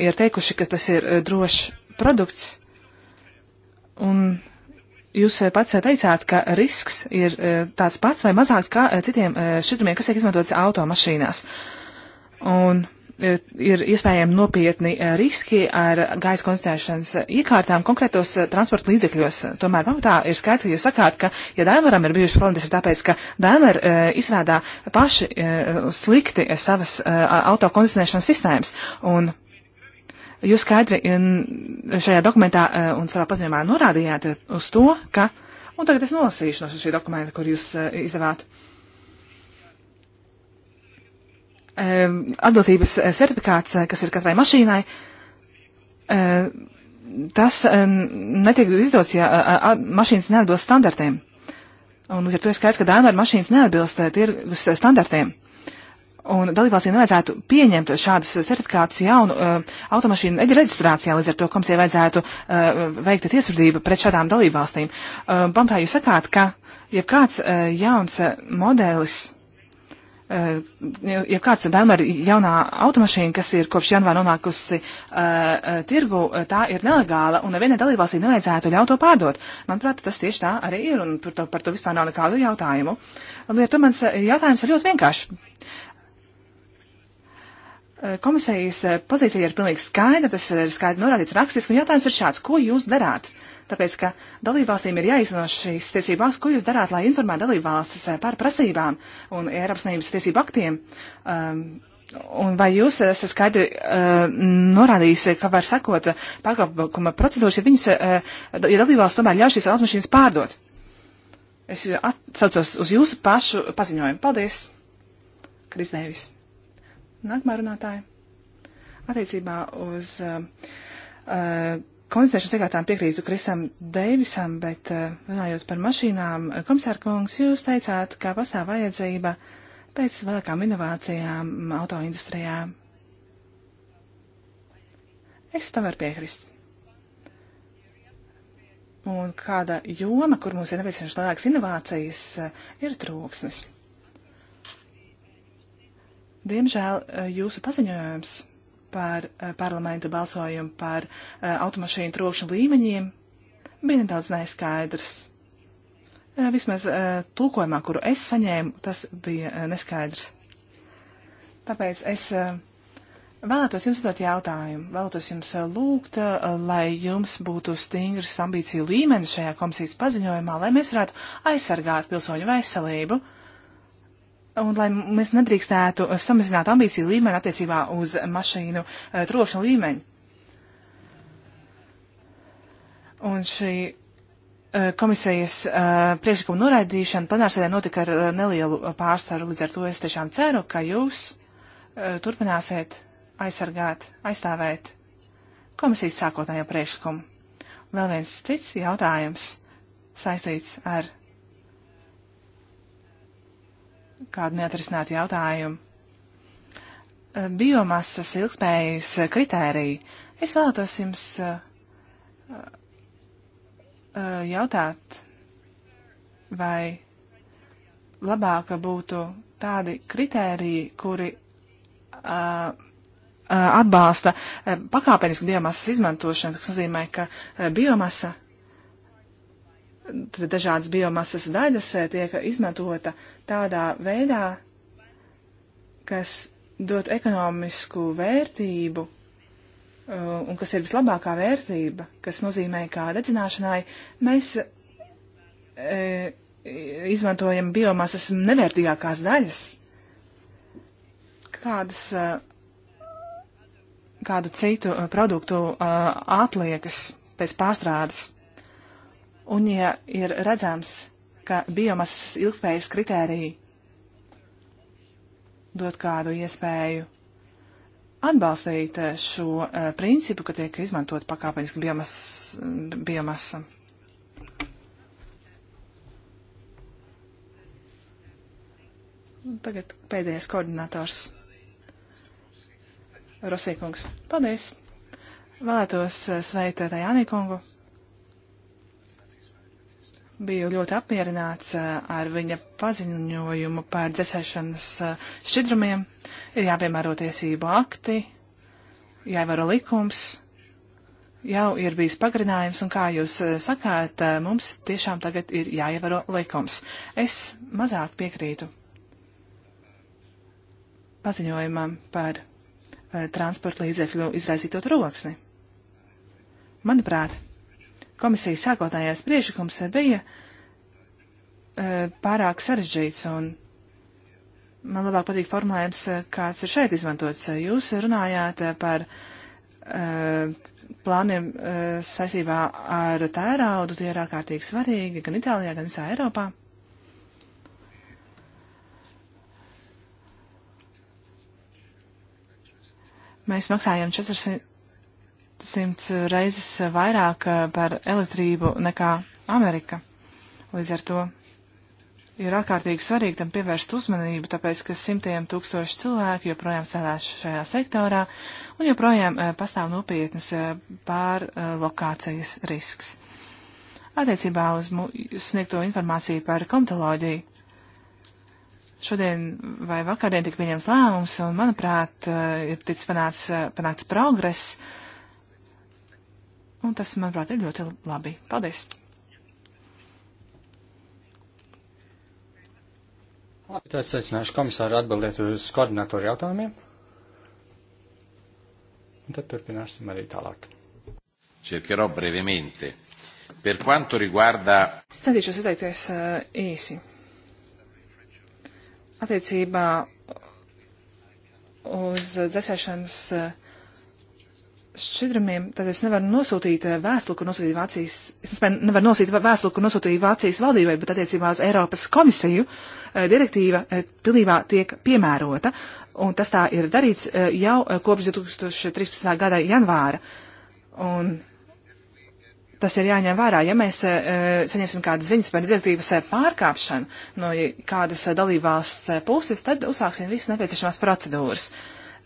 ir teikuši, ka tas ir eh, drošs produkts. Un jūs eh, pats teicāt, ka risks ir tāds pats vai mazāks kā citiem šķidrumiem, kas tiek izmantotas automašīnās. Un ir iespējami nopietni eh, riski ar gaisa koncentrēšanas iekārtām konkrētos eh, transporta līdzekļos. Tomēr pamatā ir skaidrs, ka jūs sakāt, ka, ja Daimleram ir bijušas problēmas, ir tāpēc, ka Daimler e, izrādā paši e, slikti savas e, auto koncentrēšanas sistēmas. Un jūs skaidri šajā dokumentā un savā paziņojumā norādījāt uz to, ka, un tagad es nolasīšu no šī dokumenta, kur jūs izdevāt. Uh, atbildības eh, certifikāts, eh, kas ir katrai mašīnai, eh, tas netiek izdots, ja mašīnas neatbilst standartiem. Un līdz ar to ir skaidrs, ka Dānvaru mašīnas neatbilst tirgus standartiem. Un dalībvalstīm nevajadzētu pieņemt šādus certifikātus jaunu uh, automašīnu reģistrācijā, līdz ar to komisijai vajadzētu uh, veikt tiesvedību pret šādām dalībvalstīm. Uh, Pamatā jūs sakāt, ka jebkāds uh, jauns uh, modelis Eh, ja kāds vienmēr jaunā automašīna, kas ir kopš janvāra nonākusi uh, tirgu, tā ir nelegāla un nevienai dalībvalstī nevajadzētu ļaut to pārdot. Manuprāt, tas tieši tā arī ir un par to, par to vispār nav nekādu jautājumu. Lietu mans jautājums ir ļoti vienkārši. Komisijas pozīcija ir pilnīgi skaidra, tas ir skaidri norādīts rakstiski, un jautājums ir šāds, ko jūs darāt? Uh, tāpēc, ka dalībvalstīm ir jāizno šīs tiesībās, ko jūs darāt, lai informētu dalībvalstis eh, par prasībām un Eiropas Savienības tiesību aktiem. Um, Un vai jūs eh, esat skaidri uh, norādījis, ka var sakot pārkāpuma procedūras, ja viņas, uh, ja dalībvalsts tomēr ļauj šīs automašīnas pārdot? Es atsaucos uz jūsu pašu paziņojumu. Paldies, Kris Dēvis. Nākamā runātāja. Attiecībā uz uh, uh, Konvencēšanas iegātām piekrītu Krisam Deivisam, bet eh, runājot par mašīnām, eh, komisāra kungs, jūs teicāt, ka pastāv vajadzība pēc lielākām inovācijām autoindustrijā. Es tam varu piekrist. Un kāda joma, kur mums ir nepieciešams lielākas inovācijas, eh, ir trūksnis. Diemžēl jūsu paziņojums par eh, parlamenta balsojumu par eh, automašīnu trokšņu līmeņiem bija nedaudz neskaidrs. Eh, vismaz tulkojumā, kuru es saņēmu, tas bija neskaidrs. Tāpēc es vēlētos jums dot jautājumu, vēlētos jums lūgt, lai jums būtu stingrs ambīciju līmenis šajā komisijas paziņojumā, lai mēs varētu aizsargāt pilsoņu veselību Un lai mēs nedrīkstētu uh, samazināt ambīciju līmeni attiecībā uz mašīnu uh, trošņu līmeņu. Un šī uh, komisijas uh, priekšlikuma noraidīšana plenārsēdē notika ar uh, nelielu uh, pārsvaru, līdz ar to es tiešām ceru, ka jūs turpināsiet aizsargāt, aizstāvēt komisijas sākotnējo priekšlikumu. Vēl viens cits jautājums saistīts ar kādu neatrisinātu jautājumu. Eh, biomasas ilgspējas eh, kritērija. Es vēlētos jums eh, jautāt, vai labāk būtu tādi kritēriji, kuri atbalsta pakāpenisku biomasas izmantošanu, kas nozīmē, ka biomasa dažādas biomasas daļas eh, tiek izmantota tādā veidā, kas dot ekonomisku vērtību eh, un kas ir vislabākā vērtība, kas nozīmē, kā dedzināšanai mēs e, izmantojam biomasas nevērtīgākās daļas, kādas, kādu citu produktu atliekas pēc pārstrādes. Un ja ir redzams, ka biomasas ilgspējas kritērija dot kādu iespēju atbalstīt eh, šo uh, principu, ka tiek izmantot pakāpeniski biomas, biomasa. Tagad pēdējais koordinators. Rosīkungs, paldies! Vēlētos eh, sveikt Tajānī kungu Biju ļoti apmierināts eh, ar viņa paziņojumu par dzēsēšanas eh, šķidrumiem. Ir jāpiemēro tiesību akti, jāievēro likums, jau ir bijis pagarinājums, un kā jūs eh, sakāt, mums tiešām tagad ir jāievēro likums. Es mazāk piekrītu paziņojumam par transporta līdzekļu izraisīto troksni. Manuprāt, Komisijas sākotnējais priešakums bija eh, pārāk sarežģīts, un man labāk patīk formulējums, eh, kāds ir šeit izmantots. Jūs runājāt eh, par plāniem saistībā ar tēraudu, tie ir ārkārtīgi svarīgi gan Itālijā, gan visā Eiropā. Mēs maksājam 400 simts reizes vairāk eh, par elektrību nekā Amerika. Līdz ar to ir ārkārtīgi svarīgi tam pievērst uzmanību, tāpēc, ka simtiem tūkstoši cilvēku joprojām strādā šajā sektorā un joprojām eh, pastāv nopietnas eh, pārlokācijas risks. Attiecībā uz sniegto informāciju par komitoloģiju. Šodien vai vakardien tika pieņems lēmums, un, manuprāt, ir ticis panāts, panāks progress Un tas, manuprāt, ir ļoti labi. Paldies! Labi, tad es aicināšu komisāru atbildēt uz koordinatoru jautājumiem. Un tad turpināsim arī tālāk. Cercherò brevemente. Per quanto riguarda... Stādīšos izteikties uh, īsi. Attiecībā uz dzēsēšanas uh, šķidrumiem, tad es nevaru nosūtīt eh, vēstuli, ko nosūtīju Vācijas, es nespēju, nevaru nosūtīt vēstuli, ko nosūtīju Vācijas valdībai, bet attiecībā uz Eiropas komisiju eh, direktīva eh, pilnībā tiek piemērota, un tas tā ir darīts jau kopš 2013. gada janvāra. Un Tas ir jāņem vērā. Ja mēs e, saņemsim kādas ziņas par direktīvas pārkāpšanu no kādas dalībvalsts puses, tad uzsāksim visas nepieciešamās procedūras.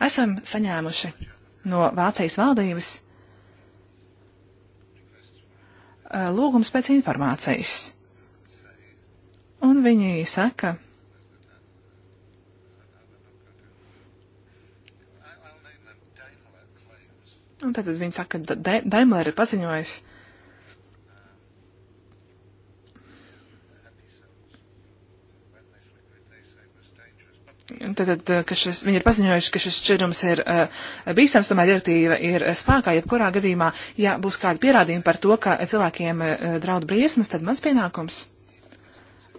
Esam saņēmuši no Vācijas valdības eh, lūgums pēc informācijas. Un viņi saka, un tad viņi saka, Daimler ir paziņojis, Tātad, eh, ka šis, viņi ir paziņojuši, ka šis šķirums ir uh, bīstams, tomēr direktīva ir eh, spēkā, jebkurā gadījumā, ja būs kādi pierādījumi par to, ka cilvēkiem uh, draud briesmas, tad mans pienākums.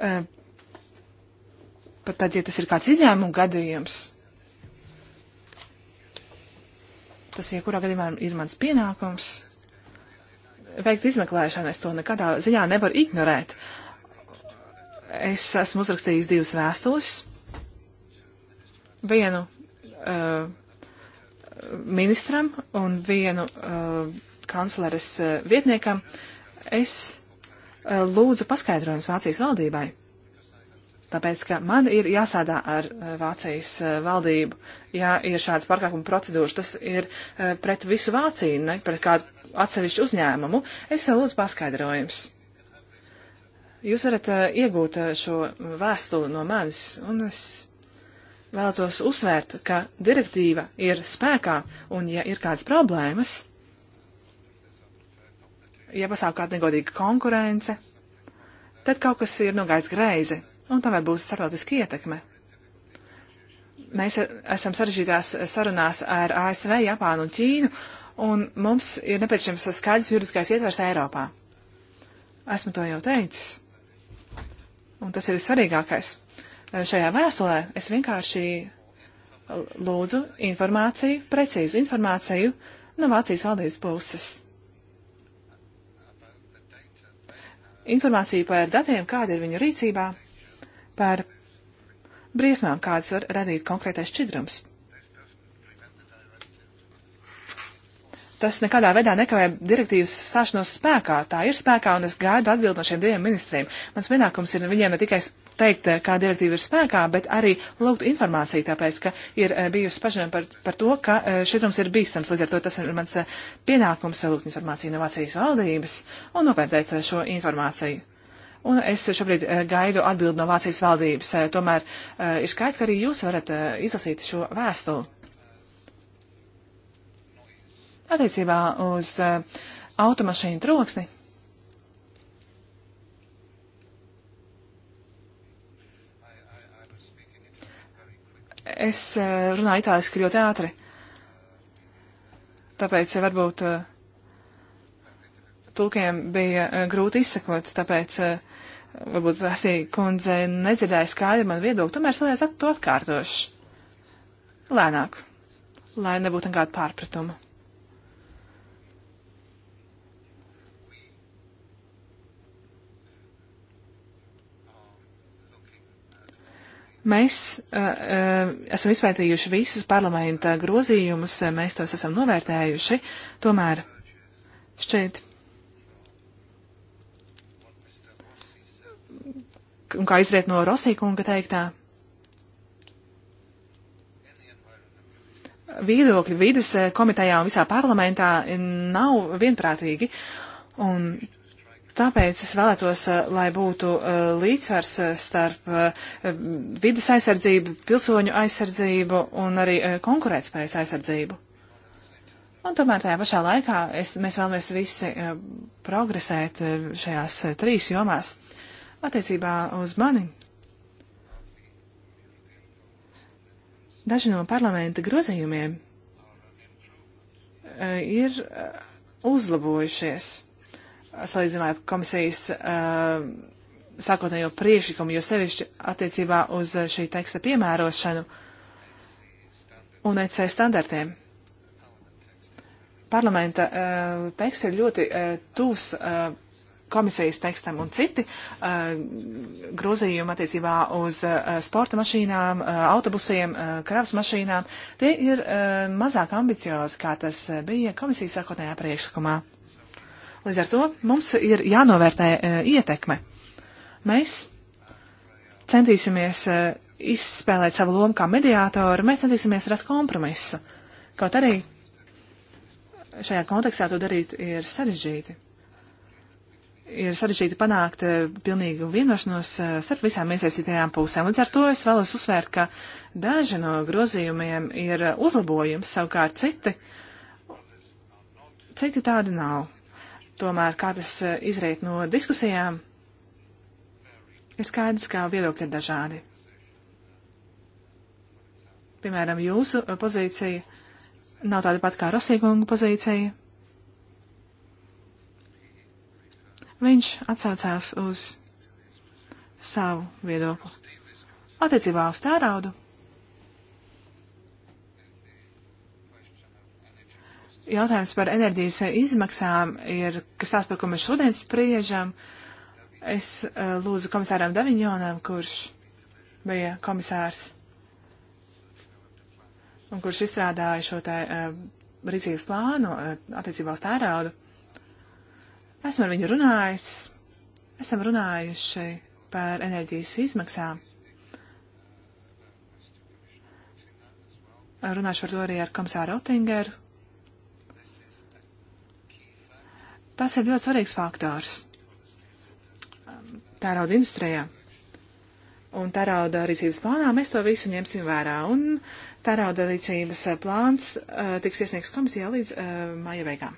Uh, pat tad, ja tas ir kāds izņēmuma gadījums, tas, ja kurā gadījumā ir mans pienākums, veikt izmeklēšanu, es to nekadā ziņā nevaru ignorēt. Es esmu uzrakstījis divas vēstules vienu uh, ministram un vienu uh, kancleres uh, vietniekam, es uh, lūdzu paskaidrojumus Vācijas valdībai. Tāpēc, ka man ir jāsādā ar uh, Vācijas uh, valdību, ja ir šāds pārkāpuma procedūras, tas ir uh, pret visu Vāciju, ne pret kādu atsevišķu uzņēmumu. Es uh, lūdzu paskaidrojumus. Jūs varat uh, iegūt uh, šo vēstuli no manis, un es vēlētos uzsvērt, ka direktīva ir spēkā, un ja ir kādas problēmas, ja pasāv kāda negodīga konkurence, tad kaut kas ir nogājis greizi, un tam vēl būs starptautiska ietekme. Mēs esam sarežģītās sarunās ar ASV, Japānu un Ķīnu, un mums ir nepieciešams skaidrs juridiskais ietvers Eiropā. Esmu to jau teicis, un tas ir svarīgākais šajā vēstulē. Es vienkārši lūdzu informāciju, precīzu informāciju no Vācijas valdības puses. Informāciju par datiem, kāda ir viņu rīcībā, par briesmām, kādas var radīt konkrētais šķidrums. Tas nekādā veidā nekavē direktīvas stāšanos spēkā. Tā ir spēkā, un es gaidu atbildi no šiem diviem ministriem. Mans pienākums ir viņiem ne tikai teikt, eh, kā direktīva ir spēkā, bet arī lūgt informāciju, tāpēc, ka ir eh, bijusi pažēm par, par to, ka eh, šitums ir bīstams. Līdz ar to tas ir mans pienākums lūgt informāciju no Vācijas valdības un novērtēt šo informāciju. Un es šobrīd gaidu atbildi no Vācijas valdības. Tomēr ir skaidrs, ka arī jūs varat izlasīt šo vēstuli. Attiecībā uz automašīnu troksni es eh, runāju itāliski ļoti ātri. Tāpēc eh, varbūt eh, tulkiem bija grūti izsakot, tāpēc varbūt Vasī kundze nedzirdēja skaidri man viedokli, tomēr es vēlreiz to atkārtošu. Lēnāk, lai nebūtu nekāda pārpratuma. Mēs uh, uh, esam izpētījuši visus parlamenta grozījumus, uh, mēs tos esam novērtējuši, tomēr šķiet, un kā izriet no Rosīkunga teiktā, viedokļi vides uh, komitejā un visā parlamentā nav vienprātīgi, un Tāpēc es vēlētos, eh, lai būtu eh, līdzsvars eh, starp vidas aizsardzību, pilsoņu aizsardzību un arī konkurētspējas aizsardzību. Un tomēr tajā pašā laikā es, mēs vēlamies visi progresēt šajās trīs jomās. Attiecībā uz mani daži no parlamenta grozījumiem ir uzlabojušies salīdzinājumā komisijas uh, sākotnējo priekšlikumu, jo sevišķi attiecībā uz uh, šī teksta piemērošanu un EC standartiem. Parlamenta uh, teksts ir ļoti uh, tūs uh, komisijas tekstam un citi uh, grozījumi attiecībā uz uh, sporta mašīnām, uh, autobusiem, uh, kravas mašīnām. Tie ir uh, mazāk ambiciozi, kā tas uh, bija komisijas sākotnējā priekšlikumā. Uh, Līdz ar to mums ir jānovērtē e, ietekme. Mēs centīsimies e, izspēlēt savu lomu kā mediātori, mēs centīsimies rast kompromisu. Kaut arī šajā kontekstā to darīt ir sarežģīti. Ir sarežģīti panākt e, pilnīgu vienošanos starp visām iesaistītajām pusēm. Līdz ar to es vēlos uzsvērt, ka daži no grozījumiem ir uzlabojums, savukārt citi, citi tādi nav. Tomēr, kā tas eh, izriet no diskusijām, ir skaidrs, kā viedokļi ir dažādi. Piemēram, jūsu eh, pozīcija nav tāda pat kā Rosīkunga pozīcija. Viņš atsaucās uz savu viedokli attiecībā uz tēraudu. jautājums par enerģijas izmaksām ir, kas tās, par ko mēs šodien spriežam. Es uh, lūdzu komisāram Daviņonam, kurš bija komisārs un kurš izstrādāja šo tā uh, eh, rīcības plānu uh, attiecībā uz tēraudu. Esmu ar viņu runājis, esam runājuši par enerģijas izmaksām. Runāšu par to arī ar komisāru Otingeru. Tas ir ļoti svarīgs faktors tērauda industrijā. Un tērauda rīcības plānā mēs to visu ņemsim vērā. Un tērauda rīcības eh, plāns uh, tiks iesniegts komisijā līdz uh, eh, māja beigām.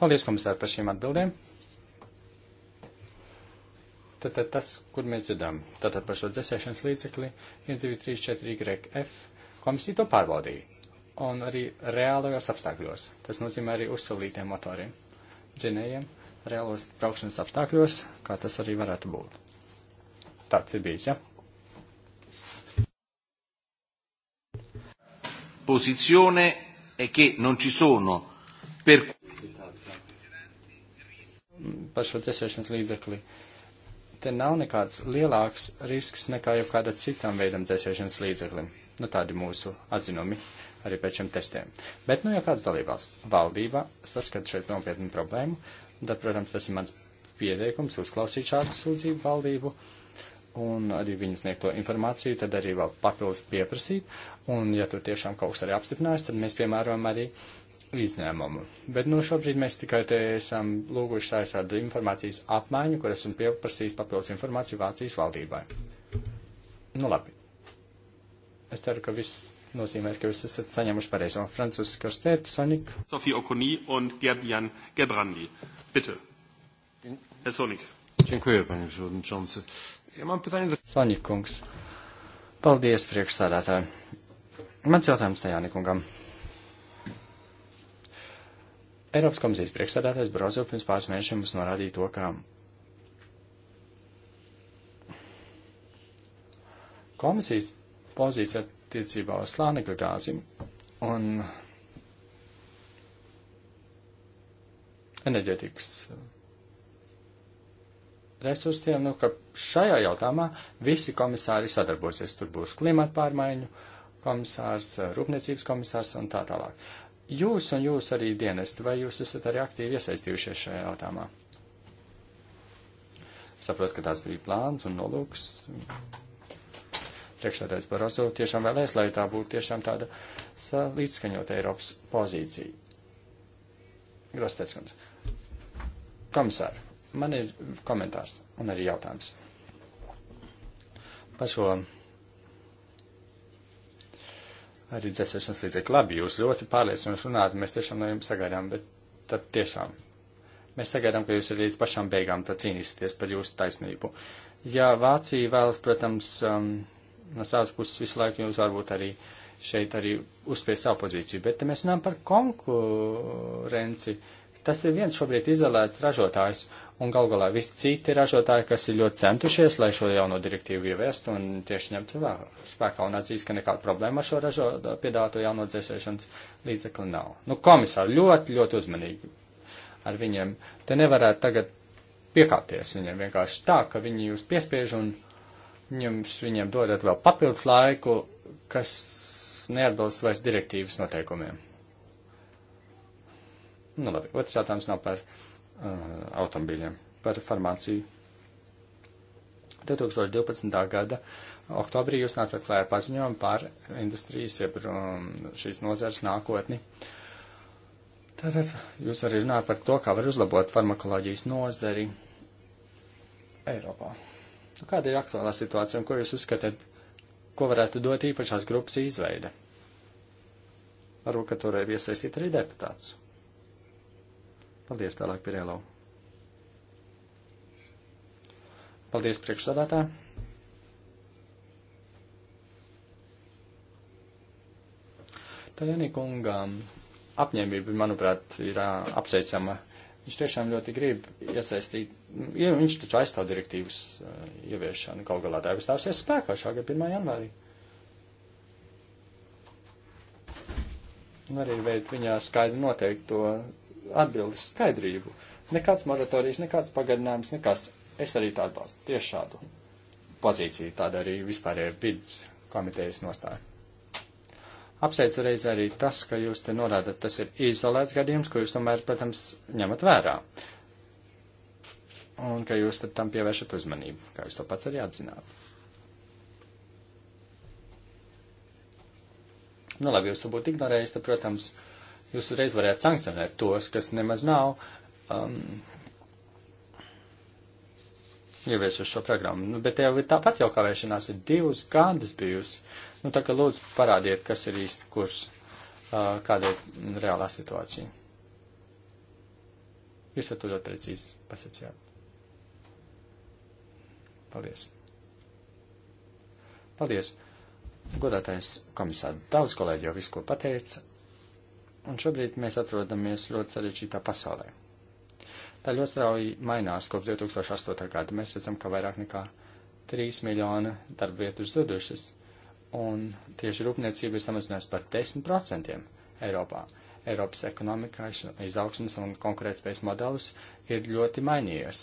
Paldies, komisāri, par šīm atbildēm. Tātad tas, kur mēs dzirdam, tātad par šo dzēsēšanas līdzekli 1234YF komisija to pārbaudīja un arī reālajos apstākļos. Tas nozīmē arī uzsalītiem motoriem, dzinējiem, reālos braukšanas apstākļos, kā tas arī varētu būt. Tāds ir bijis, ja? Posizione è che non ci sono per par šo dzēsēšanas līdzekli. Te nav nekāds lielāks risks nekā jau kāda citam veidam dzēsēšanas līdzeklim. Nu, tādi mūsu atzinumi. Uh, arī pēc šiem testiem. Bet, nu, ja kāds dalībvalsts valdība saskat šeit nopietnu problēmu, tad, protams, tas ir mans pieteikums uzklausīt šādu sūdzību valdību un arī viņas sniegto informāciju, tad arī vēl papildus pieprasīt. Un, ja tur tiešām kaut kas arī apstiprinās, tad mēs piemērojam arī izņēmumu. Bet nu, šobrīd mēs tikai te esam lūguši tādu informācijas apmaiņu, kur esam pieprasījis papildus informāciju Vācijas valdībai. Nu labi. Es ceru, ka viss nozīmē, ka jūs esat saņēmuši pareizo. Francis Kostēt, Sonik. Sofija Okunī un Gerdian Gebrandi. Bitte. Herr Sonik. Dziękuję, panie przewodniczący. Ja mam pytanie do... Sonik kungs. Paldies, priekšsādātāji. Mans jautājums Tajāni kungam. Eiropas komisijas priekšsādātājs Brozo pirms pāris mēnešiem mums norādīja to, ka komisijas pozīcija attiecībā uz slānekļa gāzi un enerģētikas resursiem, nu, ka šajā jautājumā visi komisāri sadarbosies. Tur būs klimata pārmaiņu komisārs, rūpniecības komisārs un tā tālāk. Jūs un jūs arī dienesti, vai jūs esat arī aktīvi iesaistījušies šajā jautājumā? Saprotu, ka tās bija plāns un nolūks priekšsēdētājs Barozo tiešām vēlēs, lai tā būtu tiešām tāda līdzskaņota Eiropas pozīcija. Grostēts kundze. Komisār, man ir komentārs un arī jautājums. Par šo arī dzēsēšanas līdzekļu. Labi, jūs ļoti pārliecinoši runājat, mēs tiešām no jums sagaidām, bet tad tiešām mēs sagaidām, ka jūs arī līdz pašām beigām cīnīsieties par jūsu taisnību. Ja Vācija vēlas, protams, um, no savas puses visu laiku jūs varbūt arī šeit arī uzspies savu pozīciju, bet te mēs runājam par konkurenci. Tas ir viens šobrīd izolēts ražotājs, un gal galā visi citi ražotāji, kas ir ļoti centušies, lai šo jauno direktīvu ieviestu un tieši ņemtu spēkā un atzīst, ka nekāda problēma ar šo ražo, piedāto jauno dzēsēšanas līdzekli nav. Nu, komisāri ļoti, ļoti uzmanīgi ar viņiem. Te nevarētu tagad piekāpties viņiem vienkārši tā, ka viņi jūs piespiež un jums viņiem dodat vēl papildus laiku, kas neatbilst vairs direktīvas noteikumiem. Nu labi, otrs jautājums nav par uh, automobīļiem, par farmāciju. 2012. gada oktobrī jūs nācat klājā paziņojumu par industrijas, jeb um, šīs nozares nākotni. Tātad jūs arī runājat par to, kā var uzlabot farmakoloģijas nozari Eiropā. Nu, kāda ir aktuālā situācija un ko jūs uzskatāt, ko varētu dot īpašās grupas izveide? Varbūt, ka tur ir iesaistīt arī deputāts. Paldies tālāk, Pirēlau. Paldies priekšsādātā. Tajani kungam apņēmība, manuprāt, ir apsveicama Viņš tiešām ļoti grib iesaistīt, nu, ja viņš taču aizstāv direktīvas eh, ieviešanu, kaut galā tā jau stāsies spēkā šā gada 1. janvārī. Un arī veid viņā skaidri noteikto atbildes skaidrību. Nekāds moratorijas, nekāds pagarinājums, nekāds. Es arī tā atbalstu. Tieši šādu pozīciju, tāda arī vispārējā vidas komitejas nostāja. Apsveicu reiz arī tas, ka jūs te norādat, tas ir izolēts gadījums, ko jūs tomēr, protams, ņemat vērā. Un ka jūs tad tam pievēršat uzmanību, kā jūs to pats arī atzināt. Nu, labi, jūs to būtu ignorējis, tad, protams, jūs uzreiz varētu sankcionēt tos, kas nemaz nav um, ieviesuši šo programmu. Nu, bet jau tāpat jau kavēšanās ir divus gadus bijusi Nu, tā kā lūdzu parādiet, kas ir īsti kurs, kāda ir reālā situācija. Jūs to ļoti precīzi pasacījāt. Paldies. Paldies, godātais komisār. Daudz kolēģi jau visu, ko pateica, un šobrīd mēs atrodamies ļoti sarežģītā pasaulē. Tā ļoti strauji mainās kopš 2008. gada. Mēs redzam, ka vairāk nekā 3 miljoni darbvietu ir zudušas un tieši rūpniecība ir samazinājusi par 10% Eiropā. Eiropas ekonomikā izaugsmas un konkurētspējas modelis ir ļoti mainījies,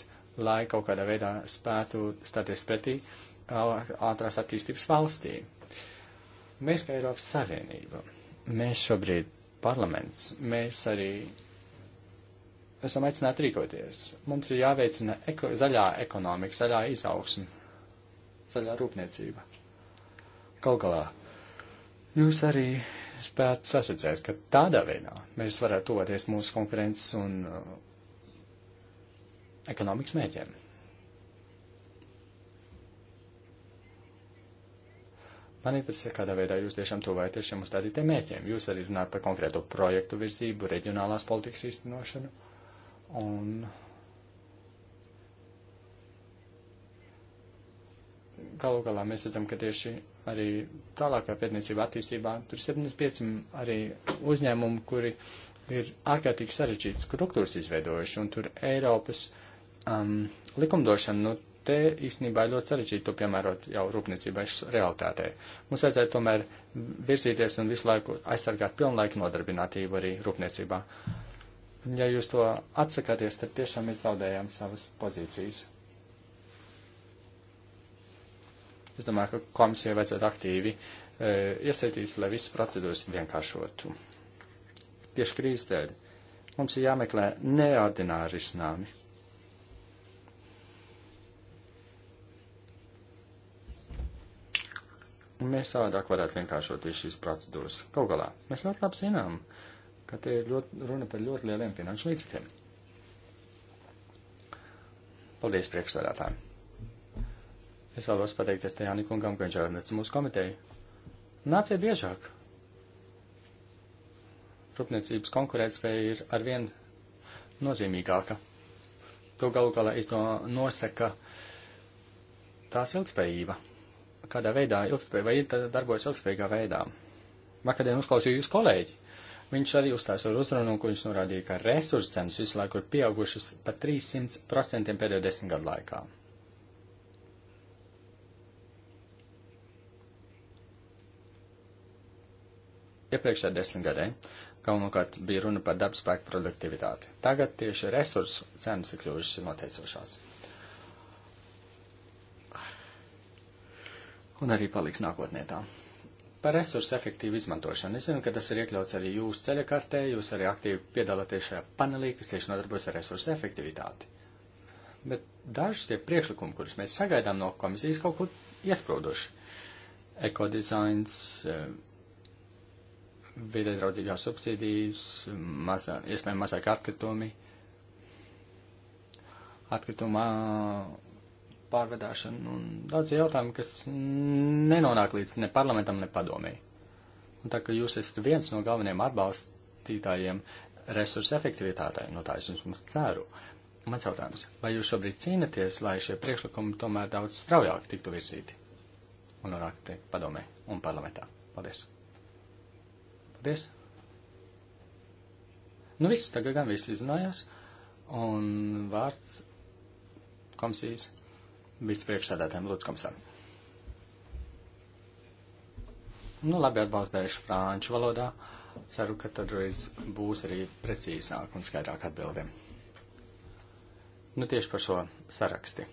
lai kaut kādā veidā spētu stāties pretī ātrās attīstības valstī. Mēs kā Eiropas Savienība, mēs šobrīd parlaments, mēs arī esam aicināti rīkoties. Mums ir jāveicina eko, zaļā ekonomika, zaļā izaugsme, zaļā rūpniecība. Gal galā jūs arī spētu sasvedzēt, ka tādā veidā mēs varētu tuvoties mūsu konkurences un uh, ekonomikas mēģiem. Man interesē, kādā veidā jūs tiešām tuvojaties šiem uzstādītiem mēķiem. Jūs arī runājat par konkrēto projektu virzību, reģionālās politikas īstenošanu un. Galu galā mēs redzam, ka tieši arī tālākā pētniecība attīstībā. Tur 75 arī uzņēmumi, kuri ir ārkārtīgi sarežģītas struktūras izveidojuši, un tur Eiropas um, likumdošana, nu, te īstenībā ir ļoti sarežģīti to piemērot jau rūpniecībai realitātei. Mums vajadzētu tomēr virzīties un visu laiku aizsargāt pilnlaiku nodarbinātību arī rūpniecībā. Ja jūs to atsakāties, tad tiešām mēs zaudējam savas pozīcijas. Es domāju, ka komisijai vajadzētu aktīvi e, iesaistīties, lai visas procedūras vienkāršotu. Tieši krīzes dēļ mums ir jāmeklē neordināri risinājumi. Un mēs savādāk varētu vienkāršot visu šīs procedūras. Kaut galā mēs ļoti labi zinām, ka te ir ļoti, runa par ļoti lieliem finanšu līdzekļiem. Paldies, priekšsēdētāji! Es vēlos pateikties Tajāni kungam, ka viņš atnesa mūsu komiteju. Nācija biežāk. Rūpniecības konkurētspēja ir arvien nozīmīgāka. To galu galā izno nosaka tās ilgspējība. Kādā veidā ilgspējība, vai ir darbojas ilgspējīgā veidā. Vakardien uzklausīju jūs kolēģi. Viņš arī uzstāsta ar uzrunu, kur viņš norādīja, ka resursu cenas visu laiku ir pieaugušas par 300% pēdējo desmit gadu laikā. Iepriekšējā desmitgadē galvenokārt bija runa par darba spēku produktivitāti. Tagad tieši resursu cenas ir kļuvušas noteicošās. Un arī paliks nākotnē tā. Par resursu efektīvu izmantošanu. Es zinu, ka tas ir iekļauts arī jūsu ceļa kartē, jūs arī aktīvi piedalāties šajā panelī, kas tieši nodarbojas ar resursu efektivitāti. Bet daži tie priekšlikumi, kurus mēs sagaidām no komisijas, kaut kur iesprūduši. Ekodizains, eh, vidē draudzīgās subsīdijas, mazā, iespējami mazāk atkritumi, atkritumā pārvedāšana un daudz jautājumu, kas nenonāk līdz ne parlamentam, ne padomēji. Un tā kā jūs esat viens no galvenajiem atbalstītājiem resursu efektivitātei, no tā es jums ceru. Mans jautājums, vai jūs šobrīd cīnaties, lai šie priekšlikumi tomēr daudz straujāk tiktu virzīti un nonāktu padomē un parlamentā? Paldies! Paldies! Nu viss, tagad gan viss izrunājās, un vārds komisijas vicepriekšsēdētājiem lūdzu komisāri. Nu, labi atbalstējuši franču valodā. Ceru, ka tad reiz būs arī precīzāk un skaidrāk atbildēm. Nu, tieši par šo saraksti.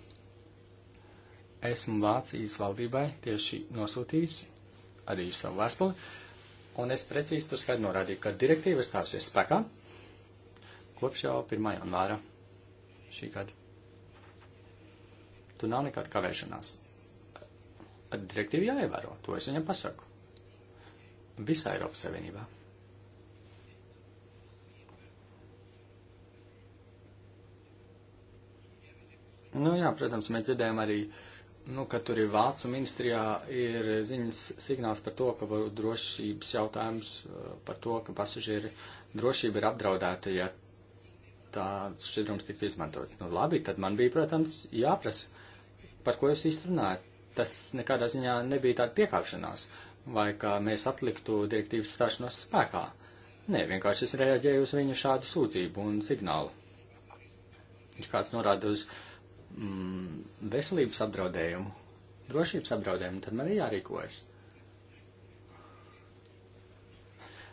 Esmu Vācijas valdībai tieši nosūtījis arī savu vēstuli, Un es precīzi tur skaidri norādīju, ka direktīva stāvsies spēkā kopš jau 1. janvāra šī gada. Tur nav nekāda kavēšanās. Direktīva jāievēro, to es viņam pasaku. Visā Eiropas Savienībā. Nu jā, protams, mēs dzirdējām arī uh, nu, ka tur ir Vācu ministrijā ir ziņas signāls par to, ka drošības jautājums eh, par to, ka pasažieru drošība ir apdraudēta, ja tāds šķidrums tiktu izmantots. Nu, labi, tad man bija, protams, jāprasa, par ko jūs izrunājat. Tas nekādā ziņā nebija tāda piekāpšanās, vai ka mēs atliktu direktīvas stāšanos spēkā. Nē, vienkārši es reaģēju uz viņu šādu sūdzību un signālu. Ja kāds norāda uz uh, mm, veselības apdraudējumu, drošības apdraudējumu, tad man ir jārīkojas.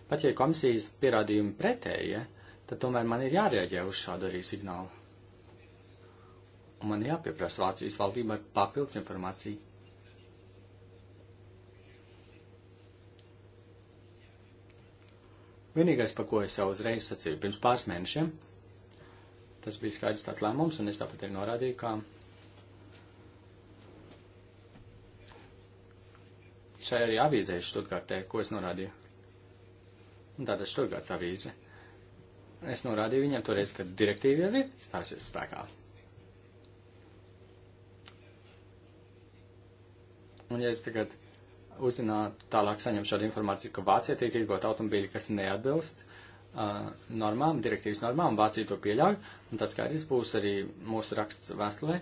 Pat ja komisijas pierādījumi pretēji, ja, tad tomēr man ir jārēģē uz šādu arī signālu. Un man jāpieprasa Vācijas valdībai papildus informāciju. Vienīgais, par ko es jau uzreiz sacīju pirms pāris mēnešiem, Tas bija skaidrs tāds lēmums, un es tāpat arī norādīju, ka šai arī avīzē Štutgartē, ko es norādīju. Un tātad Štutgarts avīze. Es norādīju viņam toreiz, ka direktīva jau ir stāsies spēkā. Un ja es tagad uzzinātu tālāk saņem šādu informāciju, ka Vācija tiek tirgot automobīļi, kas neatbilst normām, direktīvas normām, Vācija to pieļauj, un tad skaidrs būs arī mūsu raksts vēstulē,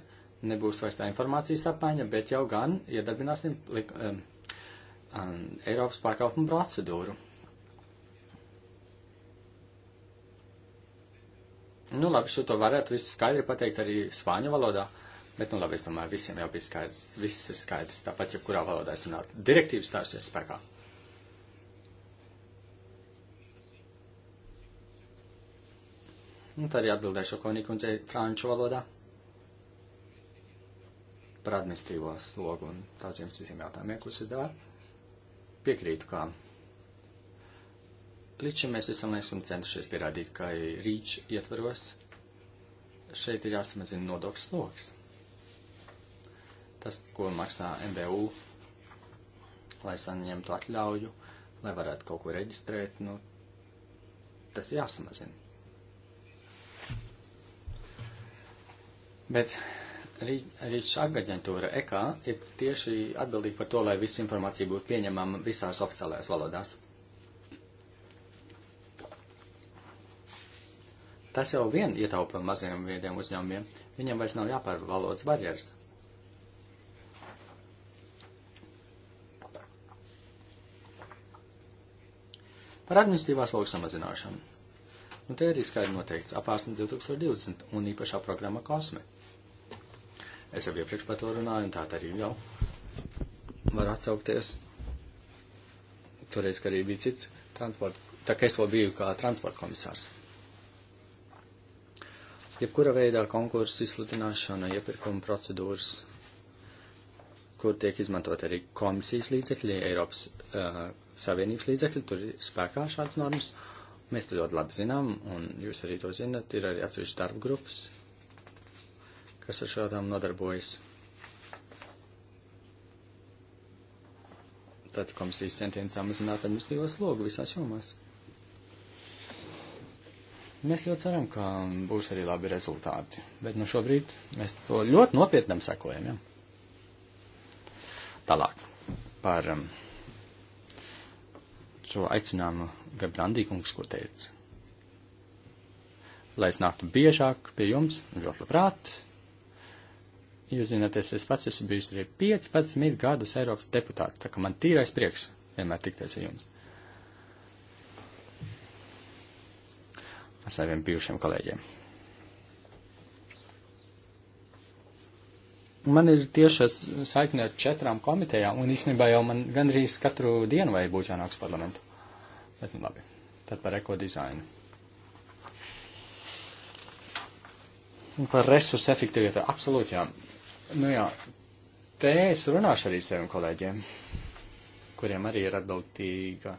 nebūs vairs tā informācijas apmaiņa, bet jau gan iedarbināsim lik, um, um, Eiropas pārkāpumu procedūru. Nu, labi, šo to varētu visu skaidri pateikt arī svāņu valodā, bet, nu, labi, es domāju, visiem jau bija skaidrs, viss ir skaidrs, tāpat, ja kurā valodā es runātu. Direktīvas stāsies spēkā. Nu, un tad arī atbildēšu Konikundzei franču valodā par administrīvo slogu un tādiem citiem jautājumiem, kurus es devu. Piekrītu, kā līdz šim mēs visam esam centušies pierādīt, ka rīč ietvaros šeit ir jāsamazina nodokļu sloks. Tas, ko maksā MBU, lai saņemtu atļauju, lai varētu kaut ko reģistrēt, nu, tas jāsamazina. Bet Rīča aģentūra EKA ir tieši atbildīga par to, lai visa informācija būtu pieņemama visās oficiālajās valodās. Tas jau vien ietaupa maziem viediem uzņēmumiem. Viņiem vairs nav jāpār valodas barjeras. Par administratīvās lauku samazināšanu. Un te ir izskaidri noteikts apvērsni 2020 un īpašā programma kosme. Es jau iepriekš par to runāju, un tā arī jau var atsaukties. Toreiz, ka arī bija cits transporta, tā kā es vēl biju kā transporta komisārs. Jebkura veidā konkursu izsludināšana, iepirkuma procedūras, kur tiek izmantot arī komisijas līdzekļi, Eiropas uh, Savienības līdzekļi, tur ir spēkā šāds normas. Uh, Mēs to ļoti labi zinām, un jūs arī to zinat, ir arī atsevišķi darba grupas, kas ar šādām nodarbojas. Tad komisijas centieni samazināt administratīvo slogu visās jomās. Mēs ļoti ceram, ka būs arī labi rezultāti, bet nu šobrīd mēs to ļoti nopietnam sekojam. Ja? Tālāk par um, šo aicinājumu Gabrandīkungs, ko teica. Lai es nāktu biežāk pie jums, ļoti labprāt. Jūs zināties, es pats esmu bijis arī 15 gadus Eiropas deputāts, tā ka man tīrais prieks vienmēr tikties ar jums. Ar saviem bijušiem kolēģiem. man ir tiešas saikne ar četrām komitejām, un īstenībā jau man gandrīz katru dienu vajag būt jānāks parlamentu. Bet nu labi, tad par ekodizainu. Un par resursu efektivitāti, absolūti jā. Nu jā, te es runāšu arī saviem kolēģiem, kuriem arī ir atbildīga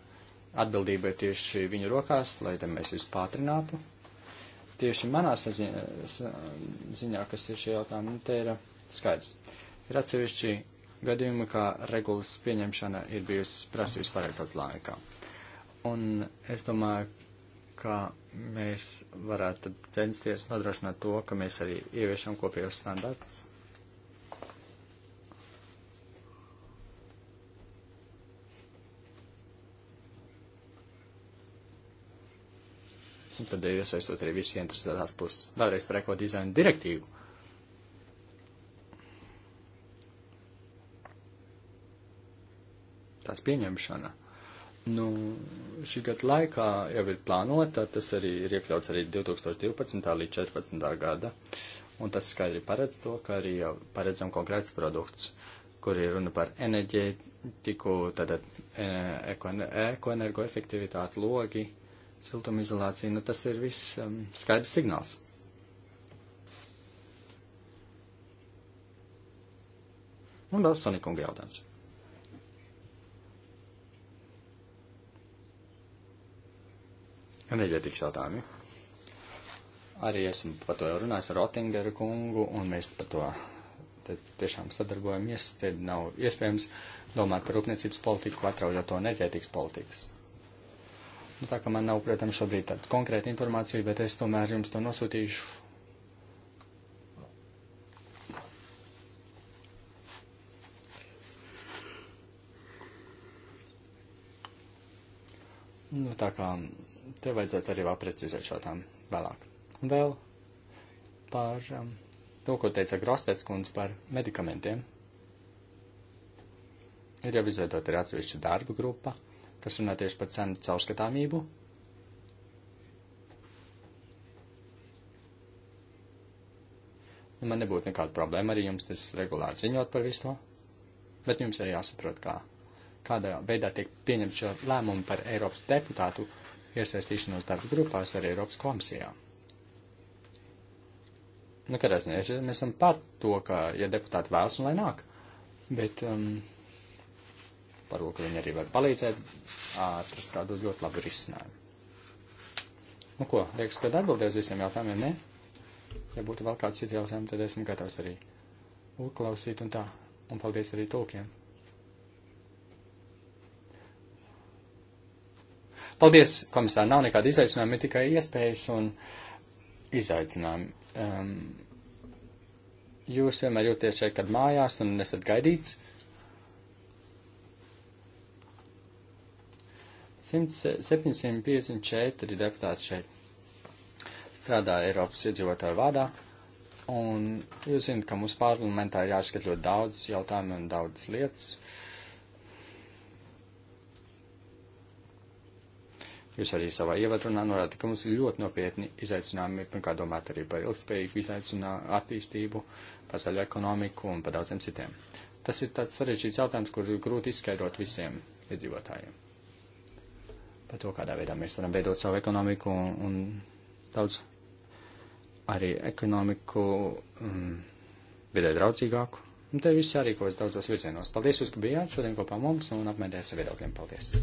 atbildība tieši viņu rokās, lai te mēs visu pātrinātu. Tieši manā ziņā, kas ir šie jautājumi, nu, te ir. Uh, skaidrs. Ir atsevišķi gadījumi, kā regulas pieņemšana ir bijusi prasījusi pārāk daudz laika. Un es domāju, ka mēs varētu censties nodrošināt to, ka mēs arī ieviešam kopējos standartus. Un tad ir iesaistot arī visi interesētās puses. Vēlreiz par ekodizainu direktīvu tās pieņemšana. Nu, šī gada laikā jau ir plānota, tas arī ir iekļauts arī 2012. līdz 2014. gada, un tas skaidri paredz to, ka arī jau paredzam konkrēts produkts, kur ir runa par enerģētiku, tātad e, ekoenergoefektivitāti, eko logi, siltumizolāciju, nu tas ir viss um, skaidrs signāls. Un vēl Sonikunga jautājums. Enerģētikas jautājumi. Arī esmu par to jau runājis ar Otingeru kungu, un mēs par to tiešām sadarbojamies. Te nav iespējams domāt par rūpniecības politiku, atraujot to enerģētikas politikas. Nu, tā kā man nav, protams, šobrīd tāda konkrēta informācija, bet es tomēr jums to nosūtīšu. Nu, tā kā te vajadzētu arī vēl precizēt šādām vēlāk. Un vēl par um, to, ko teica Grostets kundze par medikamentiem. Ir jau izveidota arī atsevišķa darba grupa, kas runā tieši par cenu caurskatāmību. Nu, man nebūtu nekāda problēma arī jums tas regulāri ziņot par visu to, bet jums ir jāsaprot, kā, kādā veidā tiek pieņemts šo lēmumu par Eiropas deputātu iesaistīšanos darba grupās arī Eiropas komisijā. Nu, kādā ziņā es, mēs esam par to, ka, ja deputāti vēlas un lai nāk, bet um, par to, ka viņi arī var palīdzēt, atrast kādu ļoti labu risinājumu. Nu, ko, liekas, ka atbildēju uz visiem jautājumiem, ne? Ja būtu vēl kāds cits jautājums, tad esmu gatavs arī uzklausīt un tā. Un paldies arī tulkiem. Paldies, komisār, nav nekāda izaicinājuma, ir tikai iespējas un izaicinājumi. Um, jūs vienmēr jūties šeit, kad mājās un esat gaidīts. 754 deputāti šeit strādā Eiropas iedzīvotāju vārdā. Un jūs zināt, ka mūsu parlamentā ir jāskat ļoti daudz jautājumu un daudz lietas. Uh, Jūs arī savā ievadrunā norādāt, ka mums ir ļoti nopietni izaicinājumi, pirmkārt domāt arī par ilgspējīgu izaicinājumu attīstību, par zaļo ekonomiku un par daudziem citiem. Tas ir tāds sarežģīts jautājums, kur grūti izskaidrot visiem iedzīvotājiem. Par to, kādā veidā mēs varam veidot savu ekonomiku un, un daudz arī ekonomiku um, vidē draudzīgāku. Un te viss arī, ko es daudzos virzienos. Paldies, jūs, ka bijāt šodien kopā mums un apmēdēsim viedokļiem. Paldies!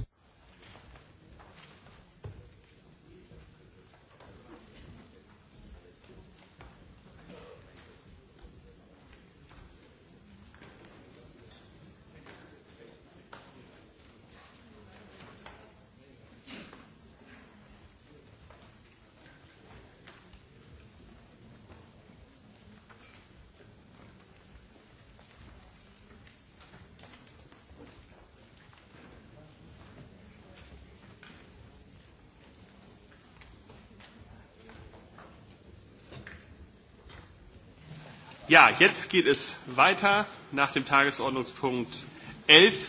Ja, jetzt geht es weiter nach dem Tagesordnungspunkt 11,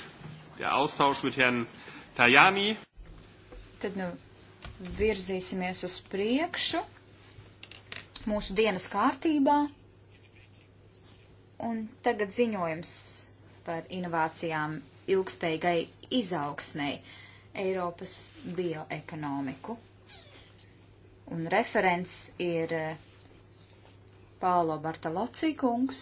der Austausch mit Herrn Tajani. Tad nu virzīsimies uz priekšu mūsu dienas kārtībā. Un tagad ziņojums par inovācijām ilgspējīgai izaugsmai Eiropas bioekonomiku. Un referents ir uh, Paolo Bartalocī kungs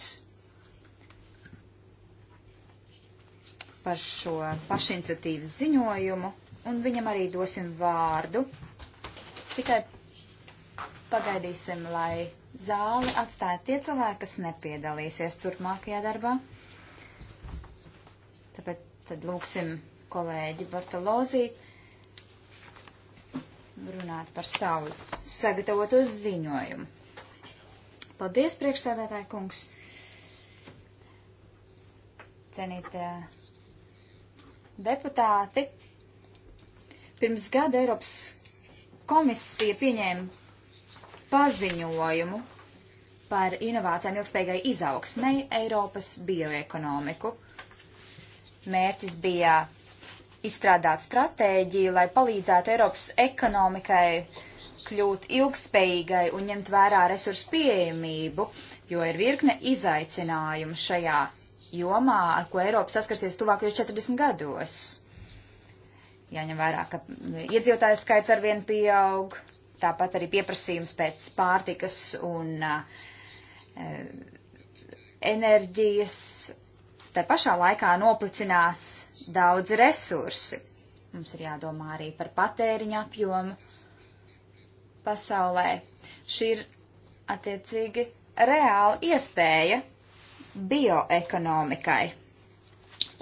par šo pašiniciatīvas ziņojumu, un viņam arī dosim vārdu. Tikai pagaidīsim, lai zāli atstāja tie cilvēki, kas nepiedalīsies turpmākajā darbā. Tāpēc tad lūksim kolēģi Bartalozī runāt par savu sagatavoto ziņojumu. Paldies, priekšsēdētāji kungs! Cenītie deputāti! Pirms gada Eiropas komisija pieņēma paziņojumu par inovācijām ilgspējīgai izaugsmei Eiropas bioekonomiku. Mērķis bija izstrādāt stratēģiju, lai palīdzētu Eiropas ekonomikai kļūt ilgspējīgai un ņemt vērā resursu pieejamību, jo ir virkne izaicinājumu šajā jomā, ar ko Eiropa saskarsies tuvākajos 40 gados. Jāņem vērā, ka iedzīvotāju skaits arvien pieaug, tāpat arī pieprasījums pēc pārtikas un uh, enerģijas. Te pašā laikā noplicinās daudz resursi. Mums ir jādomā arī par patēriņa apjomu pasaulē. Šī ir attiecīgi reāla iespēja bioekonomikai.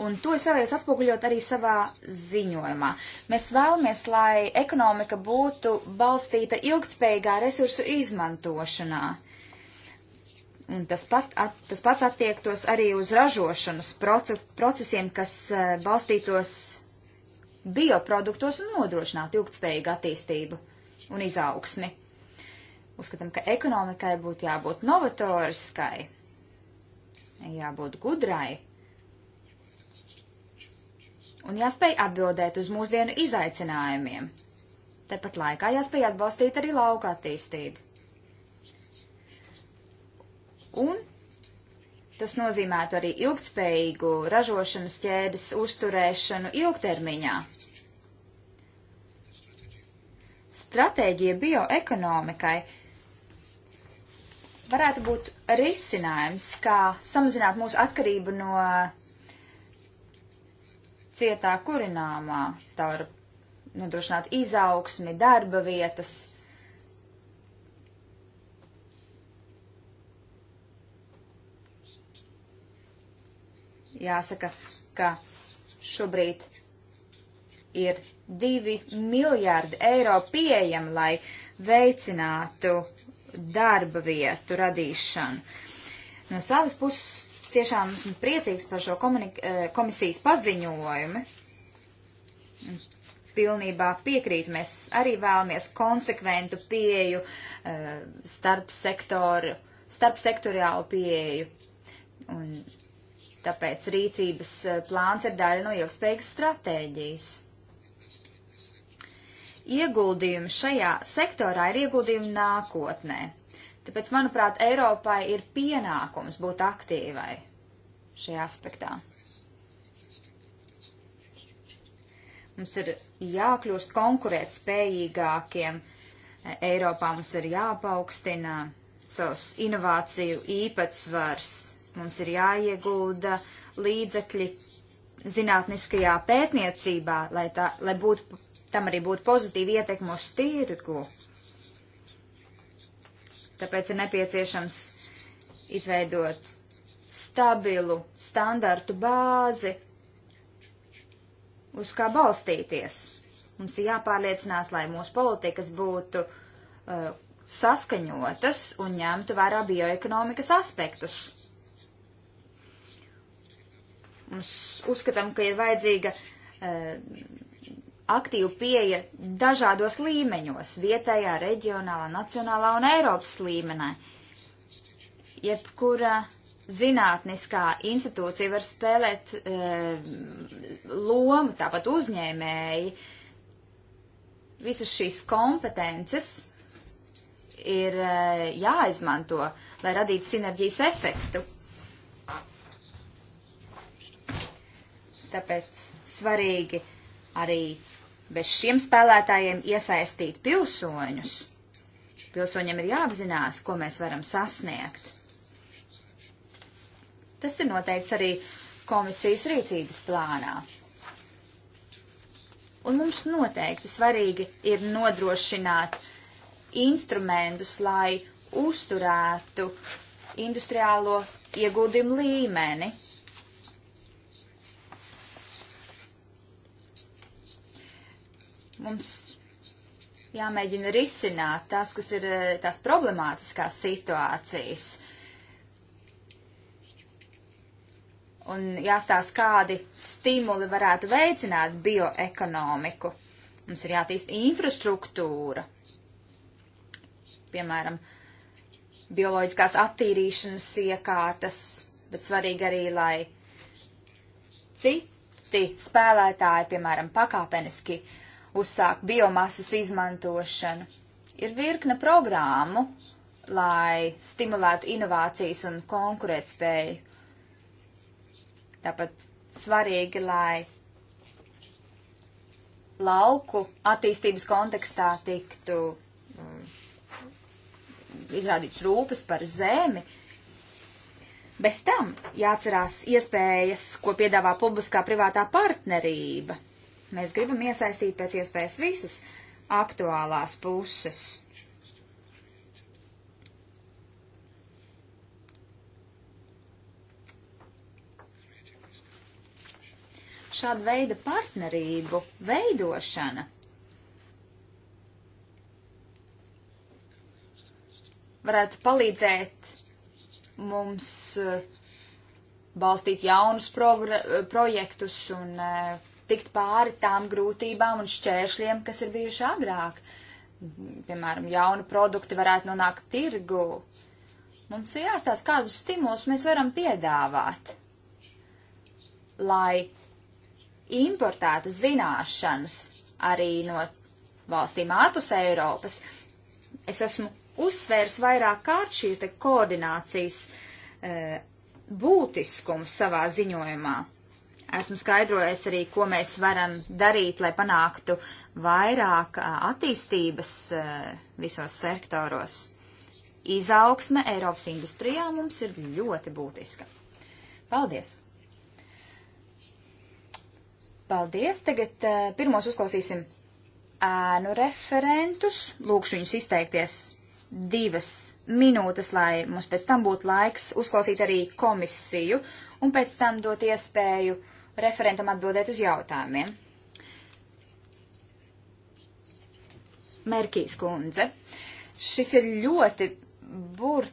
Un to es vēlējos atspoguļot arī savā ziņojumā. Mēs vēlamies, lai ekonomika būtu balstīta ilgtspējīgā resursu izmantošanā. Un tas, pat, at, tas pats attiektos arī uz ražošanas procesiem, kas eh, balstītos bioproduktos un nodrošinātu ilgtspējīgu attīstību un izaugsmi. Uzskatām, ka ekonomikai būtu jābūt novatoriskai, jābūt gudrai un jāspēj atbildēt uz mūsdienu izaicinājumiem. Tepat laikā jāspēj atbalstīt arī lauka attīstību. Un tas nozīmētu arī ilgtspējīgu ražošanas ķēdes uzturēšanu ilgtermiņā. stratēģija bioekonomikai varētu būt risinājums, kā samazināt mūsu atkarību no cietā kurināmā, tā var nodrošināt izaugsmi, darba vietas. Jāsaka, ka šobrīd ir 2 miljārdi eiro pieejami, lai veicinātu darba vietu radīšanu. No savas puses tiešām esmu priecīgs par šo eh, komisijas paziņojumu. Pilnībā piekrītu, mēs arī vēlamies konsekventu pieju, eh, starp, sektoru, starp sektoriālu pieju. Un tāpēc rīcības eh, plāns ir daļa no ilgspējīgas stratēģijas ieguldījumi šajā sektorā ir ieguldījumi nākotnē. Tāpēc, manuprāt, Eiropai ir pienākums būt aktīvai šajā aspektā. Mums ir jākļūst konkurēt spējīgākiem. Eiropā mums ir jāpaukstina savus inovāciju īpatsvars. Mums ir jāiegulda līdzekļi zinātniskajā pētniecībā, lai, tā, lai būtu tam arī būtu pozitīva ietekme uz tirgu. Tāpēc ir nepieciešams izveidot stabilu standartu bāzi, uz kā balstīties. Mums ir jāpārliecinās, lai mūsu politikas būtu uh, saskaņotas un ņemtu vērā bioekonomikas aspektus. Mums uzskatām, ka ir vajadzīga uh, aktīva pieeja dažādos līmeņos - vietējā, reģionālā, nacionālā un Eiropas līmenē. Jebkura zinātniskā institūcija var spēlēt e, lomu, tāpat uzņēmēji. Visas šīs kompetences ir e, jāizmanto, lai radītu sinerģijas efektu. Tāpēc svarīgi arī bez šiem spēlētājiem iesaistīt pilsoņus. Pilsoņiem ir jāapzinās, ko mēs varam sasniegt. Tas ir noteikts arī komisijas rīcības plānā. Un mums noteikti svarīgi ir nodrošināt instrumentus, lai uzturētu industriālo ieguldījumu līmeni, Mums jāmēģina risināt tās, kas ir eh, tās problemātiskās situācijas. Un jāstāsta, kādi stimuli varētu veicināt bioekonomiku. Mums ir jātīst infrastruktūra, piemēram, bioloģiskās attīrīšanas iekārtas, bet svarīgi arī, lai citi spēlētāji, piemēram, pakāpeniski uh, uzsākt biomasas izmantošanu. Ir virkne programmu, lai stimulētu inovācijas un konkurētspēju. Tāpat svarīgi, lai lauku attīstības kontekstā tiktu mm, izrādīts rūpes par zemi. Bez tam jāatcerās iespējas, ko piedāvā publiskā privātā partnerība – Mēs gribam iesaistīt pēc iespējas visas aktuālās puses. Šāda veida partnerību veidošana varētu palīdzēt mums eh, balstīt jaunus progr projektus un uh, tikt pāri tām grūtībām un šķēršļiem, kas ir bijuši agrāk. Piemēram, jauni produkti varētu nonākt tirgu. Mums ir jāstāsta, kādus stimulus mēs varam piedāvāt, lai importētu zināšanas arī no valstīm ārpus Eiropas. Es esmu uzsvērs vairāk kārt šī koordinācijas e, eh, būtiskums savā ziņojumā. Esmu skaidrojis arī, ko mēs varam darīt, lai panāktu vairāk attīstības visos sektoros. Izaugsme Eiropas industrijā mums ir ļoti būtiska. Paldies! Paldies! Tagad pirmos uzklausīsim ēnu referentus. Lūkšu viņus izteikties divas minūtes, lai mums pēc tam būtu laiks uzklausīt arī komisiju un pēc tam dot iespēju referentam atbildēt uz jautājumiem. Merkīs kundze, šis ir ļoti bur,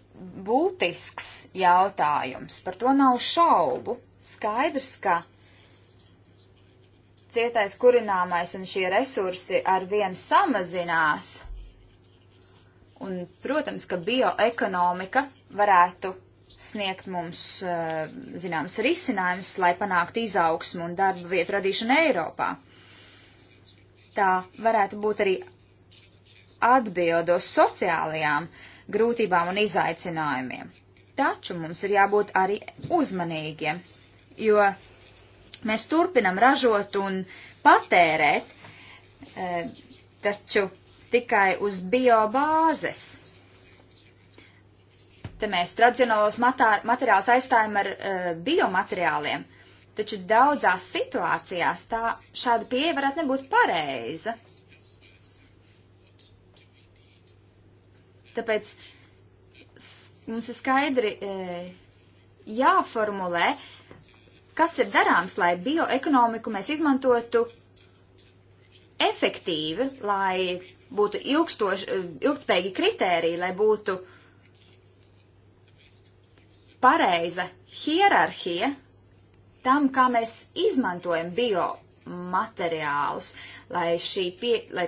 būtisks jautājums, par to nav šaubu. Skaidrs, ka cietais kurināmais un šie resursi ar vien samazinās. Un, protams, ka bioekonomika varētu sniegt mums eh, zināms risinājums, lai panāktu izaugsmu un darba vietu radīšanu Eiropā. Tā varētu būt arī atbildos sociālajām grūtībām un izaicinājumiem. Taču mums ir jābūt arī uzmanīgiem, jo mēs turpinam ražot un patērēt, eh, taču tikai uz biobāzes Te mēs tradicionālos materiālus aizstājam ar uh, biomateriāliem, taču daudzās situācijās tā šāda pieeja varētu nebūt pareiza. Tāpēc mums ir skaidri e, jāformulē, kas ir darāms, lai bioekonomiku mēs izmantotu efektīvi, lai būtu ilgstoši, eh, ilgtspējīgi kritēriji, lai būtu pareiza hierarhija tam, kā mēs izmantojam biomateriālus, lai šī, pie, lai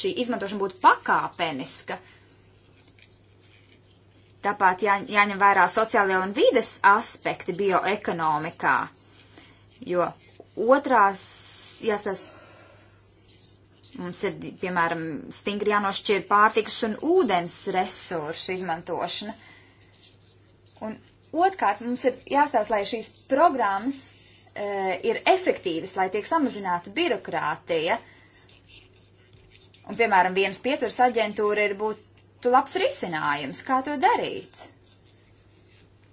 šī izmantošana būtu pakāpeniska. Tāpat jā, jāņem vērā sociālajie un vides aspekti bioekonomikā, jo otrās, jāsas, mums ir, piemēram, stingri jānošķir pārtikas un ūdens resursu izmantošana. Un Otkārt, mums ir jāstāsta, lai šīs programmas e, ir efektīvas, lai tiek samazināta birokrātija. Un, piemēram, vienas pieturas aģentūra ir būtu labs risinājums, kā to darīt.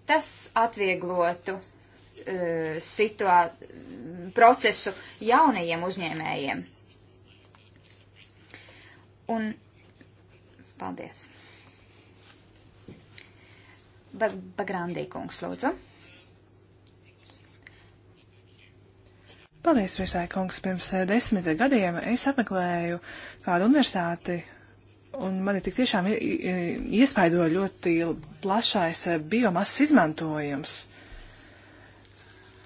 Tas atvieglotu e, situā, procesu jaunajiem uzņēmējiem. Un paldies! Bagrandī kungs, lūdzu. Paldies, priekšsēdē kungs. Pirms eh, desmit gadiem es apmeklēju kādu universitāti, un mani tik tiešām iespaido ļoti plašais eh, biomasas izmantojums.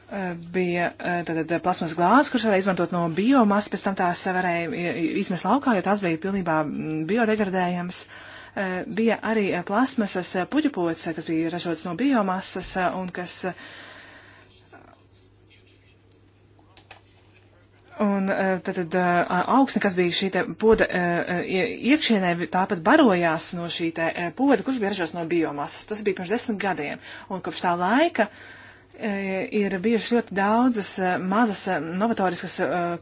Eh, bija tātad plasmas glāzes, kuras varēja izmantot no biomasas, pēc tam tās varēja izmest laukā, jo tās bija pilnībā mm, biodegradējamas. Uh, Eh, bija arī eh, plasmasas eh, puķupots, kas bija ražots no biomasas un kas. Un tad, tad augsne, kas bija šī poda iekšienē, tāpat barojās no šī poda, kurš bija ražots no biomasas. Tas bija pirms desmit gadiem. Un kopš tā laika ir bijušas ļoti daudzas mazas novatoriskas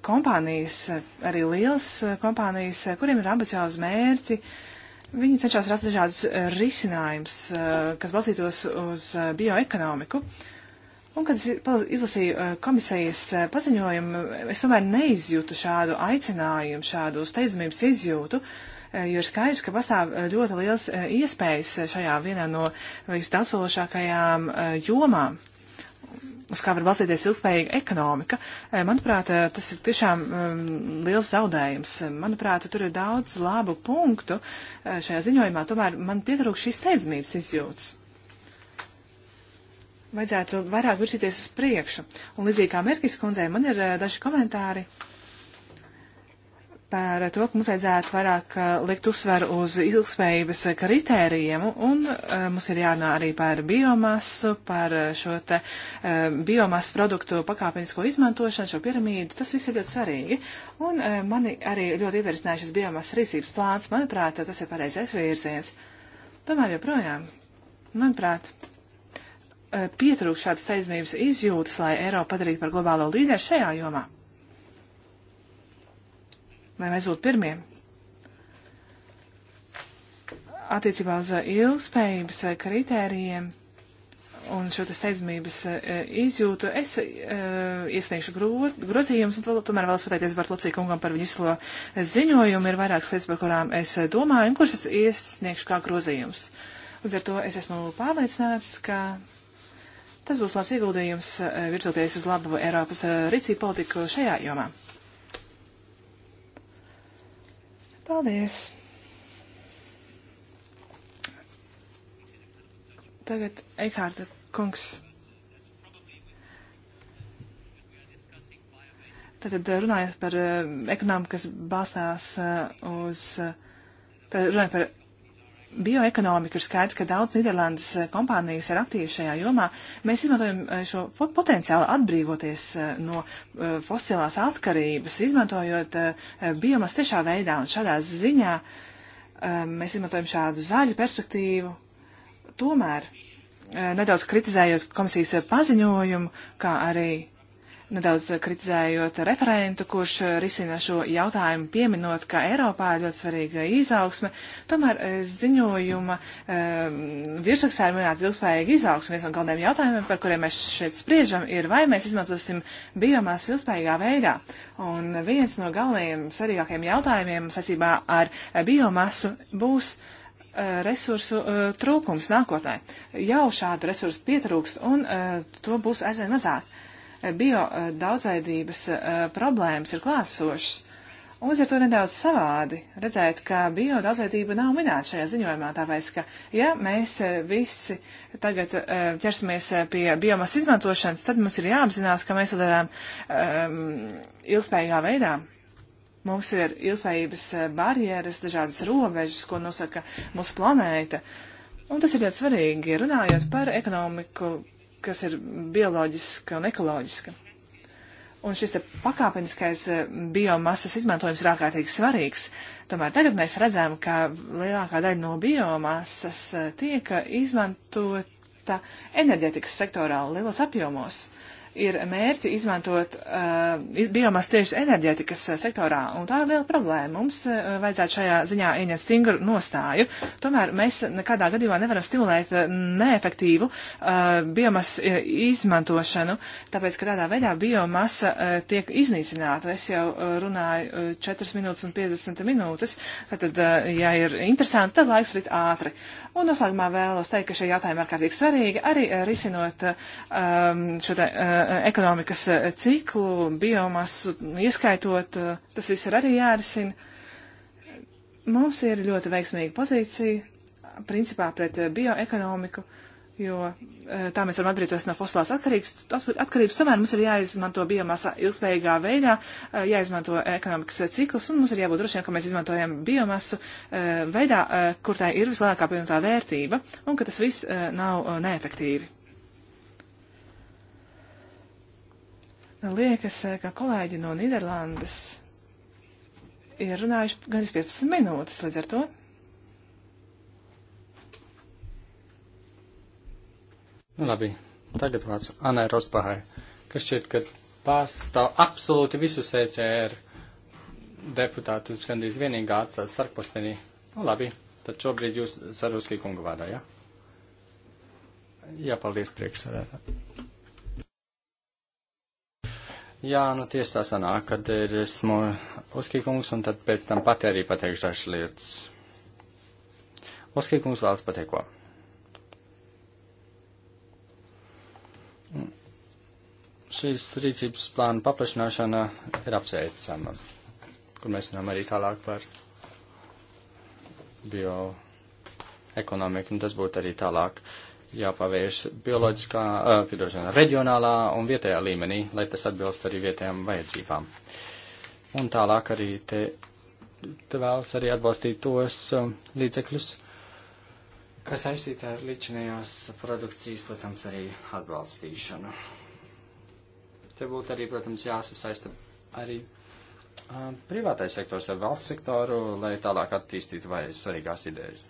kompānijas, arī lielas kompānijas, kuriem ir ambiciozi mērķi, uh, Viņi cenšas rast dažādus eh, risinājumus, eh, kas balstītos uz eh, bioekonomiku. Un, kad es izlasīju komisijas paziņojumu, es tomēr neizjūtu šādu aicinājumu, šādu steidzamības izjūtu, jo ir skaidrs, ka pastāv ļoti liels iespējas šajā vienā no visdaudzološākajām jomām. Uh, uz kā var balstīties ilgspējīga ekonomika, eh, manuprāt, eh, tas ir tiešām ehm, liels zaudējums. Eh, manuprāt, tur ir daudz labu punktu šajā ziņojumā, tomēr man pietrūkst šīs steidzamības izjūtas. Vajadzētu vairāk virzīties uz priekšu. Un līdzīgi kā Merkis kundzei, man ir daži komentāri par to, ka mums vajadzētu vairāk eh, likt uzsveru uz ilgspējības eh, kritērijiem, un eh, mums ir jārunā arī par biomasu, par šo te biomasu produktu pakāpenisko izmantošanu, šo piramīdu. Tas viss ir ļoti svarīgi. Un mani arī ļoti ievērsināja šis biomasas rīcības plāns. Manuprāt, tas ir pareizais virziens. Tomēr joprojām, manuprāt, pietrūkst šādas steidzamības izjūtas, lai Eiropu padarītu par globālo līderu šajā jomā lai mēs būtu pirmie. Attiecībā uz eh, ilgspējības eh, kritērijiem un šo steidzamības eh, izjūtu es iesniegšu gro, grozījumus, un tomēr vēlos pateikties Bartlocī kungam par viņu izslo ziņojumu. Ir vairākas lietas, par kurām es domāju, un kuras es iesniegšu kā grozījumus. Līdz ar to es esmu pārliecināts, ka tas būs labs ieguldījums virzoties uz labu Eiropas rīcību politiku šajā jomā. Paldies! Tagad Eihārta kungs. Tātad runājot par eh, ekonomiku, kas balstās eh, uz. Eh, tātad runājot par bioekonomiku, ir skaidrs, ka daudz Nīderlandes eh, kompānijas ir aktīvi šajā jomā. Mēs izmantojam eh, šo potenciālu atbrīvoties eh, no fosilās atkarības, izmantojot biomas tiešā veidā. Un šādā ziņā mēs izmantojam šādu zaļu perspektīvu. Tomēr, nedaudz kritizējot komisijas paziņojumu, kā arī nedaudz kritizējot referentu, kurš eh, risina šo jautājumu, pieminot, ka Eiropā ir ļoti svarīga izaugsme. Tomēr eh, ziņojuma eh, virsrakstā ir minēta ilgspējīga izaugsme. Viens no galvenajiem jautājumiem, par kuriem mēs šeit spriežam, ir, vai mēs izmantosim biomasu ilgspējīgā veidā. Un viens no galvenajiem svarīgākajiem jautājumiem saistībā ar biomasu būs resursu uh, trūkums nākotnē. Jau šādu resursu pietrūkst, un uh, to būs aizvien mazāk. Uh, bio eh, daudzveidības eh, problēmas ir klāsošas. Un līdz ar to nedaudz savādi redzēt, ka bio daudzveidība nav minēta šajā ziņojumā, tāpēc, ka, ja mēs eh, visi tagad ķersimies pie biomasas izmantošanas, tad mums ir jāapzinās, ka mēs to darām um, ilgspējīgā veidā. Mums ir ilgspējības barjeras, dažādas robežas, ko nosaka mūsu planēta. Un tas ir ļoti svarīgi, runājot par ekonomiku kas ir bioloģiska un ekoloģiska. Un šis pakāpeniskais eh, biomasas izmantojums ir ārkārtīgi svarīgs. Tomēr tagad mēs redzam, ka lielākā daļa no biomasas eh, tiek izmantota enerģētikas sektorā lielos apjomos. Uh, ir mērķi izmantot uh, biomasu tieši enerģētikas uh, sektorā, un tā ir liela problēma. Mums uh, vajadzētu šajā ziņā ieņemt stingru nostāju. Tomēr mēs nekādā gadījumā nevaram stimulēt uh, neefektīvu uh, biomasu uh, izmantošanu, tāpēc, ka tādā veidā biomasa uh, tiek iznīcināta. Es jau uh, runāju uh, 4 minūtes un 50 minūtes, tad, uh, ja ir interesanti, tad laiks rit ātri. Uh, Un noslēgumā vēlos teikt, ka šie jautājumi ir ārkārtīgi svarīgi, arī eh, risinot eh, um, šo te, uh, ekonomikas ciklu, biomasu ieskaitot, uh, tas viss ir arī jārisina. Mums ir ļoti veiksmīga pozīcija, principā pret bioekonomiku. Uh, jo eh, tā mēs varam atbrīvoties no fosilās atkarības. atkarības. Tomēr mums ir jāizmanto biomasa ilgspējīgā veidā, eh, jāizmanto ekonomikas eh, cikls, un mums ir jābūt drošiem, ka mēs izmantojam biomasu veidā, kur tā ir vislielākā pievienotā vērtība, un ka tas viss nav neefektīvi. Liekas, ka kolēģi no Nīderlandes ir runājuši gan 15 minūtes līdz ar to. Nu, labi, tagad vārds Anai Rospahai, kas šķiet, ka pārstāv absolūti visus ECR deputātus, gandrīz vienīgā atstāt starppostenī. Nu, labi, tad šobrīd jūs Saruskī kungu vārdā, jā? Jā, paldies priekšsēdētāji. Jā, nu tieši tā sanāk, kad ir esmu uzkīkums, un tad pēc tam pati arī pateikšu dažas lietas. Uzkīkums vēlas pateikt ko? šīs rīcības plāna paplašināšana ir apsveicama, kur mēs runājam arī tālāk par bioekonomiku, un tas būtu arī tālāk jāpavērš bioloģiskā, uh, piedošana, reģionālā un vietējā līmenī, lai tas atbilst arī vietējām vajadzībām. Un tālāk arī te, te vēlas arī atbalstīt tos uh, līdzekļus, kas saistītā ar līdzinējās produkcijas, protams, arī atbalstīšanu. Te būtu arī, protams, jāsasaista arī uh, privātais sektors ar valsts sektoru, lai tālāk attīstītu vai svarīgās idejas.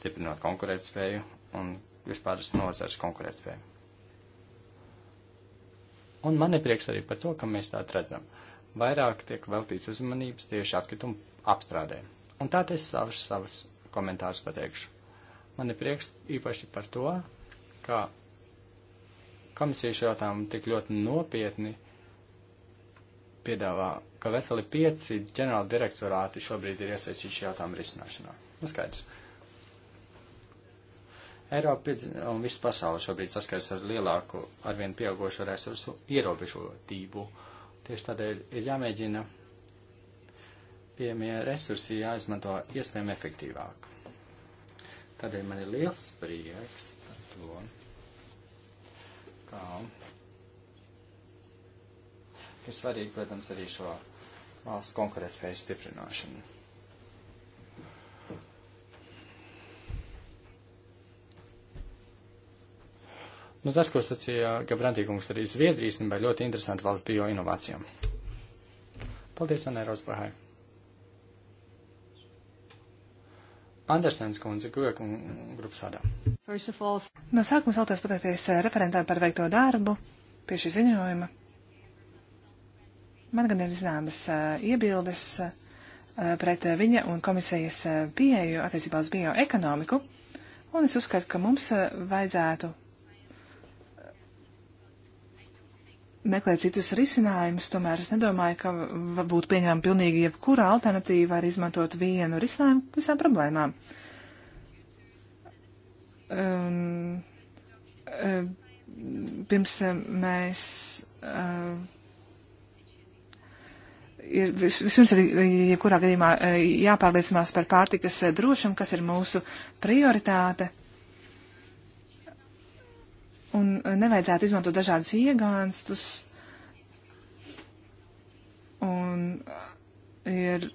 Stiprinot konkurētspēju un vispār nozares konkurētspēju. Un man ir prieks arī par to, ka mēs tādu redzam. Vairāk tiek veltīts uzmanības tieši atkritumu apstrādē. Un tātad es savus, savus komentārus pateikšu. Man ir prieks īpaši par to, ka komisija šo jautājumu tik ļoti nopietni piedāvā, ka veseli pieci ģenerāli direktorāti šobrīd ir iesaistīti šī jautājuma risināšanā. Nu, skaidrs. Eiropa un viss pasaule šobrīd saskars ar lielāku, arvien pieaugošu resursu ierobežotību. Tieši tādēļ ir jāmēģina pieejamie resursi jāizmanto iespējami efektīvāk. Tādēļ man ir liels prieks par to kā. Ir svarīgi, protams, arī šo valsts konkurētspējas stiprināšanu. Nu, tas, ko sacīja Gabrantīkungs, arī Zviedrijas, ļoti interesanti valsts bio inovācijām. Paldies, Anē Rosbahai! Andersens kundze, grupas vārdā. No sākuma vēlties pateikties eh, referentām par veikto darbu pie šī ziņojuma. Man gan ir zināmas eh, iebildes eh, pret viņa un komisijas pieeju attiecībā uz bioekonomiku, un es uzskatu, ka mums vajadzētu meklēt citus risinājumus, tomēr es nedomāju, ka būtu pieņemama pilnīgi jebkura alternatīva ar izmantot vienu risinājumu visām problēmām. Um, um, pirms eh, mēs. Um, ir vispirms arī, jebkurā gadījumā, jāpārliecinās par pārtikas drošumu, kas ir mūsu prioritāte un eh, nevajadzētu izmantot dažādus iegānstus. Un eh, ir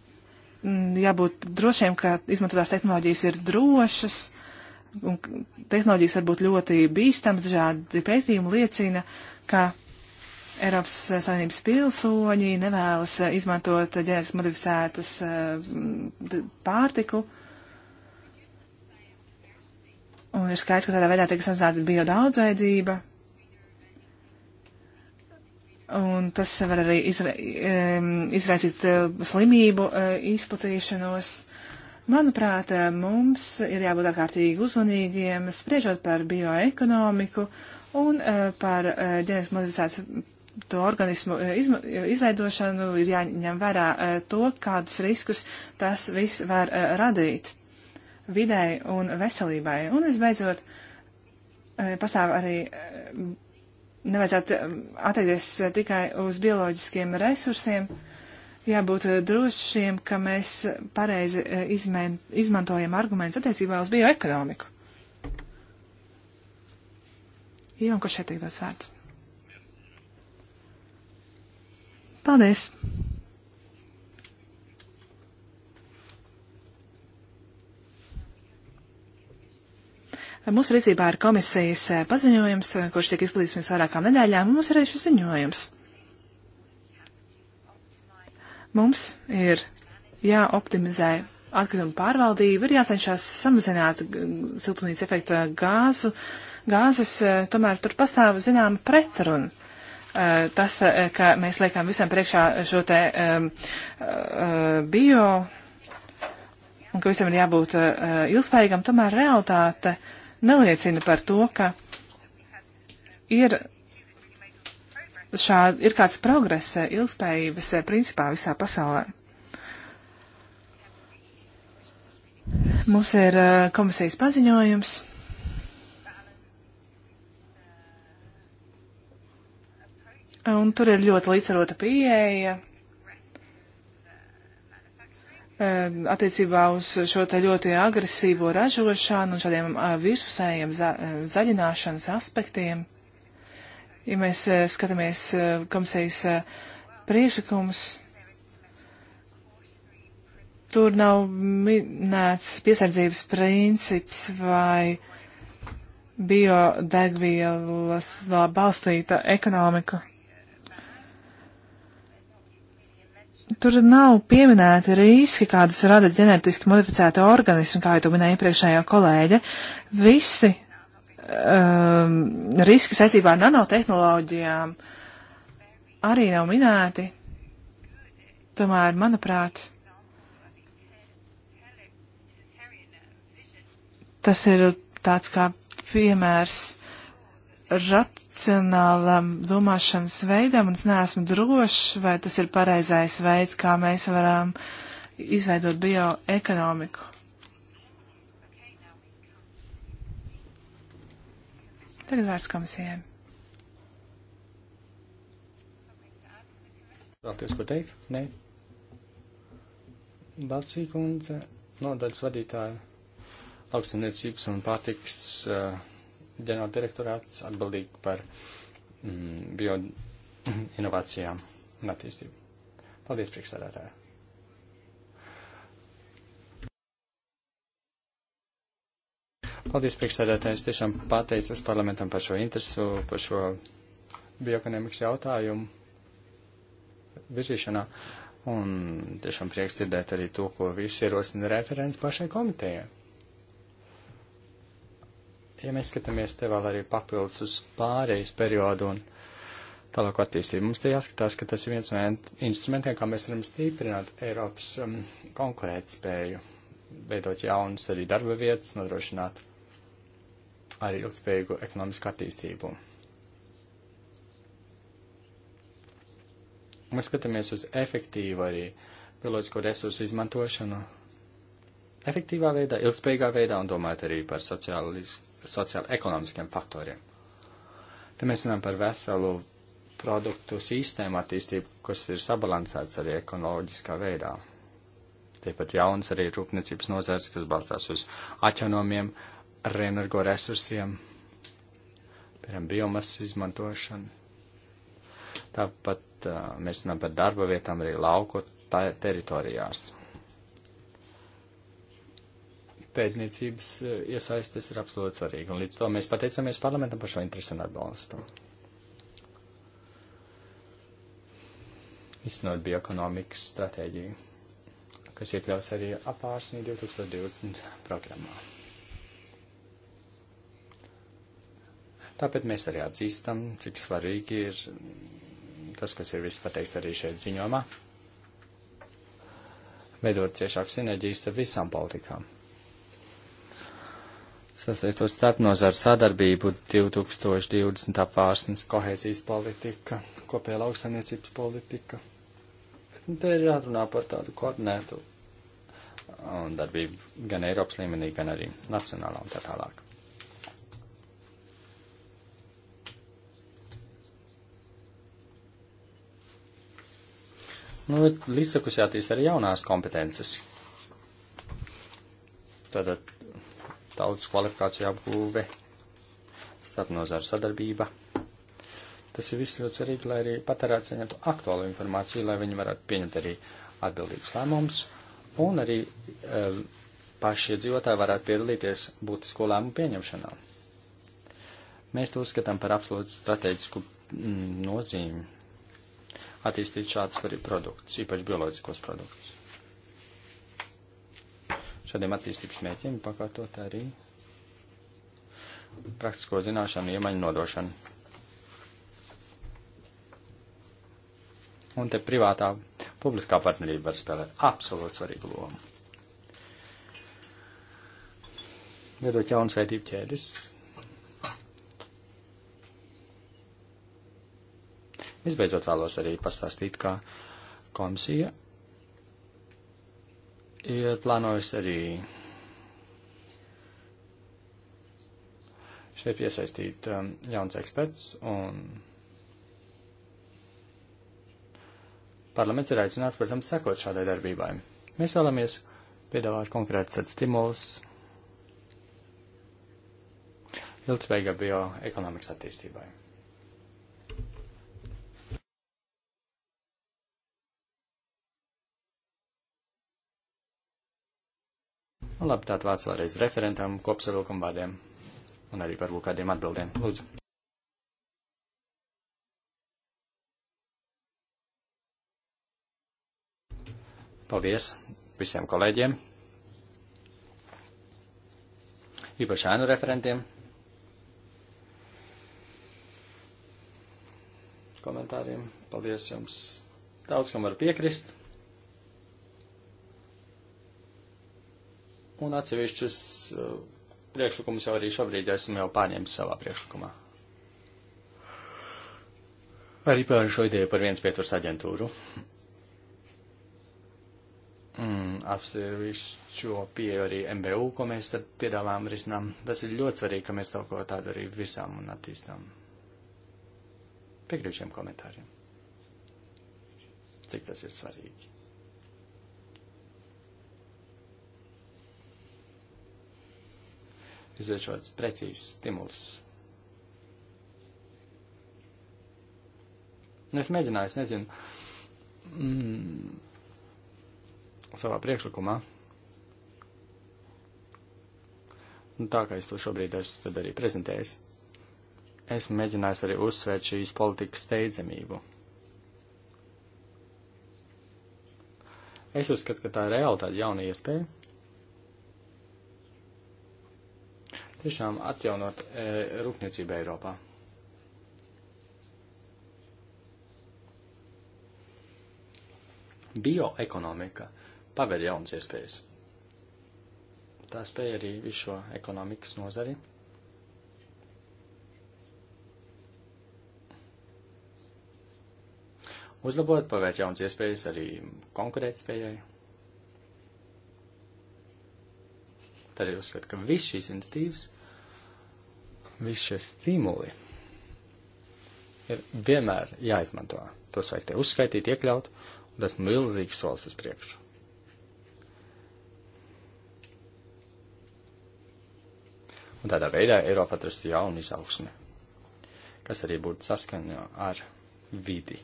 mm, jābūt drošiem, ka izmantotās tehnoloģijas ir drošas, un tehnoloģijas var būt ļoti bīstamas. Dažādi pētījumi liecina, ka Eiropas eh, Savienības pilsoņi nevēlas izmantot ģenētiski modificētas pārtiku. Uh, Un ir skaidrs, ka tādā veidā tiek samazināta biodaudzveidība. Un tas var arī izra izraisīt eh, slimību eh, izplatīšanos. Manuprāt, eh, mums ir jābūt ārkārtīgi uzmanīgiem, spriežot par bioekonomiku un par ģenētiski modificētu mm, organismu izveidošanu, ir jāņem vērā to, kādus riskus tas viss var radīt videi un veselībai. Un visbeidzot, eh, pastāv arī eh, nevajadzētu eh, attiekties tikai uz bioloģiskiem resursiem, jābūt drošiem, ka mēs pareizi izmēn, izmantojam argumentus attiecībā uz bioekonomiku. Ivan, kurš šeit tiek dots vārds? Paldies! Mūsu rīcībā ir komisijas eh, paziņojums, eh, kurš tiek izplatīts pirms vairākām nedēļām, un mums ir arī šis ziņojums. Mums ir jāoptimizē atkritumu pārvaldība, ir jācenšas samazināt siltumnīca efekta gāzu, gāzes, eh, tomēr tur pastāv zināma pretruna tas, ka mēs liekam visam priekšā šo te um, uh, bio un ka visam ir jābūt uh, ilgspējīgam, tomēr realitāte neliecina par to, ka ir, šād, ir kāds progress ilgspējības principā visā pasaulē. Mums ir eh, komisijas paziņojums. Un tur ir ļoti līdzsvarota pieeja attiecībā uz šo te ļoti agresīvo ražošanu un šādiem vispusējiem za e, zaļināšanas aspektiem. Ja mēs e, skatāmies e, komisijas priekšlikums, tur nav minēts piesardzības princips vai biodegvielas balstīta ekonomika. tur nav pieminēti riski, kādas rada ģenētiski modificēta organisma, kā jau to minēja iepriekšējā kolēģe. Visi um, riski saistībā ar nanotehnoloģijām arī nav minēti. Tomēr, manuprāt, tas ir tāds kā piemērs racionālam domāšanas veidam, un es neesmu drošs, vai tas ir pareizais veids, kā mēs varam izveidot bioekonomiku. Tagad vērts komisijai. Vēlties ko teikt? Nē. Balcīkundze, nodaļas vadītāja, lauksimniecības un pārtiks uh, ģenerāla direktorāts atbildīgi par mm, bio inovācijām un attīstību. Paldies, priekšsēdētāji! Paldies, priekšsēdētājs. Tiešām pateicos parlamentam par šo interesu, par šo bioekonomikas jautājumu virzīšanā. Un tiešām prieks dzirdēt arī to, ko visi ierosina referents pašai komitejai. Ja mēs skatāmies te vēl arī papildus uz pārejas periodu un tālāku attīstību, mums te jāskatās, ka tas ir viens no instrumentiem, kā mēs varam stiprināt Eiropas um, konkurētspēju, veidot jaunas arī darba vietas, nodrošināt arī ilgspējīgu ekonomisku attīstību. Mēs skatāmies uz efektīvu arī bioloģisko resursu izmantošanu efektīvā veidā, ilgspējīgā veidā un domājot arī par sociālis, sociāla-ekonomiskiem faktoriem. Te mēs runājam par veselu produktu sistēmu attīstību, kas ir sabalansēts arī ekoloģiskā veidā. Tāpat jauns arī rūpniecības nozars, kas balstās uz atjaunomiem, reenergo resursiem, piemēram, biomasas izmantošanu. Tāpat mēs runājam par darba vietām arī lauku teritorijās pētniecības eh, iesaistes ir absolūti svarīga, un līdz to mēs pateicamies parlamentam par šo interesantu atbalstu. Izsnot bioekonomikas stratēģiju, kas iekļaus arī apārsnī 2020 programmā. Tāpēc mēs arī atzīstam, cik svarīgi ir tas, kas ir viss pateikts arī šeit ziņomā, veidot ciešāk sinerģijas ar visām politikām sasaistot starp nozaru sadarbību 2020. pārsnes kohēzijas politika, kopējā lauksaimniecības politika. Bet te ir jārunā par tādu koordinētu uh, darbību gan Eiropas līmenī, gan arī nacionālā un tā tālāk. Nu, līdzsakus jātīst arī jaunās kompetences. Tātad daudz kvalifikāciju apgūve, starp nozaru sadarbība. Tas ir viss ļoti svarīgi, lai arī patērētāji saņemtu aktuālu informāciju, lai viņi varētu pieņemt arī atbildīgus lēmumus, un arī e, paši iedzīvotāji varētu piedalīties būtisko lēmumu pieņemšanā. Mēs to uzskatām par absolūtu strateģisku mm, nozīmi attīstīt šādus produktus, īpaši bioloģiskos produktus šādiem attīstības mēķiem pakārtot arī praktisko zināšanu iemaņu nodošanu. Un te privātā publiskā partnerība var spēlēt absolūti svarīgu lomu. Iedot jaunas vērtību ķēdes. Visbeidzot vēlos arī pastāstīt, kā komisija ir plānojusi arī šeit iesaistīt um, jauns eksperts, un parlaments ir aicināts, protams, sekot šādai darbībai. Mēs vēlamies piedāvāt konkrētus stimulus ilgspējīgai bioekonomikas attīstībai. Un nu, labi, tātad vārds vēlreiz referentam, kopsavilkuma vārdiem un arī varbūt kādiem atbildiem. Lūdzu. Paldies visiem kolēģiem, īpaši ēnu referentiem. Komentāriem. Paldies jums. Daudz kam var piekrist. un atsevišķus uh, eh, priekšlikumus jau arī šobrīd esam jau pārņēmis savā priekšlikumā. Arī par šo ideju par viens pieturs aģentūru. Mm, Apsevišķo pieeju arī MBU, ko mēs tad piedāvājam risinām. Tas ir ļoti svarīgi, ka mēs kaut ko tādu arī virsām un attīstām. Piekrītu šiem komentāriem. Cik tas ir svarīgi. izdot šādus precīzus stimulus. Nu, es mēģināju, es nezinu, mm, savā priekšlikumā. Nu, tā kā es to šobrīd esmu arī prezentējis, es mēģināju arī uzsvērt šīs politikas steidzamību. Es uzskatu, ka tā ir reāli tāda jauna iespēja, tiešām atjaunot e, rūpniecību Eiropā. Bioekonomika paver jaunas iespējas. Tā spēja arī visu šo ekonomikas nozari. Uzlabot, pavērt jaunas iespējas arī konkurētspējai. Tad ir uzskat, ka viss šīs institīvas visi šie stimuli ir vienmēr jāizmanto. Tos vajag te uzskaitīt, iekļaut, un tas milzīgs solis uz priekšu. Un tādā veidā Eiropa atrastu jaunu izaugsmi, kas arī būtu saskaņā ar vidi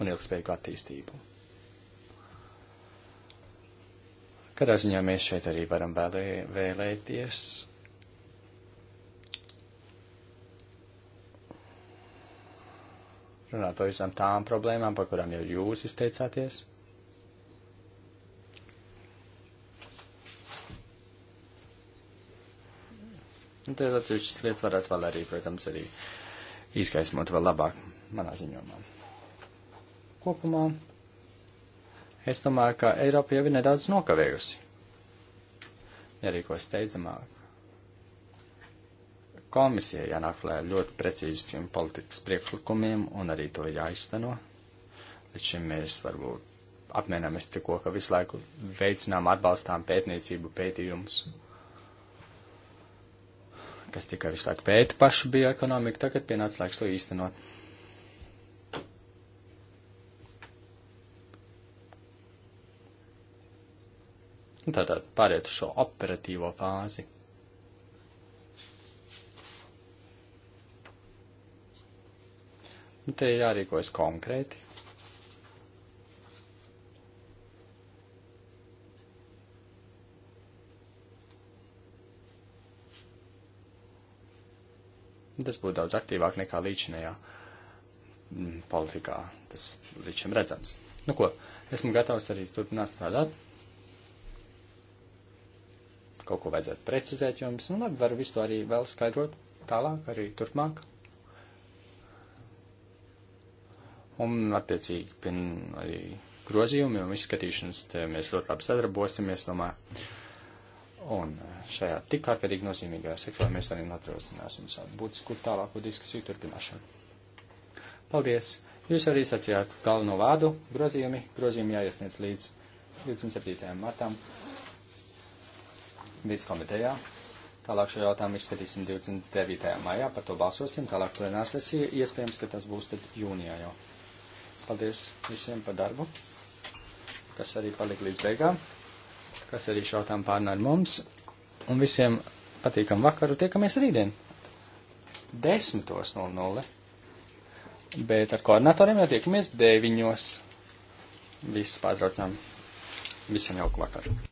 un ilgspējīgu attīstību. Katrā ziņā mēs šeit arī varam vēlē, vēlēties. Runāt par visām tām problēmām, par kurām jau jūs izteicāties. Un tad atsevišķas lietas varētu vēl arī, protams, arī izgaismot vēl labāk manā ziņomā. Kopumā Es domāju, ka Eiropa jau ir nedaudz nokavējusi. Nerīkos steidzamāk. Komisija jānāk klāt ļoti precīziem politikas priekšlikumiem, un arī to ir jāizteno. Līdz šim mēs varbūt apmienamies tikko, ka visu laiku veicinām, atbalstām pētniecību pētījumus, kas tikai visu laiku pēta pašu bioekonomiku, tagad pienāca laiks to īstenot. Un tātad pāriet uz šo operatīvo fāzi. Un nu, te ir jārīkojas konkrēti. Tas būtu daudz aktīvāk nekā līdzinējā mm, politikā. Tas līdz šim redzams. Nu ko, esmu gatavs arī turpināt strādāt kaut ko vajadzētu precizēt jums, nu labi, varu visu to arī vēl skaidrot tālāk, arī turpmāk. Un, attiecīgi, pin, arī grozījumi un izskatīšanas mēs ļoti labi sadarbosimies, domāju. Un e, šajā tik ārkārtīgi nozīmīgajā sektorā mēs arī notraucināsim savu būtisku tālāku diskusiju turpināšanu. Paldies! Jūs arī sacījāt galveno vārdu grozījumi. Grozījumi jāiesniedz līdz 27. martām vidas komitejā. Tālāk šo jautājumu izskatīsim 29. maijā, par to balsosim. Tālāk plenā sesija, iespējams, ka tas būs tad jūnijā jau. Paldies visiem par darbu, kas arī palika līdz beigām, kas arī šo jautājumu pārnā ar mums. Un visiem patīkam vakaru, tiekamies rītdien. 10.00. Bet ar koordinatoriem jau tiekamies 9.00. Viss pārtraucām. Visiem jauku vakaru.